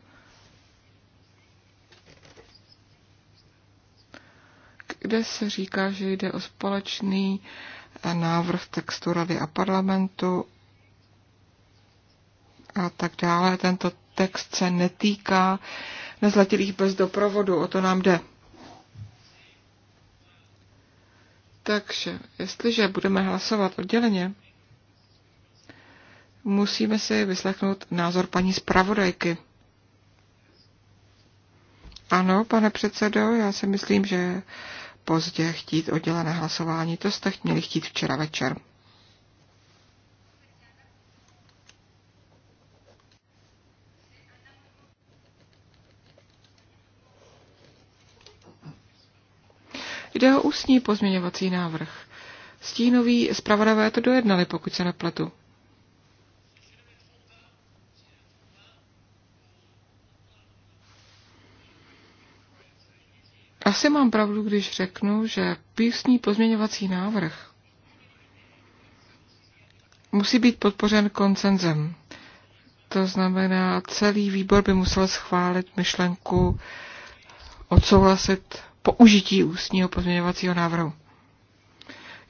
kde se říká, že jde o společný eh, návrh textu Rady a parlamentu a tak dále. Tento text se netýká nezletilých bez doprovodu, o to nám jde. Takže, jestliže budeme hlasovat odděleně, musíme si vyslechnout názor paní zpravodajky. Ano, pane předsedo, já si myslím, že pozdě chtít oddělené hlasování. To jste měli chtít včera večer. Jde o ústní pozměňovací návrh. Stínoví zpravodavé to dojednali, pokud se nepletu. Asi mám pravdu, když řeknu, že písní pozměňovací návrh musí být podpořen koncenzem. To znamená, celý výbor by musel schválit myšlenku odsouhlasit použití ústního pozměňovacího návrhu.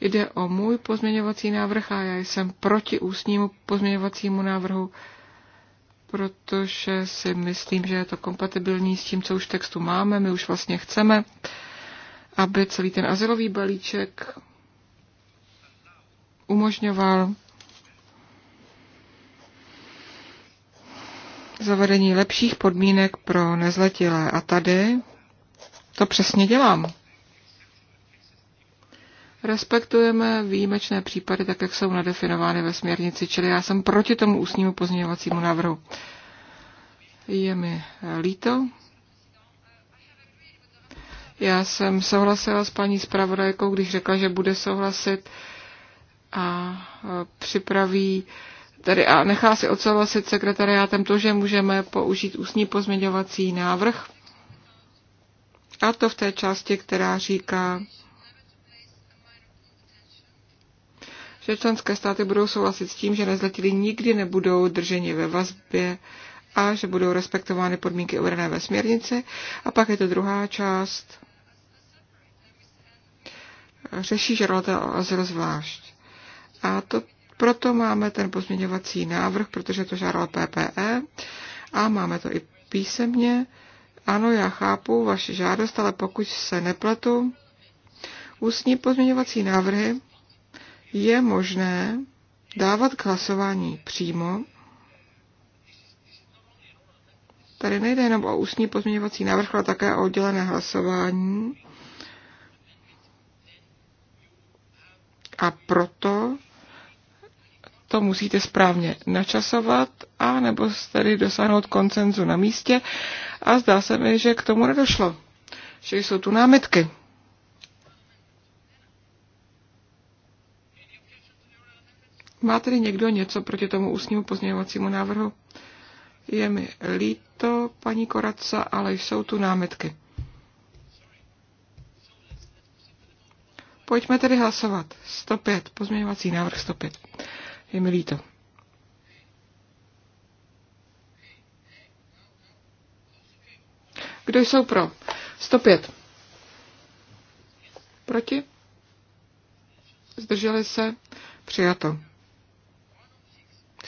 Jde o můj pozměňovací návrh a já jsem proti ústnímu pozměňovacímu návrhu protože si myslím, že je to kompatibilní s tím, co už v textu máme. My už vlastně chceme, aby celý ten azylový balíček umožňoval zavedení lepších podmínek pro nezletilé. A tady to přesně dělám. Respektujeme výjimečné případy, tak jak jsou nadefinovány ve směrnici, čili já jsem proti tomu ústnímu pozměňovacímu návrhu. Je mi líto. Já jsem souhlasila s paní zpravodajkou, když řekla, že bude souhlasit a e, připraví tedy a nechá si odsouhlasit sekretariátem to, že můžeme použít ústní pozměňovací návrh. A to v té části, která říká, že členské státy budou souhlasit s tím, že nezletilí nikdy nebudou drženi ve vazbě a že budou respektovány podmínky uvedené ve směrnici. A pak je to druhá část. Řeší žadatel o azyl zvlášť. A to proto máme ten pozměňovací návrh, protože to žádalo PPE a máme to i písemně. Ano, já chápu vaši žádost, ale pokud se nepletu, ústní pozměňovací návrhy je možné dávat k hlasování přímo. Tady nejde jenom o ústní pozměňovací návrh, ale také o oddělené hlasování. A proto to musíte správně načasovat a nebo tedy dosáhnout koncenzu na místě. A zdá se mi, že k tomu nedošlo, že jsou tu námitky. Má tedy někdo něco proti tomu ústnímu pozměňovacímu návrhu? Je mi líto, paní Koraca, ale jsou tu námitky. Pojďme tedy hlasovat. 105, pozměňovací návrh 105. Je mi líto. Kdo jsou pro? 105. Proti? Zdrželi se? Přijato.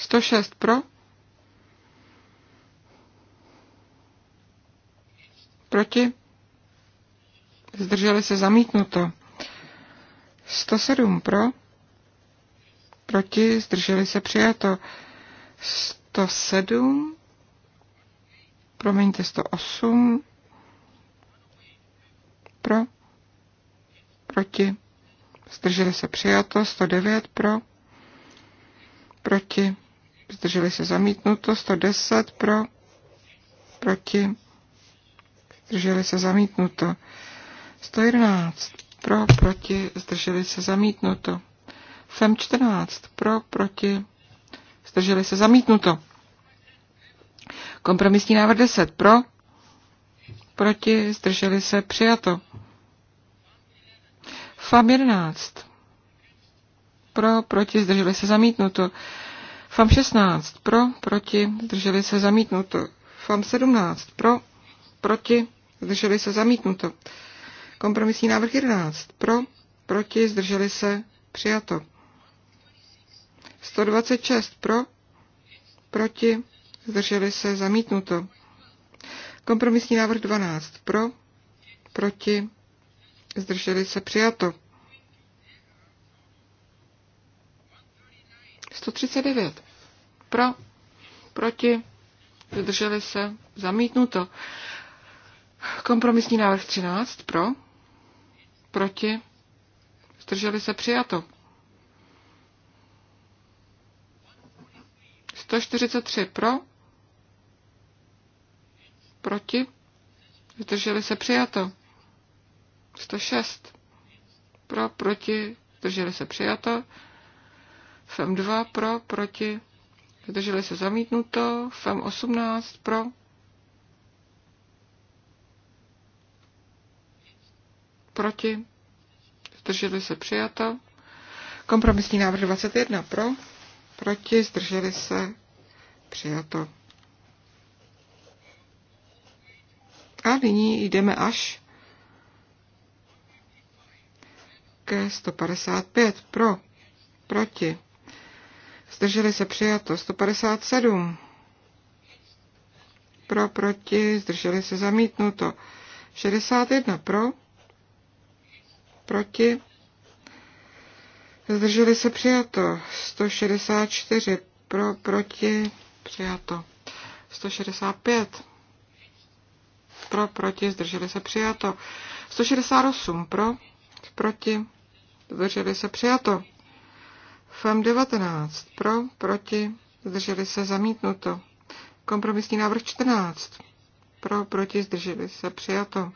106 pro, proti, zdrželi se zamítnuto. 107 pro, proti, zdrželi se přijato. 107, promiňte 108, pro, proti, zdrželi se přijato. 109 pro, proti, zdrželi se zamítnuto, 110 pro, proti, zdrželi se zamítnuto, 111 pro, proti, zdrželi se zamítnuto, FEM 14 pro, proti, zdrželi se zamítnuto. Kompromisní návrh 10 pro, proti, zdrželi se přijato. FAM 11 pro, proti, zdrželi se zamítnuto. FAM 16 pro, proti, zdrželi se zamítnuto. FAM 17 pro, proti, zdrželi se zamítnuto. Kompromisní návrh 11 pro, proti, zdrželi se přijato. 126 pro, proti, zdrželi se zamítnuto. Kompromisní návrh 12 pro, proti, zdrželi se přijato. 139. Pro, proti, zdrželi se, zamítnuto. Kompromisní návrh 13. Pro, proti, zdrželi se, přijato. 143 pro, proti, zdrželi se přijato. 106 pro, proti, zdrželi se přijato. FEM 2 pro, proti, zdrželi se zamítnuto, FEM 18 pro, proti, zdrželi se přijato, kompromisní návrh 21 pro, proti, zdrželi se přijato. A nyní jdeme až ke 155 pro, proti, zdrželi se přijato 157, pro, proti, zdrželi se zamítnuto 61 pro, proti, zdrželi se přijato 164 pro, proti, přijato 165 pro, proti, zdrželi se přijato 168 pro, proti, zdrželi se přijato FEM 19 pro, proti, zdrželi se zamítnuto. Kompromisní návrh 14 pro, proti, zdrželi se přijato.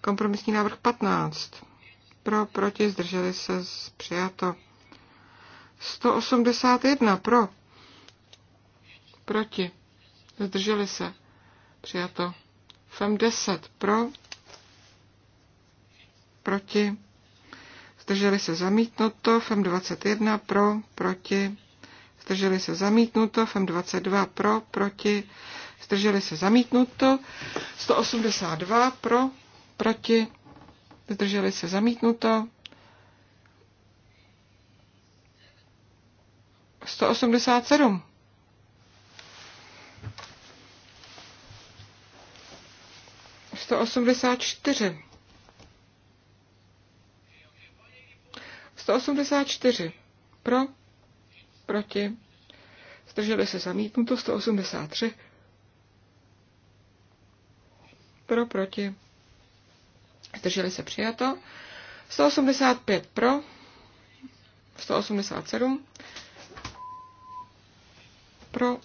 Kompromisní návrh 15 pro, proti, zdrželi se přijato. 181 pro, proti, zdrželi se přijato. FEM 10 pro, proti, zdrželi se zamítnuto, FEM 21 pro, proti, zdrželi se zamítnuto, FEM 22 pro, proti, zdrželi se zamítnuto, 182 pro, proti, zdrželi se zamítnuto, 187 184 184 pro, proti, zdrželi se zamítnuto, 183 pro, proti, zdrželi se přijato, 185 pro, 187 pro,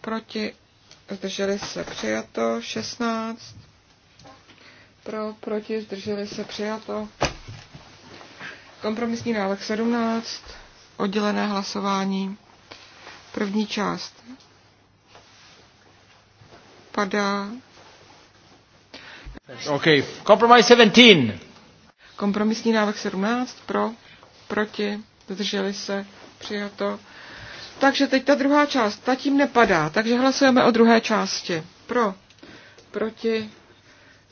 proti, zdrželi se přijato, 16 pro, proti, zdrželi se přijato. Kompromisní návrh 17, oddělené hlasování, první část padá. OK, kompromis 17. Kompromisní návrh 17 pro, proti, zdrželi se, přijato. Takže teď ta druhá část, ta tím nepadá, takže hlasujeme o druhé části. Pro, proti,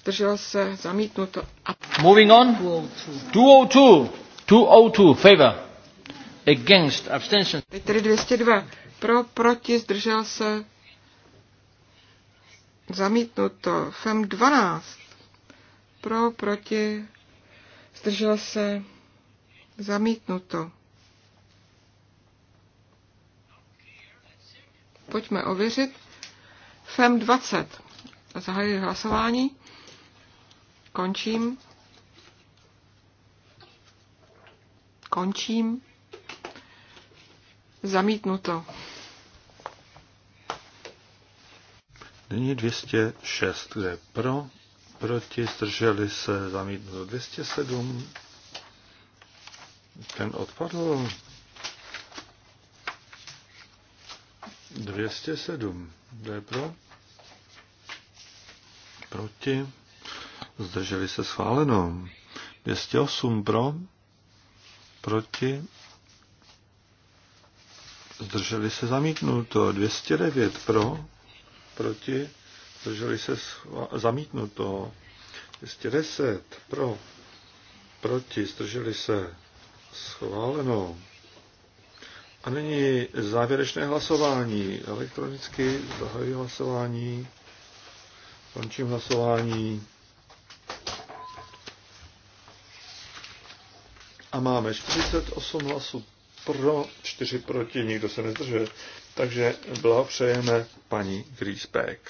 zdržel se, zamítnuto. A... Moving on, 202. 202. 202, Pro, proti, zdržel se. Zamítnuto. FEM 12. Pro, proti, zdržel se. Zamítnuto. Pojďme ověřit. FEM 20. Zahajuji hlasování. Končím. Končím. Zamítnuto. Nyní 206, kde pro, proti, zdrželi se, zamítnuto 207. Ten odpadl. 207, kde je pro, proti, zdrželi se schváleno. 208 pro, proti, zdrželi se zamítnuto, 209 pro, proti, zdrželi se zamítnuto, 210 pro, proti, zdrželi se schváleno. A nyní závěrečné hlasování. Elektronicky zahajuji hlasování. Končím hlasování. máme 48 hlasů pro, 4 proti, nikdo se nezdržuje. Takže blahopřejeme paní Griesbeck.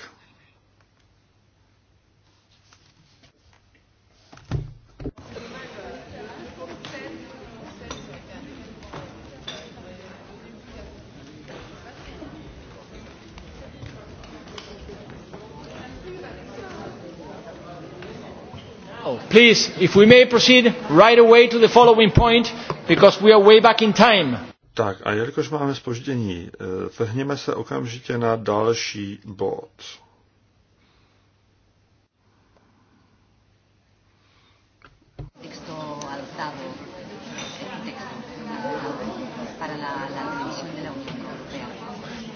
please, if we may proceed right away to the following point, because we are way back in time. Tak a jelikož máme spoždění, eh, vrhněme se okamžitě na další bod.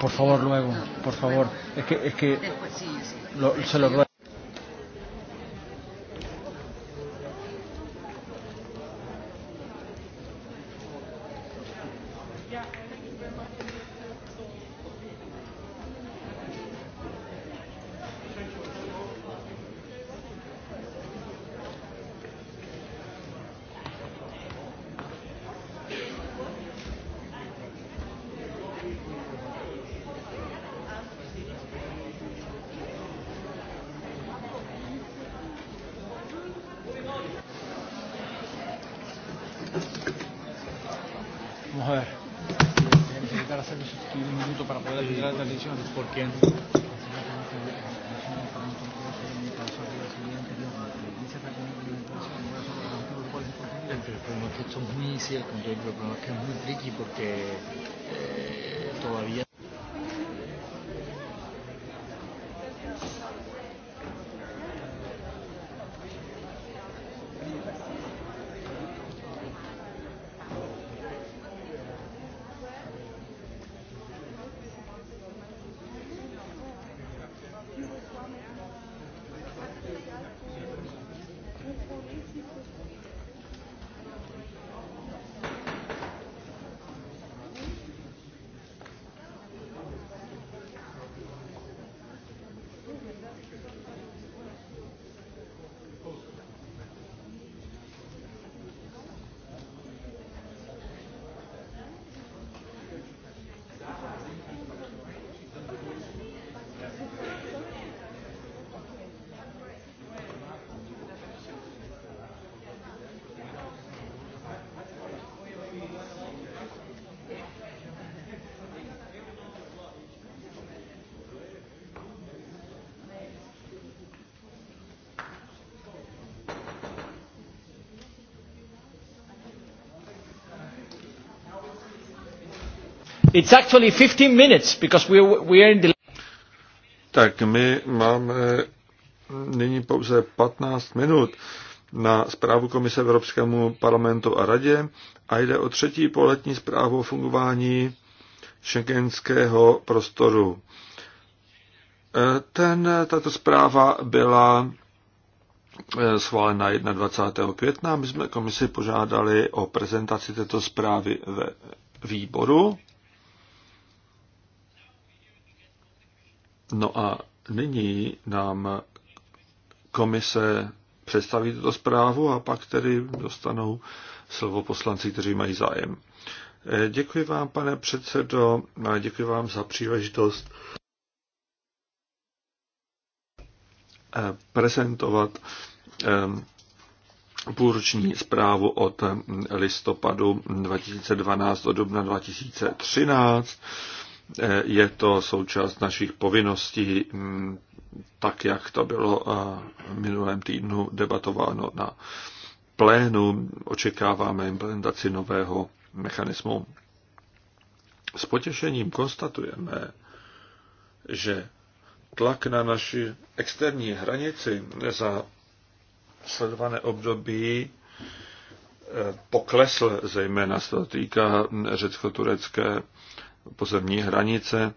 Por favor, luego, por favor. Es que, es que lo, se lo ruego. It's actually 15 minutes because we we are in the Tak my máme nyní pouze 15 minut na zprávu Komise Evropskému parlamentu a radě a jde o třetí poletní zprávu o fungování šengenského prostoru. E, ten, tato zpráva byla e, schválena 21. května. My jsme komisi požádali o prezentaci této zprávy ve výboru No a nyní nám komise představí tuto zprávu a pak tedy dostanou slovo poslanci, kteří mají zájem. Eh, děkuji vám, pane předsedo, a děkuji vám za příležitost eh, prezentovat eh, půlroční zprávu od mm, listopadu 2012 do dubna 2013 Eh, je to součást našich povinností, mm, tak jak to bylo eh, v minulém týdnu debatováno na plénu. Očekáváme implementaci nového mechanismu. S potěšením konstatujeme, že tlak na naši externí hranici za sledované období eh, poklesl, zejména se to týká řecko-turecké pozemní hranice.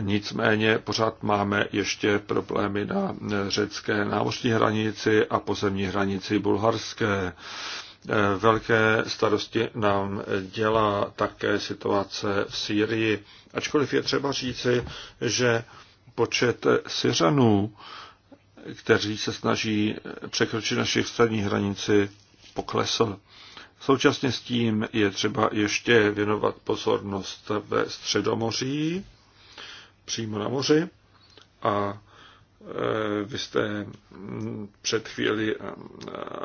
Nicméně pořád máme ještě problémy na řecké námořní hranici a pozemní hranici bulharské. Velké starosti nám dělá také situace v Sýrii, ačkoliv je třeba říci, že počet Syřanů, kteří se snaží překročit naši externí hranici, poklesl. Současně s tím je třeba ještě věnovat pozornost ve Středomoří, přímo na moři. A e, vy jste před chvíli e,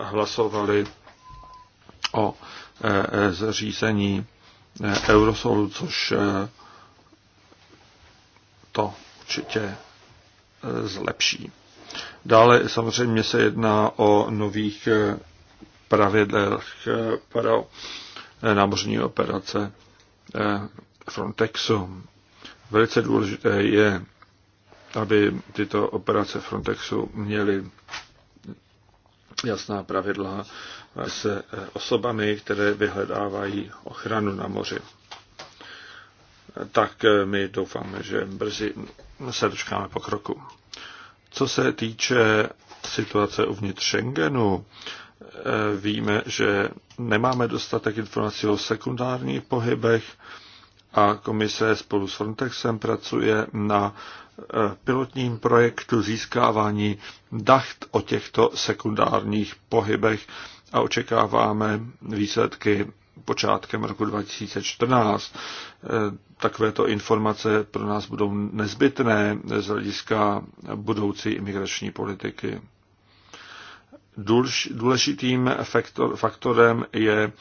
hlasovali o e, zřízení Eurosolu, což to určitě zlepší. Dále samozřejmě se jedná o nových pravidlech eh, pro eh, námořní operace eh, Frontexu. Velice důležité je, aby tyto operace Frontexu měly jasná pravidla s osobami, které vyhledávají ochranu na moři. Tak my doufáme, že brzy se dočkáme pokroku. Co se týče situace uvnitř Schengenu, Eh, víme, že nemáme dostatek informací o sekundárních pohybech a komise spolu s Frontexem pracuje na eh, pilotním projektu získávání dacht o těchto sekundárních pohybech a očekáváme výsledky počátkem roku 2014. Eh, takovéto informace pro nás budou nezbytné z hlediska budoucí imigrační politiky. Důležitým faktorem je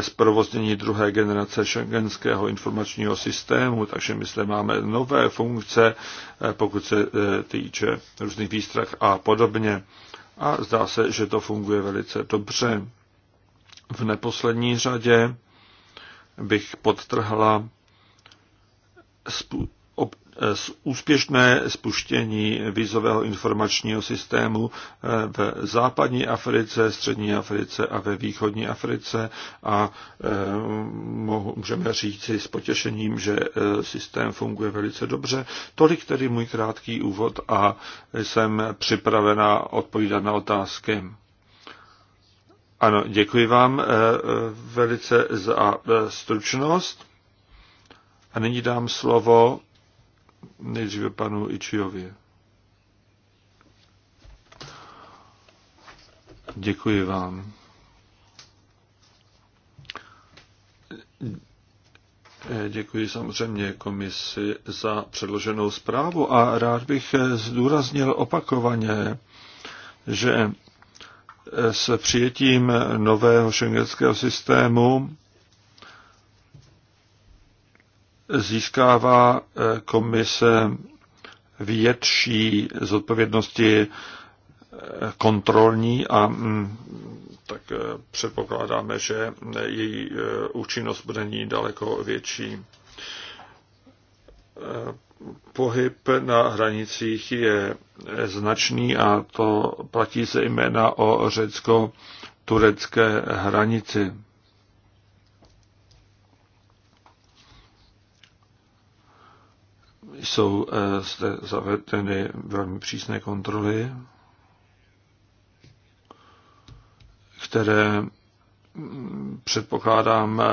zprovoznění druhé generace šengenského informačního systému, takže my zde máme nové funkce, eh, pokud se eh, týče různých výstrah a podobně. A zdá se, že to funguje velice dobře. V neposlední řadě bych podtrhla z úspěšné spuštění vízového informačního systému eh, v západní Africe, střední Africe a ve východní Africe a eh, můžeme říci s potěšením, že eh, systém funguje velice dobře. Tolik tedy můj krátký úvod a jsem připravena odpovídat na otázky. Ano, děkuji vám velice za stručnost. A nyní dám slovo nejdříve panu Ičiovi. Děkuji vám. Děkuji samozřejmě komisi za předloženou zprávu a rád bych zdůraznil opakovaně, že s přijetím nového šengenského systému získává eh, komise větší zodpovědnosti eh, kontrolní a mm, tak eh, předpokládáme, že její účinnost bude ní daleko větší. Pohyb na hranicích je značný a to platí se jména o řecko-turecké hranici. jsou eh, zde zavedeny velmi přísné kontroly, které mm, předpokládám eh,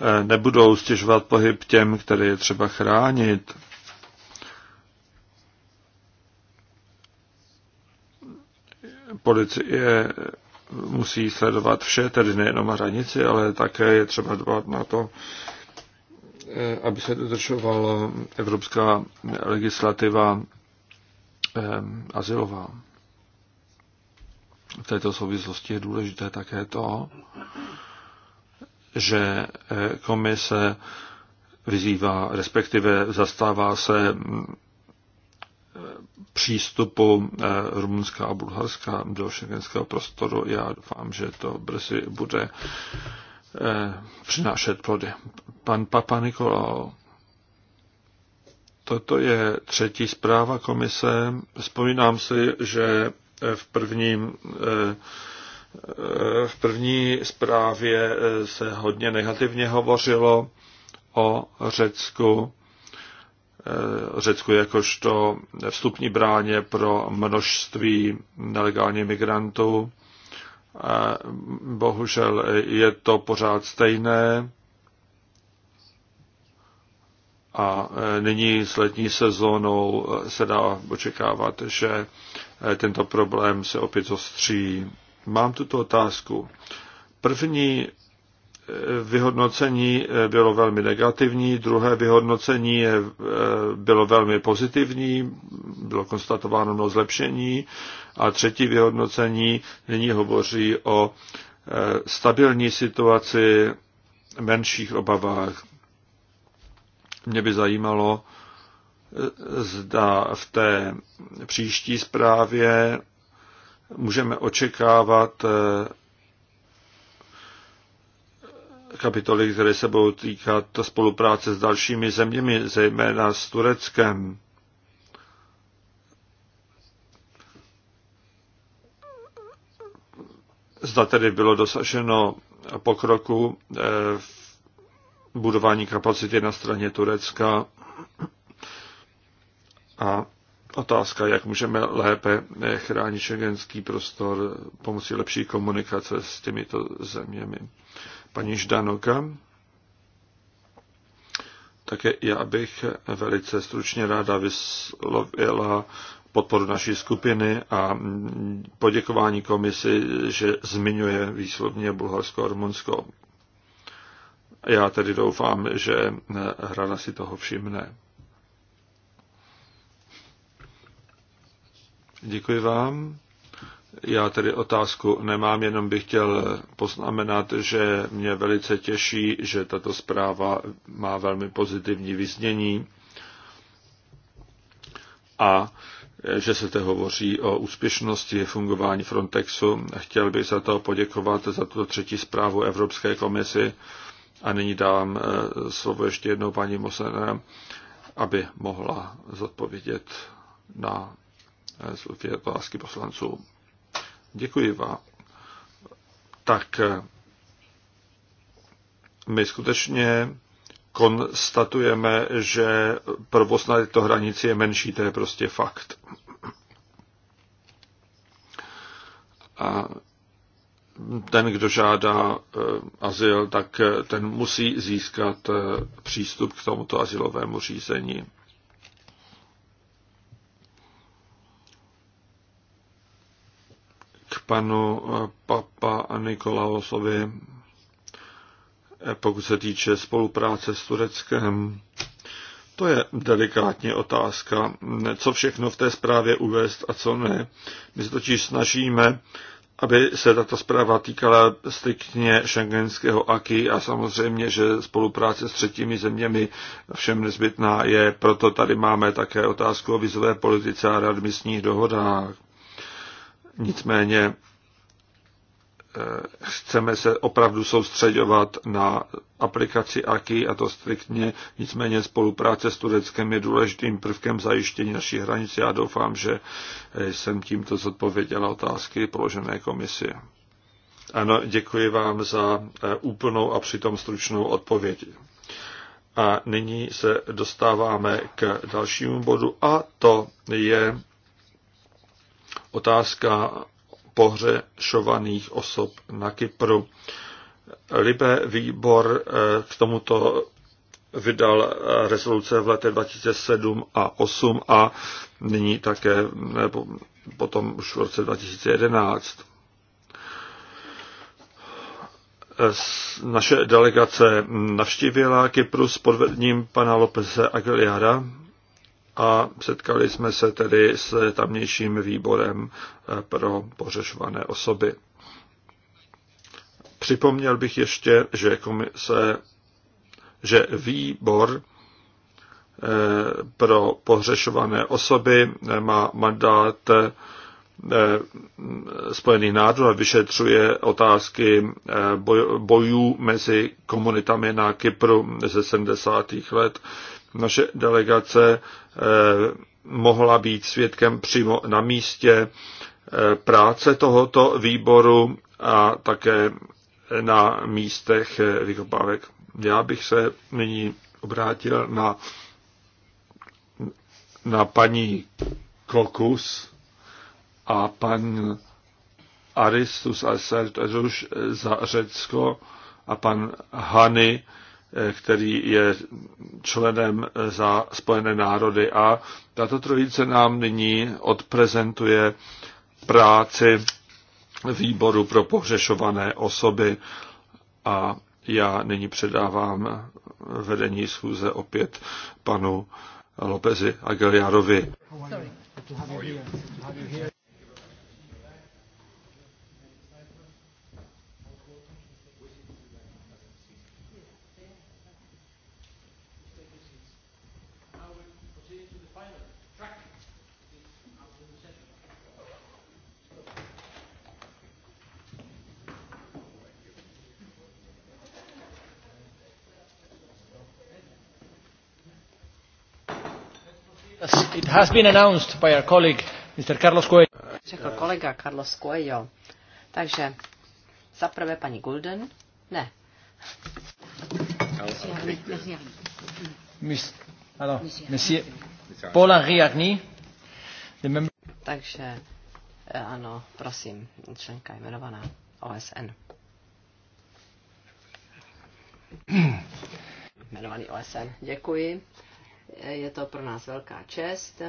eh, nebudou stěžovat pohyb těm, které je třeba chránit. Policie musí sledovat vše, tedy nejenom hranici, ale také je třeba dbát na to, Eh, aby se dodržovala evropská legislativa eh, azylová. V této souvislosti je důležité také to, že eh, komise vyzývá, respektive zastává se přístupu Rumunska a Bulharska do šengenského prostoru. Já doufám, že to brzy bude Eh, přinášet plody. Pan Papa Nikolao. Toto je třetí zpráva komise. Vzpomínám si, že eh, v prvním eh, v první zprávě se hodně negativně hovořilo o Řecku. Řecku jakožto vstupní bráně pro množství nelegálních migrantů. Bohužel je to pořád stejné. A nyní s letní sezónou se dá očekávat, že tento problém se opět zostří. Mám tuto otázku. První vyhodnocení eh, bylo velmi negativní, druhé vyhodnocení eh, bylo velmi pozitivní, bylo konstatováno mnoho zlepšení a třetí vyhodnocení nyní hovoří o eh, stabilní situaci, menších obavách. Mě by zajímalo, zda v té příští zprávě můžeme očekávat kapitoly, které se budou týkat spolupráce s dalšími zeměmi, zejména s Tureckem. Zda tedy bylo dosaženo pokroku eh, v budování kapacity na straně Turecka a otázka, jak můžeme lépe eh, chránit šengenský prostor pomocí lepší komunikace s těmito zeměmi paní Ždanoka. Také já bych velice stručně ráda vyslovila podporu naší skupiny a poděkování komisi, že zmiňuje výslovně Bulharsko a Rumunsko. Já tedy doufám, že rada si toho všimne. Děkuji vám. Já tedy otázku nemám, jenom bych chtěl poznamenat, že mě velice těší, že tato zpráva má velmi pozitivní vyznění a že se te hovoří o úspěšnosti fungování Frontexu. Chtěl bych za to poděkovat za tuto třetí zprávu Evropské komisi a nyní dám eh, slovo ještě jednou paní Mosener, aby mohla zodpovědět na eh, otázky poslanců. Děkuji vám. Tak my skutečně konstatujeme, že provoz na této hranici je menší, to je prostě fakt. A ten, kdo žádá eh, azyl, tak eh, ten musí získat eh, přístup k tomuto azylovému řízení. panu eh, Papa Nikolaosovi, eh, pokud se týče spolupráce s Tureckem. To je delikátní otázka, co všechno v té zprávě uvést a co ne. My se totiž snažíme, aby se tato zpráva týkala striktně šengenského AKI a samozřejmě, že spolupráce s třetími zeměmi všem nezbytná je, proto tady máme také otázku o vizové politice a readmisních dohodách. Nicméně eh, chceme se opravdu soustředovat na aplikaci AKI a to striktně. Nicméně spolupráce s Tureckem je důležitým prvkem zajištění naší hranice. Já doufám, že eh, jsem tímto zodpověděla otázky položené komisie. Ano, děkuji vám za eh, úplnou a přitom stručnou odpověď. A nyní se dostáváme k dalšímu bodu a to je otázka pohřešovaných osob na Kypru. Libe výbor eh, k tomuto vydal eh, rezoluce v letech 2007 a 8 a nyní také nebo eh, potom už v roce 2011. Naše delegace navštívila Kyprus pod vedením pana Lopeze Aguiliara a setkali jsme se tedy s tamnějším výborem eh, pro pořešované osoby. Připomněl bych ještě, že komise, že výbor eh, pro pohřešované osoby eh, má mandát Spojených národů a vyšetřuje otázky bojů mezi komunitami na Kypru ze 70. let. Naše delegace eh, mohla být svědkem přímo na místě eh, práce tohoto výboru a také na místech eh, vykopávek. Já bych se nyní obrátil na, na paní Kokus a pan Aristus už za Řecko a pan Hany Eh, který je členem eh, za Spojené národy. A tato trojice nám nyní odprezentuje práci výboru pro pohřešované osoby a já nyní předávám vedení schůze opět panu Lopezi Aguilarovi. Sorry. has been announced by our colleague, Mr. Carlos Coelho. Řekl kolega Carlos Coelho. Takže zaprvé paní Gulden. Ne. Paul Henri Arni. Takže eh, ano, prosím, členka jmenovaná OSN. Jmenovaný OSN, děkuji. Je to pro nás velká čest,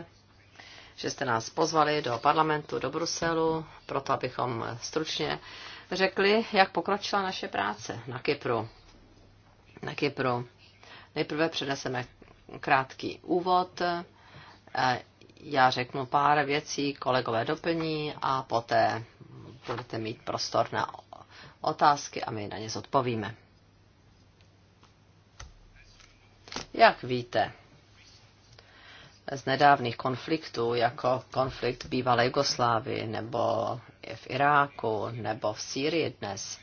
že jste nás pozvali do parlamentu, do Bruselu, proto abychom stručně řekli, jak pokročila naše práce na Kypru. Na Kypru. Nejprve předneseme krátký úvod. E, já řeknu pár věcí, kolegové doplní a poté budete mít prostor na otázky a my na ně zodpovíme. Jak víte, z nedávných konfliktů, jako konflikt bývalé Jugoslávii nebo v Iráku nebo v Sýrii dnes,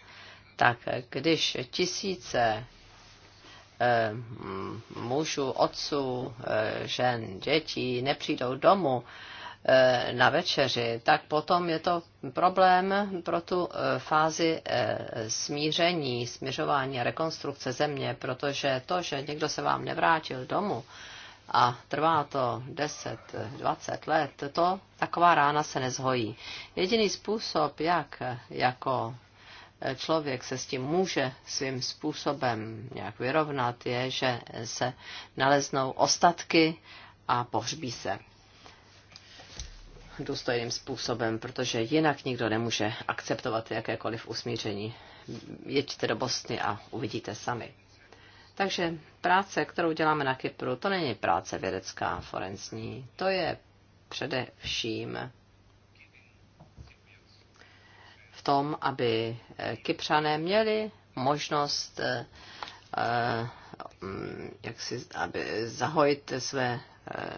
tak když tisíce eh, mužů, otců, eh, žen, dětí nepřijdou domů eh, na večeři, tak potom je to problém pro tu fázi smíření, směřování a rekonstrukce země, protože to, že někdo se vám nevrátil domů, a trvá to 10, 20 let, to taková rána se nezhojí. Jediný způsob, jak jako člověk se s tím může svým způsobem nějak vyrovnat, je, že se naleznou ostatky a pohřbí se důstojným způsobem, protože jinak nikdo nemůže akceptovat jakékoliv usmíření. Jeďte do Bosny a uvidíte sami. Takže práce, kterou děláme na Kypru, to není práce vědecká, forensní, To je především v tom, aby Kypřané měli možnost eh, jak si, aby zahojit své eh,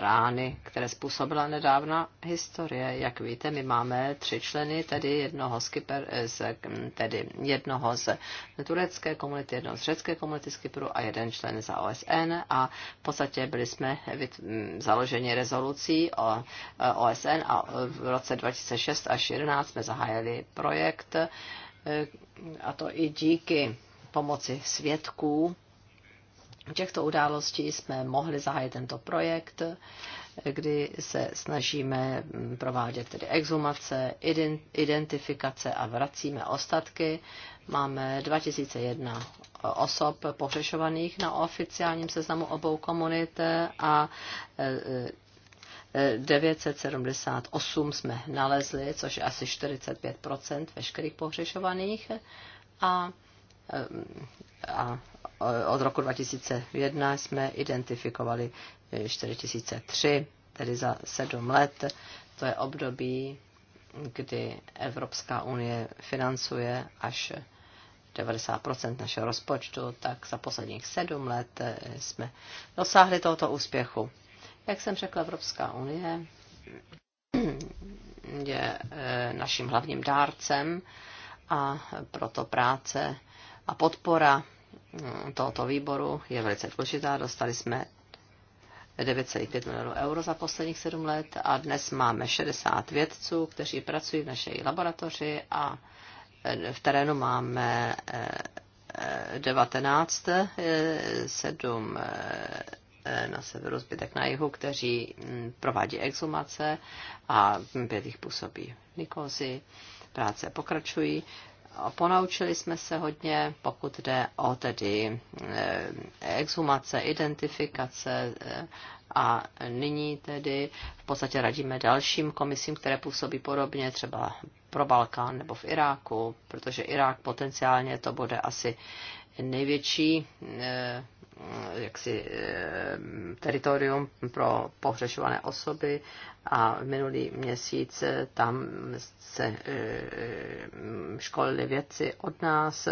rány, které způsobila nedávna historie. Jak víte, my máme tři členy, tedy jednoho z, Kyper, eh, z, hm, tedy jednoho z turecké komunity, jednoho z řecké komunity z Kypru a jeden člen za OSN a v podstatě byli jsme hm, založeni rezolucí o eh, OSN a v roce 2006 až 2011 jsme zahájili projekt a to i díky pomoci svědků těchto událostí jsme mohli zahájit tento projekt, kdy se snažíme provádět tedy exhumace, identifikace a vracíme ostatky. Máme 2001 osob pohřešovaných na oficiálním seznamu obou komunit a 978 e, e, jsme nalezli, což je asi 45 veškerých pohřešovaných. A e, a Eh, od roku 2001 jsme identifikovali 4003, eh, tedy za sedm let. To je období, kdy Evropská unie financuje až 90 našeho rozpočtu, tak za posledních sedm let eh, jsme dosáhli tohoto úspěchu. Jak jsem řekla, Evropská unie je naším hlavním dárcem a proto práce a podpora tohoto výboru je velice důležitá. Dostali jsme 9,5 milionů euro za posledních 7 let a dnes máme 60 vědců, kteří pracují v naší laboratoři a eh, v terénu máme 19, eh, 7 eh, na severu, zbytek na jihu, kteří hm, provádí exhumace a pět jich působí v Nikozi. Práce pokračují ponaučili jsme se hodně, pokud jde o tedy eh, exhumace, identifikace eh, a nyní tedy v podstatě radíme dalším komisím, které působí podobně, třeba pro Balkán nebo v Iráku, protože Irák potenciálně to bude asi největší eh, Eh, jaksi eh, teritorium pro pohřešované osoby a minulý měsíc eh, tam se školili věci od nás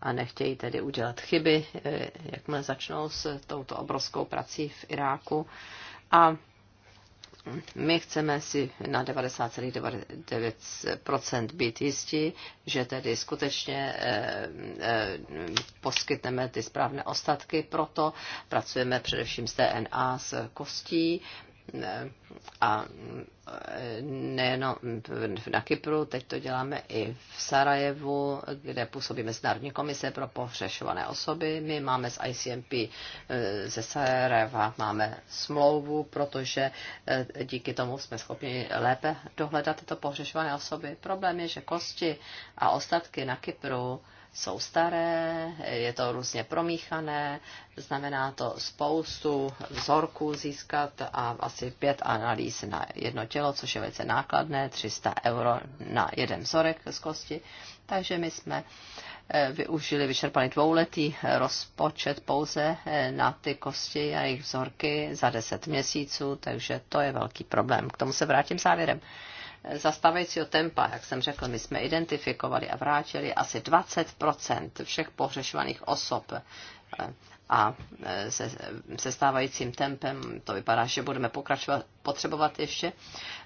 a nechtějí tedy udělat chyby, jakmile začnou s touto obrovskou prací v Iráku. A my chceme si na 90,9% být jistí, že tedy skutečně eh, eh, poskytneme ty správné ostatky, proto pracujeme především s DNA, s kostí a nejenom na Kypru, teď to děláme i v Sarajevu, kde působí Mezinárodní komise pro pohřešované osoby. My máme s ICMP eh, ze Sarajeva máme smlouvu, protože eh, díky tomu jsme schopni lépe dohledat tyto pohřešované osoby. Problém je, že kosti a ostatky na Kypru jsou staré, je to různě promíchané, znamená to spoustu vzorků získat a asi pět analýz na jedno tělo, což je velice nákladné, 300 euro na jeden vzorek z kosti. Takže my jsme eh, využili, vyčerpali dvouletý rozpočet pouze eh, na ty kosti a jejich vzorky za 10 měsíců, takže to je velký problém. K tomu se vrátím závěrem zastavejícího tempa, jak jsem řekl, my jsme identifikovali a vrátili asi 20% všech pohřešovaných osob a se, se stávajícím tempem to vypadá, že budeme pokračovat, potřebovat ještě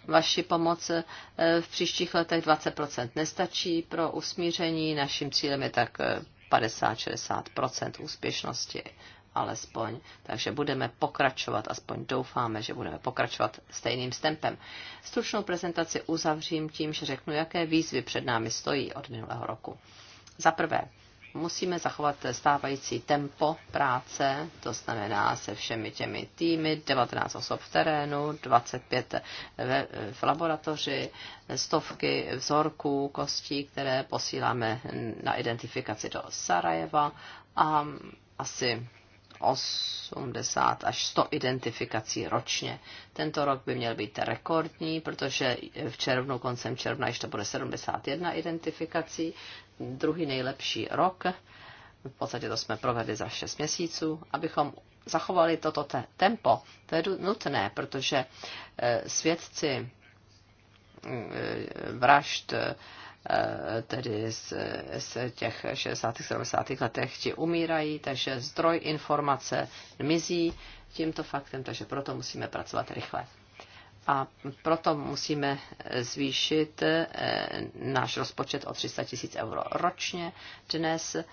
vaši pomoc eh, v příštích letech. 20% nestačí pro usmíření, naším cílem je tak 50-60% eh, úspěšnosti alespoň. Takže budeme pokračovat, aspoň doufáme, že budeme pokračovat stejným stempem. Stručnou prezentaci uzavřím tím, že řeknu, jaké výzvy před námi stojí od minulého roku. Za prvé, musíme zachovat stávající tempo práce, to znamená se všemi těmi týmy, 19 osob v terénu, 25 ve, v laboratoři, stovky vzorků kostí, které posíláme na identifikaci do Sarajeva a asi 80 až 100 identifikací ročně. Tento rok by měl být rekordní, protože v červnu, koncem června, ještě to bude 71 identifikací, druhý nejlepší rok. V podstatě to jsme provedli za 6 měsíců, abychom zachovali toto te- tempo. To je nutné, protože e, svědci e, vražd e, Eh, tedy z, z těch 60. 70. letech ti umírají, takže zdroj informace mizí tímto faktem, takže proto musíme pracovat rychle. A proto musíme zvýšit eh, náš rozpočet o 300 tisíc euro ročně dnes eh,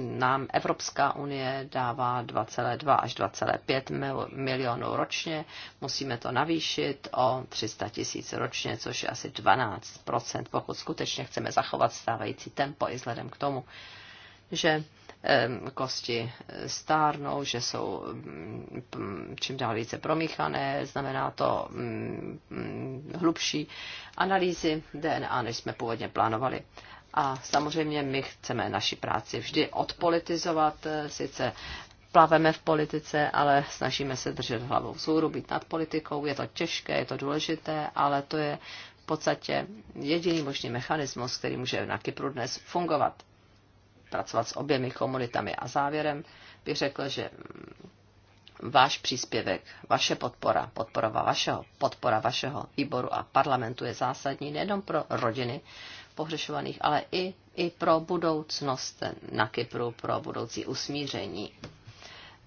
nám Evropská unie dává 2,2 až 2,5 milionů ročně. Musíme to navýšit o 300 tisíc ročně, což je asi 12 pokud skutečně chceme zachovat stávající tempo i vzhledem k tomu, že kosti eh, stárnou, že jsou mm, čím dál více promíchané, znamená to mm, mm, hlubší analýzy DNA, než jsme původně plánovali. A samozřejmě my chceme naši práci vždy odpolitizovat, eh, sice plaveme v politice, ale snažíme se držet hlavou vzhůru, být nad politikou. Je to těžké, je to důležité, ale to je v podstatě jediný možný mechanismus, který může na Kypru dnes fungovat. Pracovat s oběmi komunitami. A závěrem bych řekl, že mm, váš příspěvek, vaše podpora, podpora vašeho, podpora vašeho výboru a parlamentu je zásadní nejenom pro rodiny pohřešovaných, ale i, i pro budoucnost na Kypru, pro budoucí usmíření.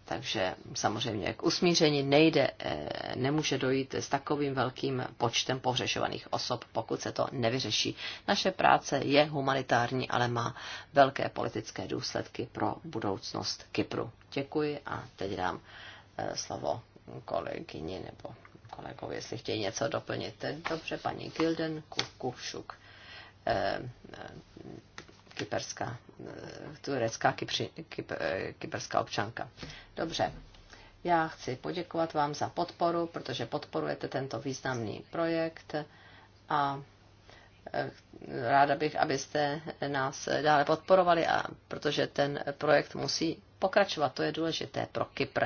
Takže samozřejmě k usmíření nejde, eh, nemůže dojít s takovým velkým počtem pohřešovaných osob, pokud se to nevyřeší. Naše práce je humanitární, ale má velké politické důsledky pro budoucnost Kypru. Děkuji a teď dám eh, slovo kolegyni nebo kolegovi, jestli chtějí něco doplnit. Dobře, paní Gilden Kukušuk. Eh, kyperská, eh, turecká kypři, kyp, eh, kyperská občanka. Dobře, já chci poděkovat vám za podporu, protože podporujete tento významný projekt a ráda bych, abyste nás dále podporovali, a, protože ten projekt musí pokračovat, to je důležité pro Kypr.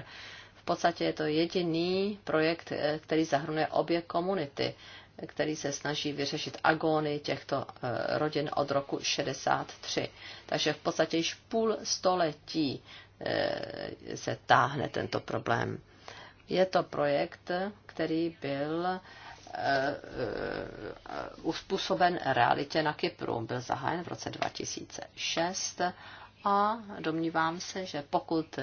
V podstatě je to jediný projekt, který zahrnuje obě komunity který se snaží vyřešit agóny těchto eh, rodin od roku 63. Takže v podstatě již půl století eh, se táhne tento problém. Je to projekt, který byl eh, uspůsoben realitě na Kypru. Byl zahájen v roce 2006 a domnívám se, že pokud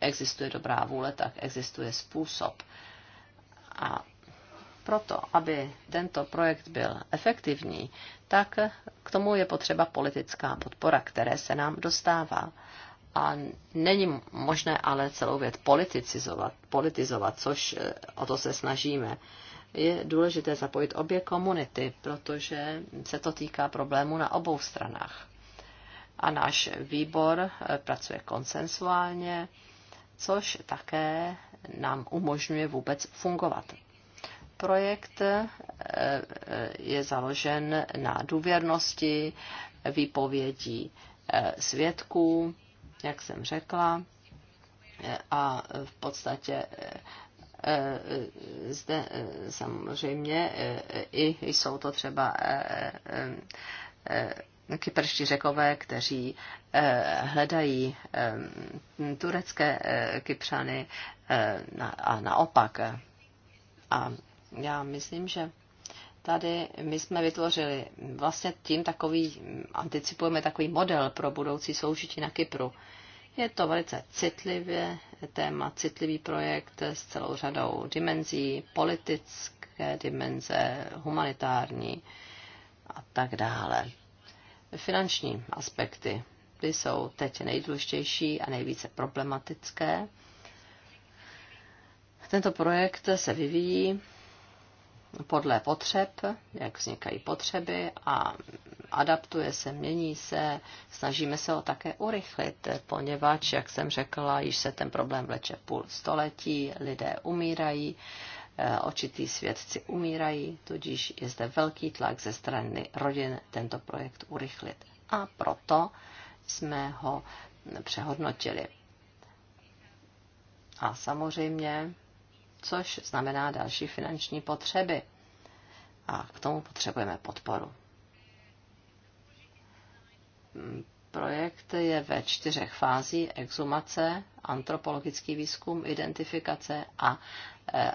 existuje dobrá vůle, tak existuje způsob. A proto, aby tento projekt byl efektivní, tak k tomu je potřeba politická podpora, které se nám dostává. A není možné ale celou věc politicizovat, politizovat, což eh, o to se snažíme. Je důležité zapojit obě komunity, protože se to týká problému na obou stranách. A náš výbor eh, pracuje konsensuálně, což také nám umožňuje vůbec fungovat. Projekt eh, eh, je založen na důvěrnosti výpovědí eh, svědků, jak jsem řekla, a v podstatě zde samozřejmě i jsou to třeba kyperští řekové, kteří hledají turecké kypřany a naopak. A já myslím, že tady my jsme vytvořili vlastně tím takový, anticipujeme takový model pro budoucí soužití na Kypru. Je to velice citlivě téma, citlivý projekt s celou řadou dimenzí, politické dimenze, humanitární a tak dále. Finanční aspekty ty jsou teď nejdůležitější a nejvíce problematické. Tento projekt se vyvíjí podle potřeb, jak vznikají potřeby a adaptuje se, mění se, snažíme se ho také urychlit, poněvadž, jak jsem řekla, již se ten problém vleče půl století, lidé umírají, eh, očití svědci umírají, tudíž je zde velký tlak ze strany rodin tento projekt urychlit. A proto jsme ho přehodnotili. A samozřejmě což znamená další finanční potřeby. A k tomu potřebujeme podporu. Projekt je ve čtyřech fází Exumace, antropologický výzkum, identifikace a e,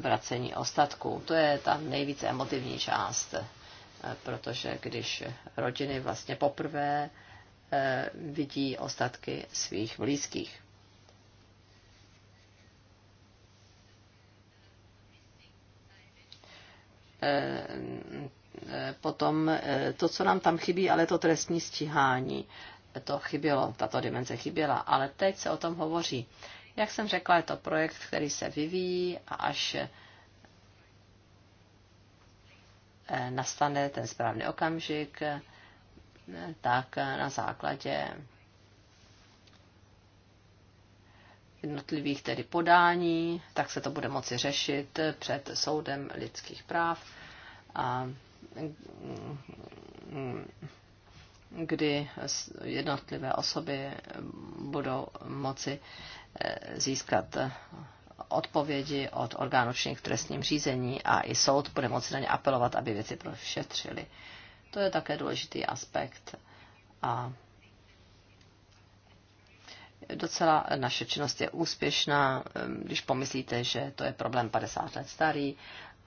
vracení ostatků. To je ta nejvíce emotivní část, e, protože když rodiny vlastně poprvé e, vidí ostatky svých blízkých. Eh, potom eh, to, co nám tam chybí, ale to trestní stíhání. To chybělo, tato dimenze chyběla, ale teď se o tom hovoří. Jak jsem řekla, je to projekt, který se vyvíjí a až eh, nastane ten správný okamžik, tak na základě jednotlivých tedy podání, tak se to bude moci řešit před soudem lidských práv, a kdy jednotlivé osoby budou moci eh, získat odpovědi od orgánů činných v trestním řízení a i soud bude moci na ně apelovat, aby věci prošetřili. To je také důležitý aspekt. A docela naše činnost je úspěšná, když pomyslíte, že to je problém 50 let starý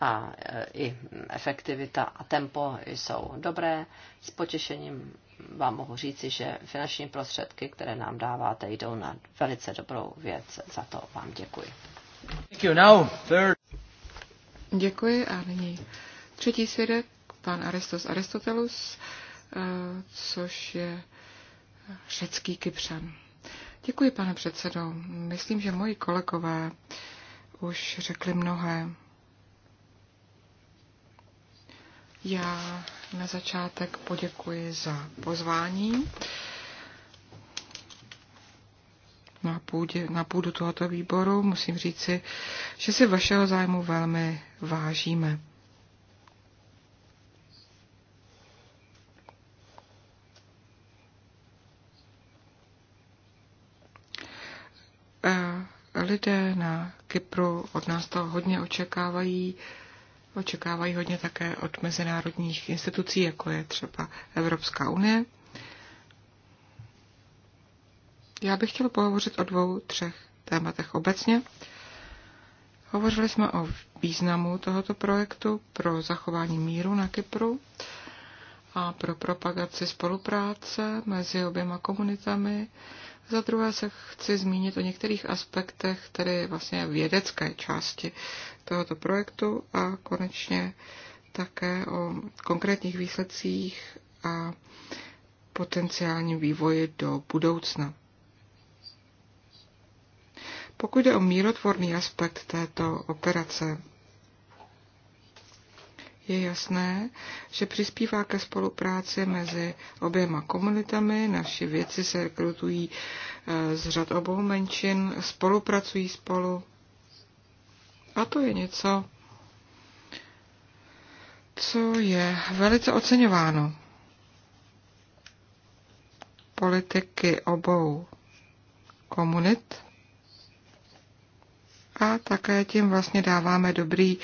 a e, i efektivita a tempo jsou dobré. S potěšením vám mohu říci, že finanční prostředky, které nám dáváte, jdou na velice dobrou věc. Za to vám děkuji. Thank you now, third. Děkuji a nyní třetí svědek, pan Aristos Aristotelus, e, což je řecký kypřan. Děkuji, pane předsedo. Myslím, že moji kolegové už řekli mnohé. Já na začátek poděkuji za pozvání na, půdě, na půdu tohoto výboru. Musím říci, že si vašeho zájmu velmi vážíme. lidé na Kypru od nás to hodně očekávají. Očekávají hodně také od mezinárodních institucí, jako je třeba Evropská unie. Já bych chtěla pohovořit o dvou, třech tématech obecně. Hovořili jsme o významu tohoto projektu pro zachování míru na Kypru a pro propagaci spolupráce mezi oběma komunitami, za druhé se chci zmínit o některých aspektech, je vlastně vědecké části tohoto projektu a konečně také o konkrétních výsledcích a potenciálním vývoji do budoucna. Pokud jde o mírotvorný aspekt této operace, je jasné, že přispívá ke spolupráci mezi oběma komunitami. Naši věci se rekrutují eh, z řad obou menšin, spolupracují spolu. A to je něco, co je velice oceňováno. Politiky obou komunit a také tím vlastně dáváme dobrý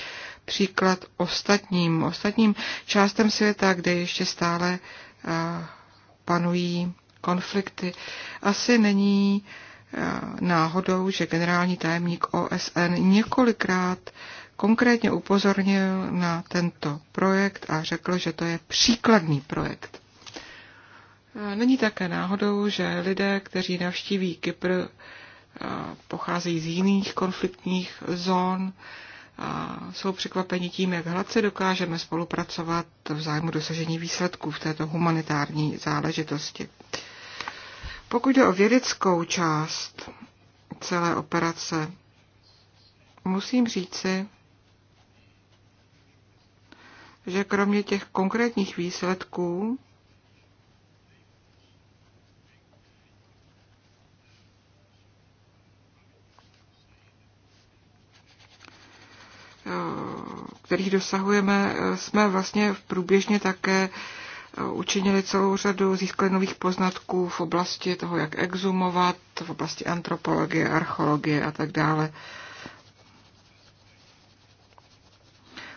příklad ostatním, ostatním částem světa, kde ještě stále eh, panují konflikty. Asi není eh, náhodou, že generální tajemník OSN několikrát konkrétně upozornil na tento projekt a řekl, že to je příkladný projekt. Eh, není také náhodou, že lidé, kteří navštíví Kypr, pocházejí z jiných konfliktních zón, a jsou překvapeni tím, jak hladce dokážeme spolupracovat v zájmu dosažení výsledků v této humanitární záležitosti. Pokud jde o vědeckou část celé operace, musím říci, že kromě těch konkrétních výsledků Eh, kterých dosahujeme, eh, jsme vlastně v průběžně také eh, učinili celou řadu, získali nových poznatků v oblasti toho, jak exumovat, v oblasti antropologie, archeologie a tak dále.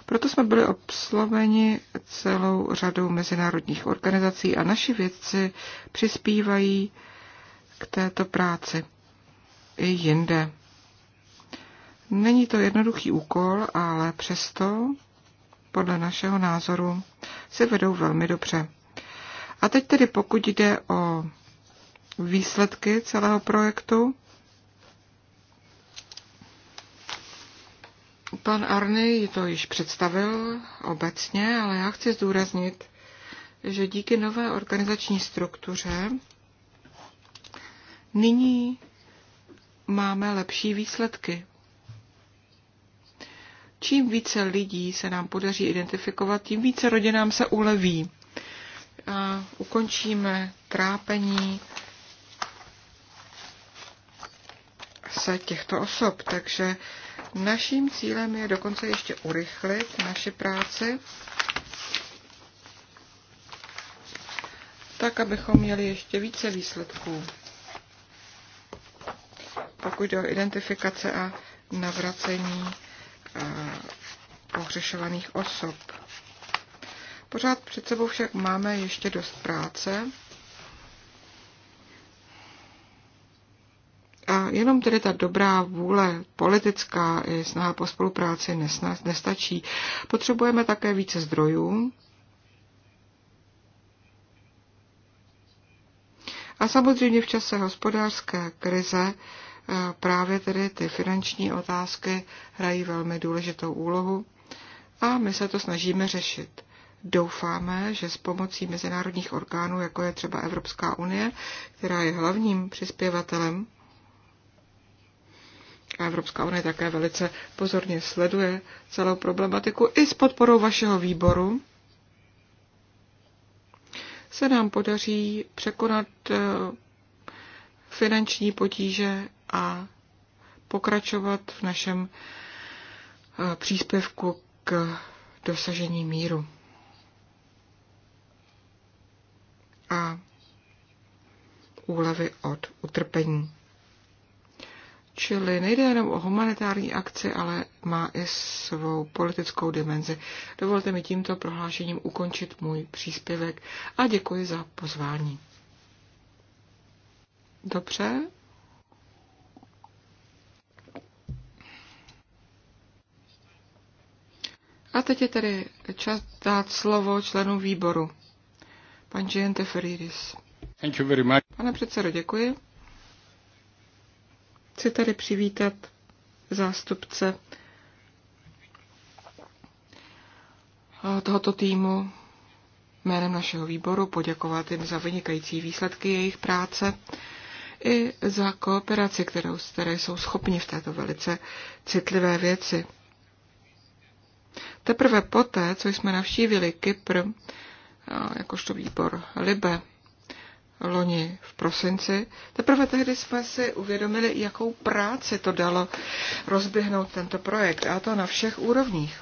Proto jsme byli obsloveni celou řadou mezinárodních organizací a naši vědci přispívají k této práci i jinde. Není to jednoduchý úkol, ale přesto, podle našeho názoru, se vedou velmi dobře. A teď tedy pokud jde o výsledky celého projektu, Pan Arny to již představil obecně, ale já chci zdůraznit, že díky nové organizační struktuře nyní máme lepší výsledky. Čím více lidí se nám podaří identifikovat, tím více rodinám se uleví. A ukončíme trápení se těchto osob. Takže naším cílem je dokonce ještě urychlit naše práci, tak, abychom měli ještě více výsledků, pokud jde o identifikace a navracení pohřešovaných osob. Pořád před sebou však máme ještě dost práce. A jenom tedy ta dobrá vůle politická i snaha po spolupráci nestačí. Potřebujeme také více zdrojů. A samozřejmě v čase hospodářské krize právě tedy ty finanční otázky hrají velmi důležitou úlohu a my se to snažíme řešit. Doufáme, že s pomocí mezinárodních orgánů, jako je třeba Evropská unie, která je hlavním přispěvatelem, a Evropská unie také velice pozorně sleduje celou problematiku i s podporou vašeho výboru, se nám podaří překonat eh, finanční potíže a pokračovat v našem eh, příspěvku k dosažení míru. A úlevy od utrpení. Čili nejde jenom o humanitární akci, ale má i svou politickou dimenzi. Dovolte mi tímto prohlášením ukončit můj příspěvek a děkuji za pozvání. Dobře, A teď je tedy čas dát slovo členům výboru. Pan Jean Ferridis. Thank you very much. Pane předsedo, děkuji. Chci tady přivítat zástupce tohoto týmu jménem našeho výboru, poděkovat jim za vynikající výsledky jejich práce i za kooperaci, kterou, které jsou schopni v této velice citlivé věci. Teprve poté, co jsme navštívili Kypr, eh, jakožto výbor Libe, loni v prosinci, teprve tehdy jsme si uvědomili, jakou práci to dalo rozběhnout tento projekt, a to na všech úrovních.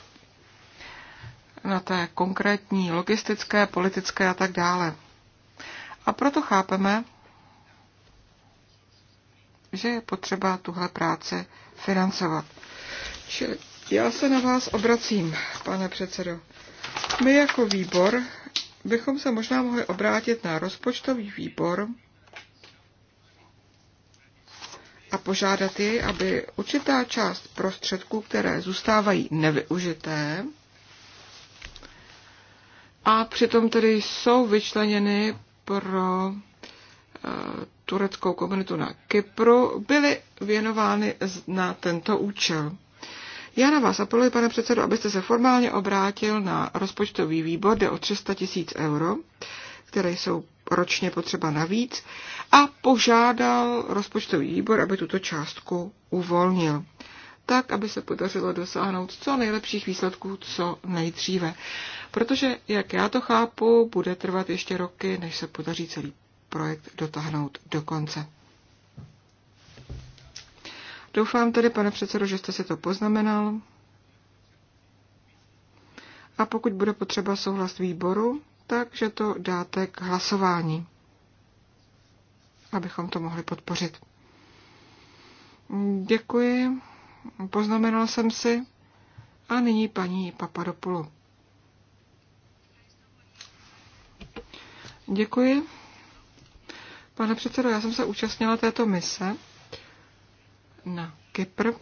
Na té konkrétní logistické, politické a tak dále. A proto chápeme, že je potřeba tuhle práci financovat. Čili já se na vás obracím, pane předsedo. My jako výbor bychom se možná mohli obrátit na rozpočtový výbor a požádat jej, aby určitá část prostředků, které zůstávají nevyužité, a přitom tedy jsou vyčleněny pro eh, tureckou komunitu na Kypru, byly věnovány na tento účel. Já na vás apeluji, pane předsedo, abyste se formálně obrátil na rozpočtový výbor, jde o 300 tisíc euro, které jsou ročně potřeba navíc, a požádal rozpočtový výbor, aby tuto částku uvolnil tak, aby se podařilo dosáhnout co nejlepších výsledků co nejdříve. Protože, jak já to chápu, bude trvat ještě roky, než se podaří celý projekt dotáhnout do konce. Doufám tedy, pane předsedo, že jste si to poznamenal. A pokud bude potřeba souhlas výboru, takže to dáte k hlasování, abychom to mohli podpořit. Děkuji, poznamenal jsem si. A nyní paní Papadopoulou. Děkuji. Pane předsedo, já jsem se účastnila této mise na Kypr.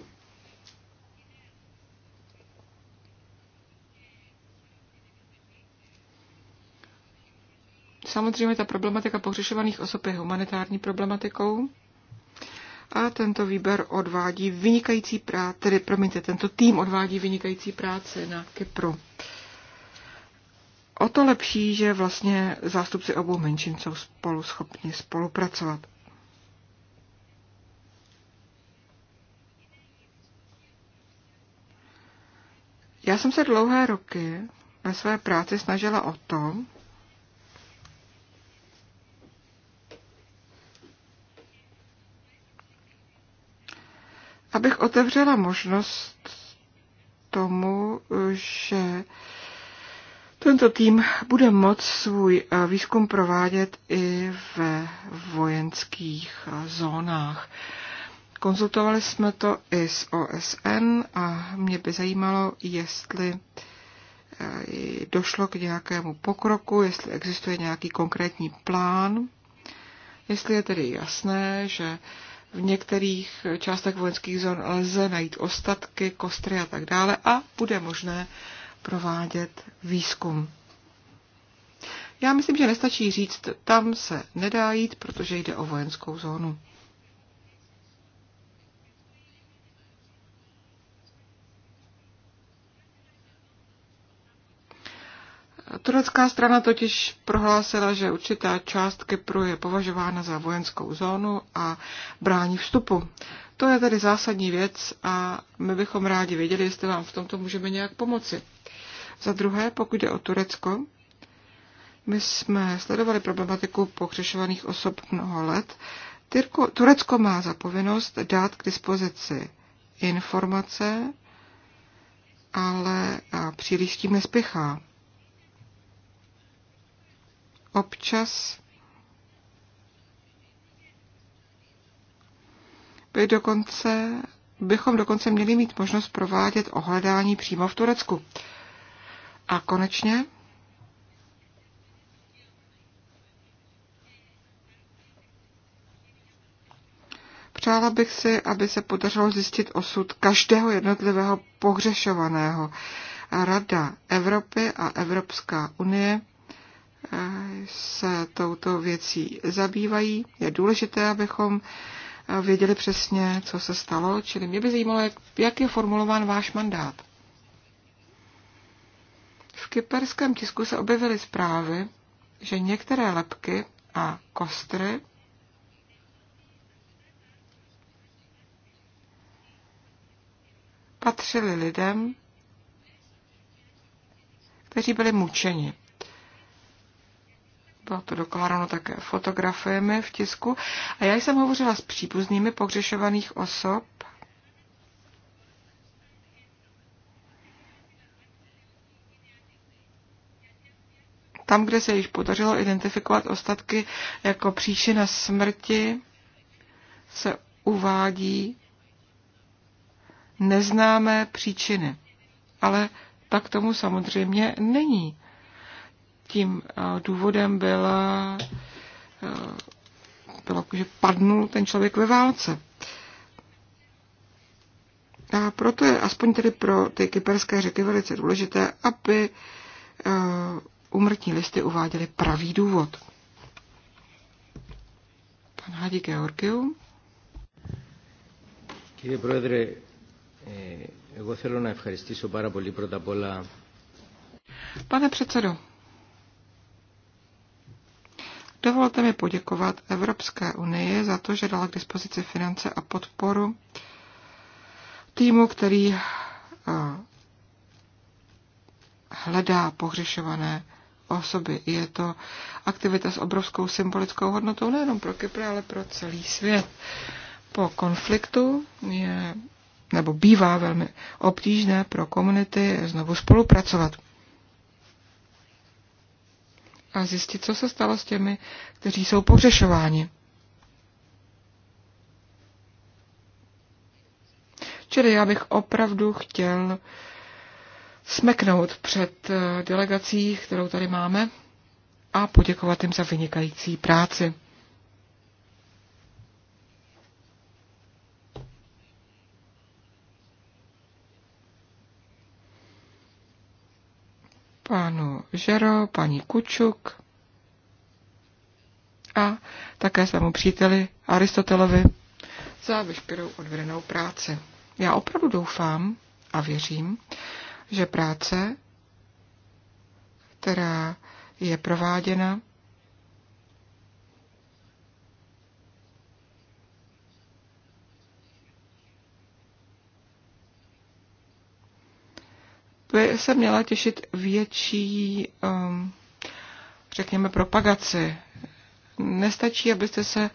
Samozřejmě ta problematika pohřešovaných osob je humanitární problematikou a tento výběr odvádí vynikající práci, tedy promiňte, tento tým odvádí vynikající práci na Kypru. O to lepší, že vlastně zástupci obou menšin jsou spolu schopni spolupracovat. Já jsem se dlouhé roky ve své práci snažila o to, abych otevřela možnost tomu, že tento tým bude moc svůj eh, výzkum provádět i ve vojenských eh, zónách. Konzultovali jsme to i s OSN a mě by zajímalo, jestli eh, došlo k nějakému pokroku, jestli existuje nějaký konkrétní plán, jestli je tedy jasné, že v některých částech vojenských zón lze najít ostatky, kostry a tak dále a bude možné provádět výzkum. Já myslím, že nestačí říct, tam se nedá jít, protože jde o vojenskou zónu. Turecká strana totiž prohlásila, že určitá část Kypru je považována za vojenskou zónu a brání vstupu. To je tedy zásadní věc a my bychom rádi věděli, jestli vám v tomto můžeme nějak pomoci. Za druhé, pokud jde o Turecko, my jsme sledovali problematiku pohřešovaných osob mnoho let. Tyrko, Turecko má za povinnost dát k dispozici informace, ale příliš tím nespěchá občas by dokonce, bychom dokonce měli mít možnost provádět ohledání přímo v Turecku. A konečně Přála bych si, aby se podařilo zjistit osud každého jednotlivého pohřešovaného. Rada Evropy a Evropská unie se touto věcí zabývají. Je důležité, abychom věděli přesně, co se stalo, čili mě by zajímalo, jak, jak je formulován váš mandát. V kyperském tisku se objevily zprávy, že některé lepky a kostry patřily lidem, kteří byli mučeni. Bylo no, to dokládáno také fotografiemi v tisku. A já jsem hovořila s příbuznými pohřešovaných osob. Tam, kde se již podařilo identifikovat ostatky jako příčina smrti, se uvádí neznámé příčiny. Ale tak tomu samozřejmě není. Tím eh, důvodem bylo, eh, bylo, že padnul ten člověk ve válce. A proto je aspoň tedy pro ty kyperské řeky velice důležité, aby umrtní eh, listy uváděly pravý důvod. Pan Hadi Georgiou. Κύριε Πρόεδρε, εγώ θέλω να ευχαριστήσω πάρα πολύ πρώτα απ' όλα. Pane předsedo, Dovolte mi poděkovat Evropské unii za to, že dala k dispozici finance a podporu týmu, který eh, hledá pohřešované osoby. Je to aktivita s obrovskou symbolickou hodnotou nejenom pro Kypr, ale pro celý svět. Po konfliktu je nebo bývá velmi obtížné pro komunity znovu spolupracovat a zjistit, co se stalo s těmi, kteří jsou pohřešováni. Čili já bych opravdu chtěl smeknout před eh, delegací, kterou tady máme, a poděkovat jim za vynikající práci. pánu Žero, paní Kučuk a také svému příteli Aristotelovi za veškerou odvedenou práci. Já opravdu doufám a věřím, že práce, která je prováděna, by se měla těšit větší, um, řekněme, propagaci. Nestačí, abyste se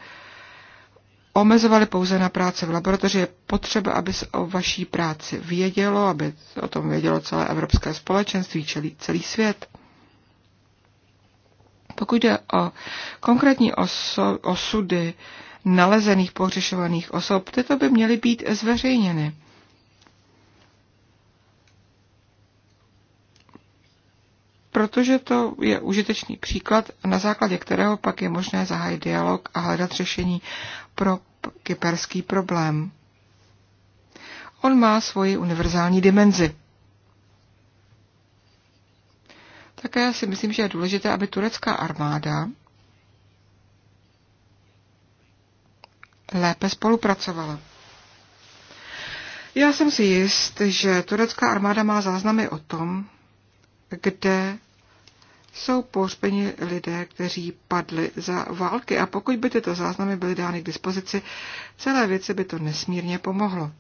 omezovali pouze na práci v laboratoři. Je potřeba, aby se o vaší práci vědělo, aby o tom vědělo celé evropské společenství, celý, celý svět. Pokud jde o konkrétní oso, osudy nalezených pohřešovaných osob, tyto by měly být zveřejněny. protože to je užitečný příklad, na základě kterého pak je možné zahájit dialog a hledat řešení pro kyperský problém. On má svoji univerzální dimenzi. Také si myslím, že je důležité, aby turecká armáda lépe spolupracovala. Já jsem si jist, že turecká armáda má záznamy o tom, kde jsou pohřbeni lidé, kteří padli za války a pokud by tyto záznamy byly dány k dispozici, celé věci by to nesmírně pomohlo.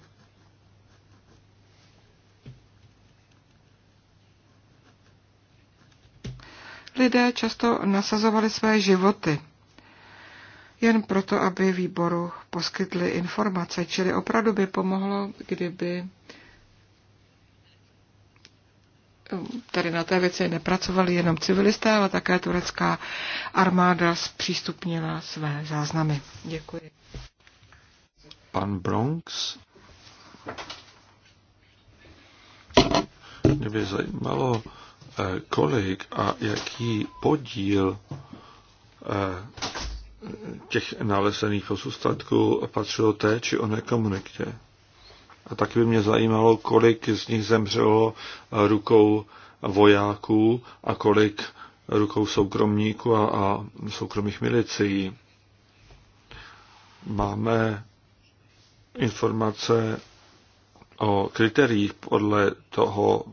Lidé často nasazovali své životy jen proto, aby výboru poskytli informace, čili opravdu by pomohlo, kdyby Tady na té věci nepracovali jenom civilisté, ale také turecká armáda zpřístupnila své záznamy. Děkuji. Pan Bronx. Mě by zajímalo, eh, kolik a jaký podíl eh, těch nalezených pozůstatků patřilo té či oné komunitě. A taky by mě zajímalo, kolik z nich zemřelo rukou vojáků a kolik rukou soukromníků a, a soukromých milicí. Máme informace o kritériích podle toho,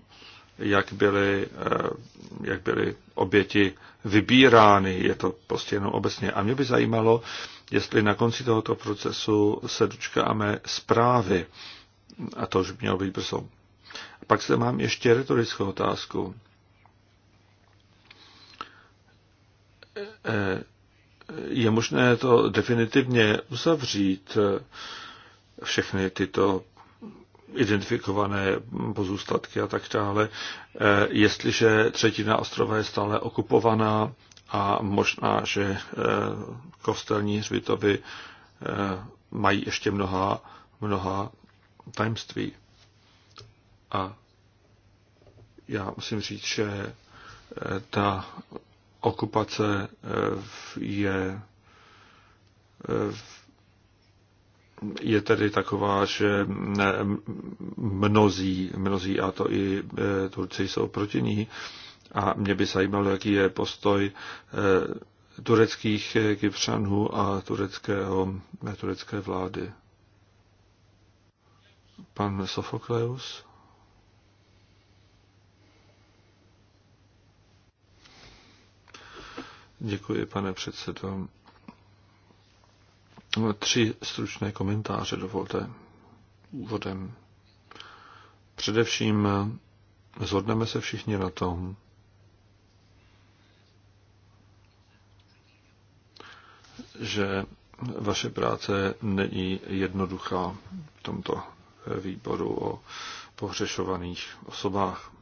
jak byly, eh, jak byly oběti vybírány. Je to prostě jenom obecně. A mě by zajímalo, jestli na konci tohoto procesu se dočkáme zprávy a to už mělo být brzo. Pak se mám ještě retorickou otázku. E, e, je možné to definitivně uzavřít e, všechny tyto identifikované pozůstatky a tak dále, jestliže třetina ostrova je stále okupovaná a možná, že kostelní hřbitovy mají ještě mnoha, mnoha tajemství. A já musím říct, že eh, ta okupace eh, je eh, je tedy taková, že mnozí, mnozí a to i Turci jsou proti ní. A mě by zajímalo, jaký je postoj tureckých kypřanů a tureckého, turecké vlády. Pan Sofokleus. Děkuji, pane předsedo. Tři stručné komentáře dovolte úvodem. Především zhodneme se všichni na tom, že vaše práce není jednoduchá v tomto výboru o pohřešovaných osobách.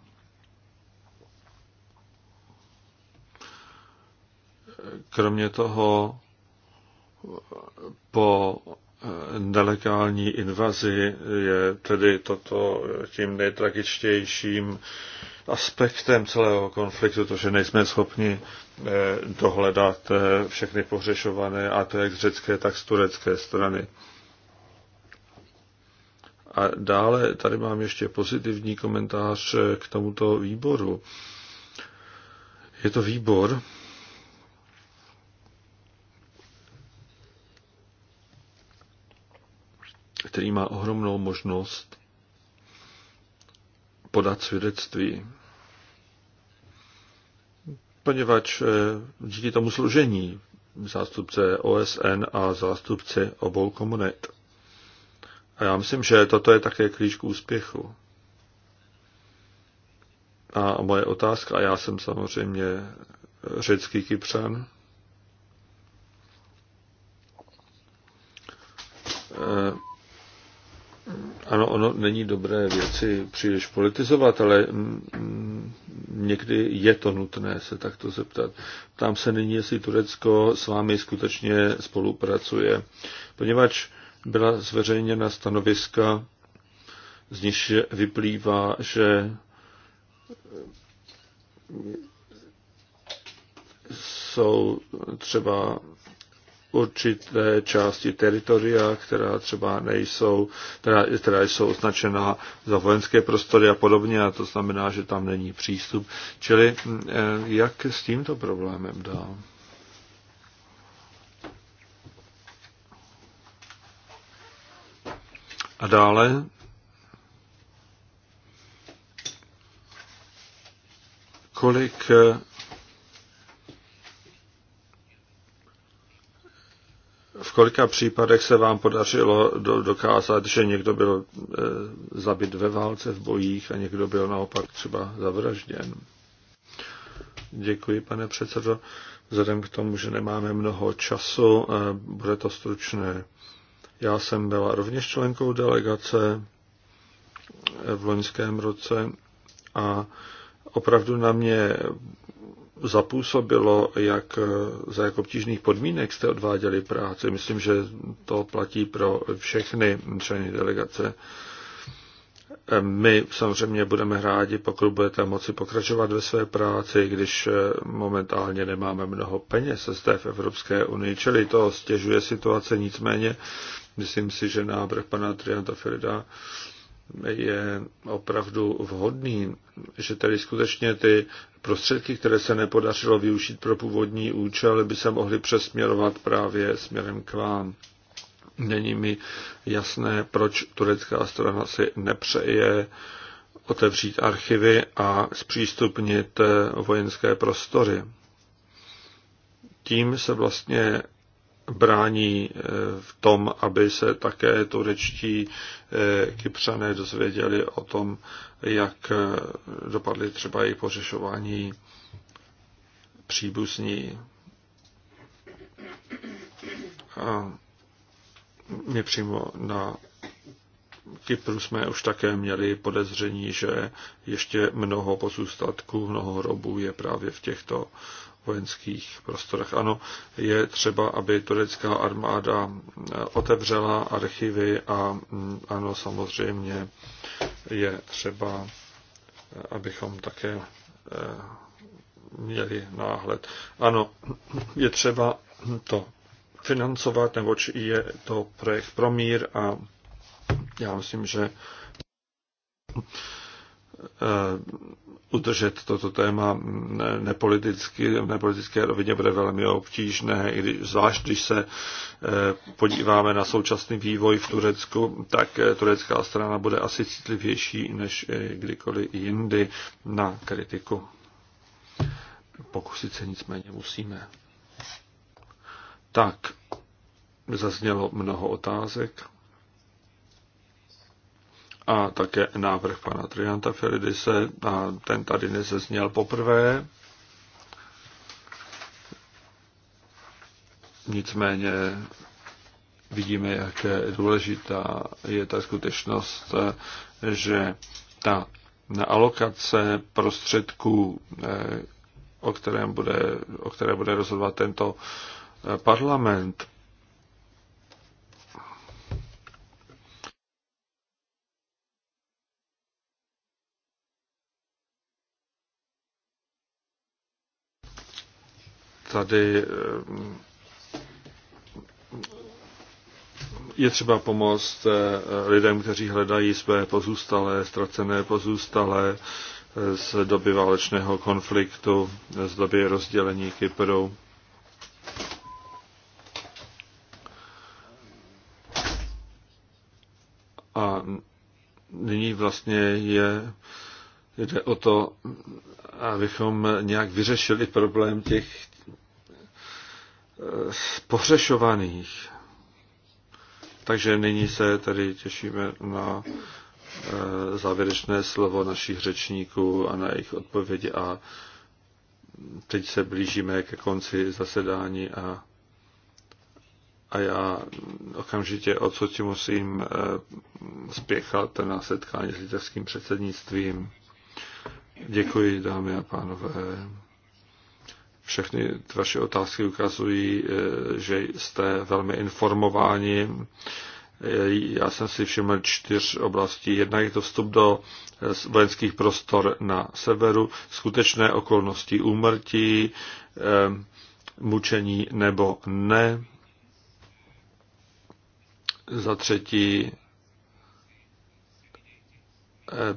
Kromě toho po nelegální invazi je tedy toto tím nejtragičtějším aspektem celého konfliktu, to, že nejsme schopni eh, dohledat eh, všechny pohřešované, a to jak z řecké, tak z turecké strany. A dále tady mám ještě pozitivní komentář k tomuto výboru. Je to výbor, který má ohromnou možnost podat svědectví. Poněvadž eh, díky tomu služení zástupce OSN a zástupce obou komunit a já myslím, že toto je také klíč k úspěchu. A moje otázka, a já jsem samozřejmě řecký kypřan, eh, ano, ono není dobré věci příliš politizovat, ale někdy je to nutné se takto zeptat. Tam se nyní, jestli Turecko s vámi skutečně spolupracuje, poněvadž byla zveřejněna stanoviska, z nich vyplývá, že jsou třeba určité části teritoria, která třeba nejsou, která, která jsou označena za vojenské prostory a podobně, a to znamená, že tam není přístup. Čili eh, jak s tímto problémem dál? A dále kolik eh, v kolika případech se vám podařilo do, dokázat, že někdo byl e, zabit ve válce, v bojích a někdo byl naopak třeba zavražděn? Děkuji, pane předsedo. Vzhledem k tomu, že nemáme mnoho času, e, bude to stručné. Já jsem byla rovněž členkou delegace v loňském roce a opravdu na mě zapůsobilo, jak, za jak obtížných podmínek jste odváděli práci. Myslím, že to platí pro všechny členy delegace. My samozřejmě budeme rádi, pokud budete moci pokračovat ve své práci, když momentálně nemáme mnoho peněz zde v Evropské unii, čili to stěžuje situace, nicméně Myslím si, že návrh pana Trianta Ferida je opravdu vhodný, že tady skutečně ty prostředky, které se nepodařilo využít pro původní účel, by se mohly přesměrovat právě směrem k vám. Není mi jasné, proč turecká strana si nepřeje otevřít archivy a zpřístupnit vojenské prostory. Tím se vlastně brání eh, v tom, aby se také turečtí eh, kypřané dozvěděli o tom, jak eh, dopadly třeba jejich pořešování příbuzní. A my přímo na Kypru jsme už také měli podezření, že ještě mnoho pozůstatků, mnoho hrobů je právě v těchto vojenských prostorech. Ano, je třeba, aby turecká armáda eh, otevřela archivy a mm, ano, samozřejmě je třeba, eh, abychom také eh, měli náhled. Ano, je třeba to financovat, neboť je to projekt pro mír a já myslím, že Eh, udržet toto téma nepoliticky, v nepolitické rovině bude velmi obtížné, i když, zvlášť když se eh, podíváme na současný vývoj v Turecku, tak eh, turecká strana bude asi citlivější než kdykoliv jindy na kritiku. Pokusit se nicméně musíme. Tak, zaznělo mnoho otázek a také návrh pana Trianta Feridise, a ten tady nezezněl poprvé. Nicméně vidíme, jak důležitá je ta skutečnost, že ta alokace prostředků, eh, o, kterém bude, o které bude rozhodovat tento eh, parlament, tady eh, je třeba pomoct eh, lidem, kteří hledají své pozůstalé, ztracené pozůstalé eh, z doby válečného konfliktu, z doby rozdělení Kypru. A nyní vlastně je, jde o to, abychom nějak vyřešili problém těch pohřešovaných. Takže nyní se tady těšíme na eh, závěrečné slovo našich řečníků a na jejich odpovědi a teď se blížíme ke konci zasedání a, a já okamžitě ti musím eh, spěchat na setkání s litevským předsednictvím. Děkuji, dámy a pánové. Všechny vaše otázky ukazují, eh, že jste velmi informováni. Eh, já jsem si všiml čtyř oblastí. Jedna je to vstup do eh, vojenských prostor na severu, skutečné okolnosti úmrtí, mučení nebo ne. Za třetí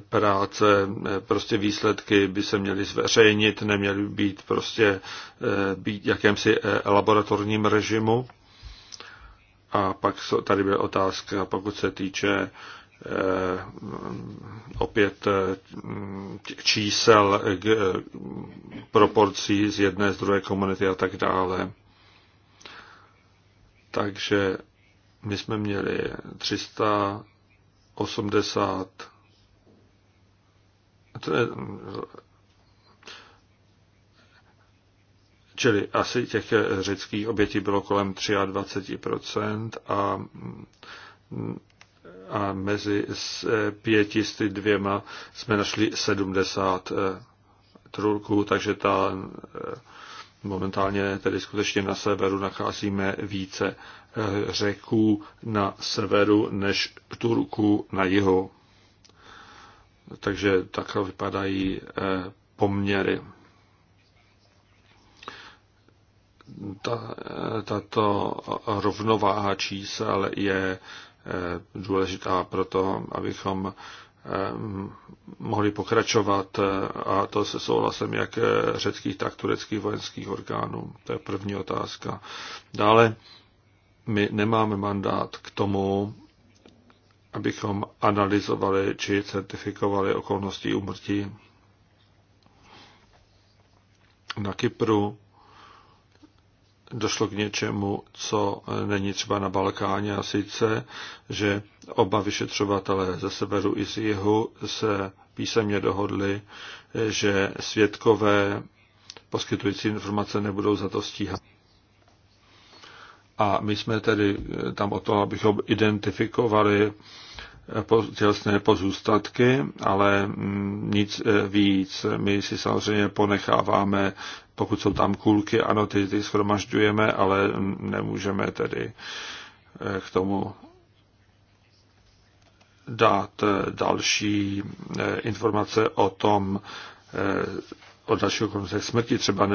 práce, prostě výsledky by se měly zveřejnit, neměly být prostě eh, být jakémsi eh, laboratorním režimu. A pak tady byla otázka, pokud se týče eh, opět čísel k proporcí z jedné, z druhé komunity a tak dále. Takže my jsme měli 380 to je, čili asi těch řeckých obětí bylo kolem 23% a, a mezi pěti s dvěma jsme našli 70 eh, trulků, takže ta eh, momentálně tedy skutečně na severu nacházíme více eh, řeků na severu než Turků na jihu. Takže takhle vypadají eh, poměry. Ta, eh, tato rovnováha čísel je eh, důležitá pro to, abychom mohli pokračovat a to se souhlasem jak řeckých, tak tureckých vojenských orgánů. To je první otázka. Dále my nemáme mandát k tomu, abychom analyzovali či certifikovali okolnosti umrtí Na Kypru došlo k něčemu, co není třeba na Balkáně, a sice, že oba vyšetřovatelé ze severu i z jihu se písemně dohodli, že svědkové poskytující informace nebudou za to stíhat. A my jsme tedy eh, tam o to, abychom identifikovali eh, tělesné pozůstatky, ale mm, nic eh, víc. My si samozřejmě ponecháváme, pokud jsou tam kulky, ano, ty, ty schromažďujeme, ale mm, nemůžeme tedy k tomu dát další informace o tom, od našeho konce smrti. Třeba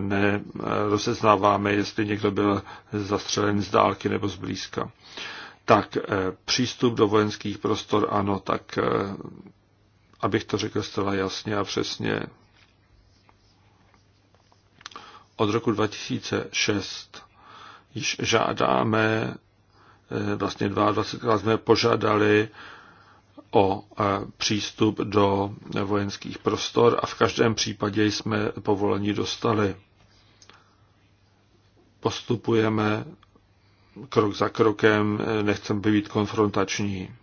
nerozeznáváme, ne, ne jestli někdo byl zastřelen z dálky nebo z blízka. Tak eh, přístup do vojenských prostor, ano, tak eh, abych to řekl zcela jasně a přesně. Od roku 2006 již žádáme, eh, vlastně 22 krát jsme požádali o e, přístup do vojenských prostor a v každém případě jsme povolení dostali. Postupujeme krok za krokem, nechceme být konfrontační.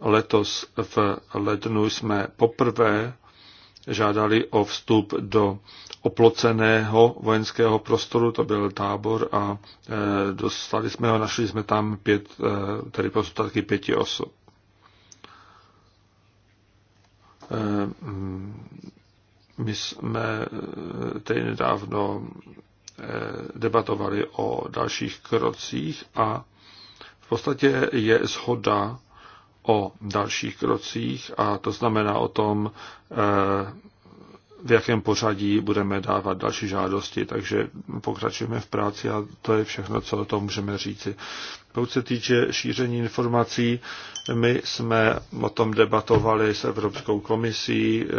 Letos v lednu jsme poprvé žádali o vstup do oploceného vojenského prostoru, to byl tábor a e, dostali jsme ho, našli jsme tam pět, e, tedy pozůstatky pěti osob. E, mm, my jsme teď nedávno debatovali o dalších krocích a v podstatě je shoda o dalších krocích a to znamená o tom, eh, v jakém pořadí budeme dávat další žádosti, takže pokračujeme v práci a to je všechno, co o tom můžeme říci. Pokud se týče šíření informací, my jsme o tom debatovali s Evropskou komisí, eh,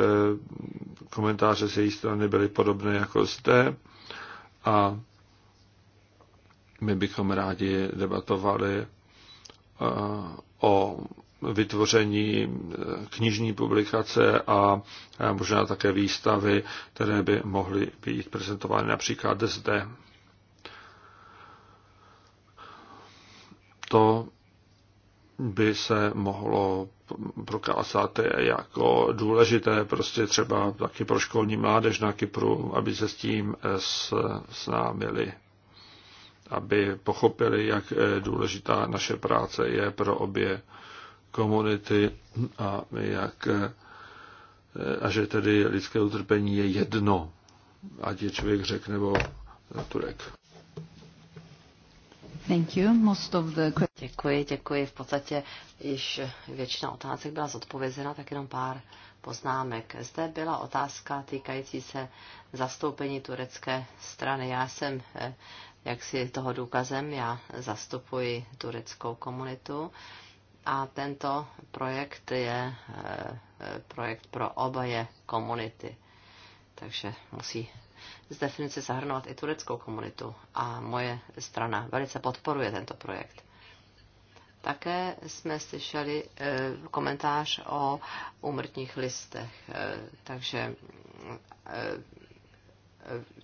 komentáře z její strany byly podobné jako zde a my bychom rádi debatovali eh, o vytvoření eh, knižní publikace a eh, možná také výstavy, které by mohly být prezentovány například zde. To by se mohlo prokázat jako důležité prostě třeba taky pro školní mládež na Kypru, aby se s tím eh, snámili, aby pochopili, jak důležitá naše práce je pro obě komunity a jak eh, a že tedy lidské utrpení je jedno, ať je člověk řek nebo turek. Thank you. Most of the... Děkuji, děkuji. V podstatě již většina otázek byla zodpovězena, tak jenom pár poznámek. Zde byla otázka týkající se zastoupení turecké strany. Já jsem eh, jaksi toho důkazem, já zastupuji tureckou komunitu a tento projekt je eh, projekt pro je komunity. Takže musí z definice zahrnovat i tureckou komunitu. A moje strana velice podporuje tento projekt. Také jsme slyšeli eh, komentář o umrtních listech. Eh, takže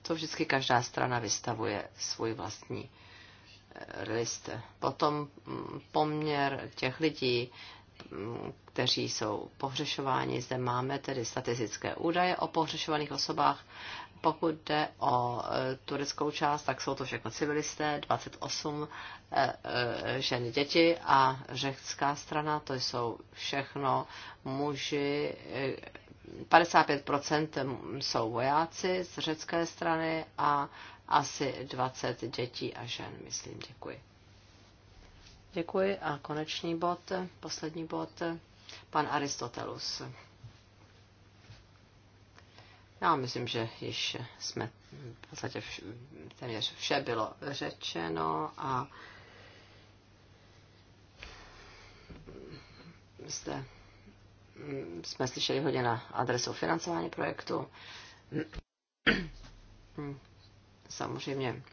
to vždycky každá strana vystavuje svůj vlastní list. Potom mm, poměr těch lidí, mm, kteří jsou pohřešováni. Zde máme tedy statistické údaje o pohřešovaných osobách. Pokud jde o e, tureckou část, tak jsou to všechno civilisté, 28 e, e, ženy, děti a řecká strana, to jsou všechno muži, 55% jsou vojáci z řecké strany a asi 20 dětí a žen, myslím. Děkuji. Děkuji a konečný bod, poslední bod, pan Aristotelus. Já myslím, že již jsme v podstatě vš, téměř vše bylo řečeno a jste, mm, jsme slyšeli hodně na adresu financování projektu samozřejmě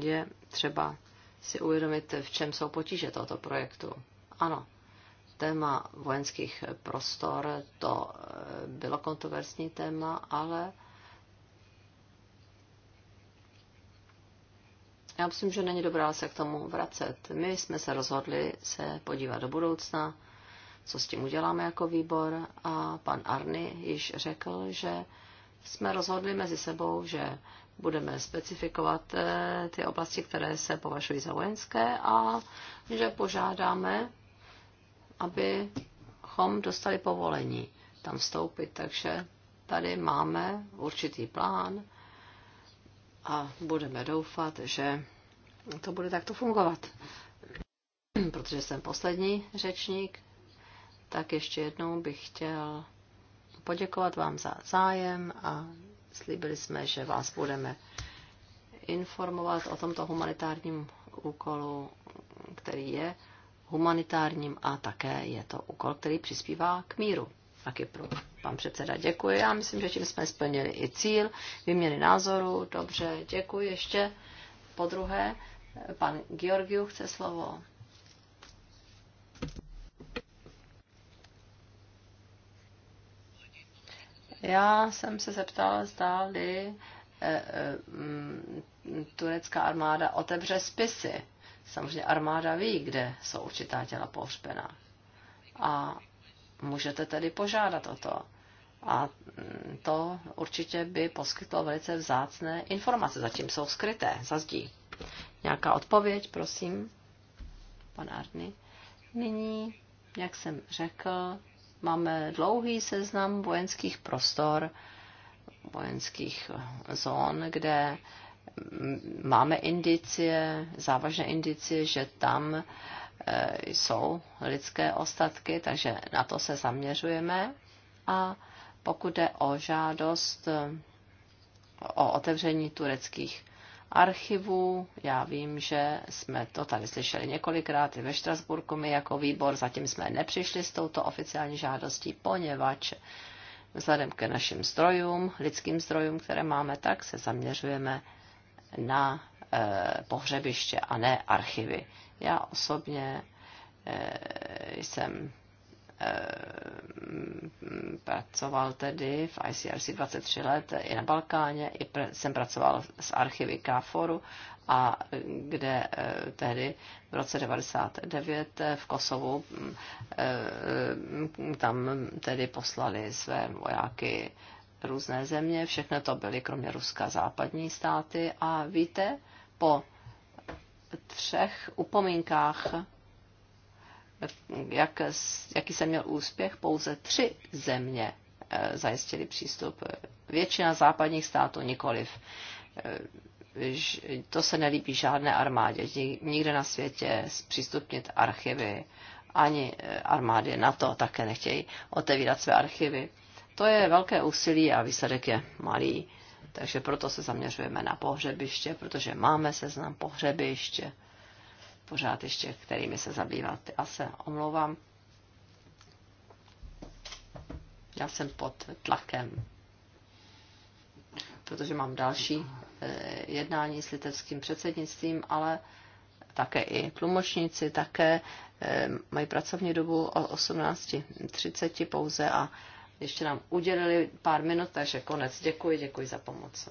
je třeba si uvědomit, v čem jsou potíže tohoto projektu. Ano, téma vojenských prostor, to eh, bylo kontroverzní téma, ale já myslím, že není dobrá se k tomu vracet. My jsme se rozhodli se podívat do budoucna, co s tím uděláme jako výbor a pan Arny již řekl, že jsme rozhodli mezi sebou, že budeme specifikovat eh, ty oblasti, které se považují za vojenské a že požádáme, abychom dostali povolení tam vstoupit. Takže tady máme určitý plán a budeme doufat, že to bude takto fungovat. Protože jsem poslední řečník, tak ještě jednou bych chtěl poděkovat vám za zájem a slíbili jsme, že vás budeme informovat o tomto humanitárním úkolu, který je humanitárním a také je to úkol, který přispívá k míru na Kypru. Pan předseda děkuji. Já myslím, že tím jsme splnili i cíl vyměny názoru. Dobře, děkuji ještě. Po druhé, pan Georgiu chce slovo. Já jsem se zeptal, zdáli eh, eh, mm, turecká armáda otevře spisy. Samozřejmě armáda ví, kde jsou určitá těla pohřbená. A můžete tedy požádat o to. A mm, to určitě by poskytlo velice vzácné informace. Zatím jsou skryté, zazdí. Nějaká odpověď, prosím, pan Arny. Nyní, jak jsem řekl, Máme dlouhý seznam vojenských prostor, vojenských zón, kde máme indicie, závažné indicie, že tam e, jsou lidské ostatky, takže na to se zaměřujeme. A pokud jde o žádost e, o otevření tureckých archivu. Já vím, že jsme to tady slyšeli několikrát i ve Štrasburku. My jako výbor zatím jsme nepřišli s touto oficiální žádostí, poněvadž vzhledem k našim zdrojům, lidským zdrojům, které máme, tak se zaměřujeme na e, pohřebiště a ne archivy. Já osobně e, jsem Ehm, pracoval tedy v ICRC 23 let i na Balkáně, i pr- jsem pracoval s archivy KFORu, a kde eh, tehdy v roce 99 eh, v Kosovu mm, eh, tam tedy poslali své vojáky různé země, všechno to byly kromě Ruska západní státy a víte, po třech upomínkách jak, jaký jsem měl úspěch, pouze tři země eh, zajistili přístup. Většina západních států nikoliv. Eh, to se nelíbí žádné armádě, nikde na světě zpřístupnit archivy, ani eh, armády to také nechtějí otevírat své archivy. To je velké úsilí a výsledek je malý, takže proto se zaměřujeme na pohřebiště, protože máme seznam pohřebiště pořád ještě, kterými se zabýváte. Já se omlouvám. Já jsem pod tlakem, protože mám další eh, jednání s litevským předsednictvím, ale také i tlumočníci, také eh, mají pracovní dobu o 18.30 pouze a ještě nám udělili pár minut, takže konec. Děkuji, děkuji za pomoc.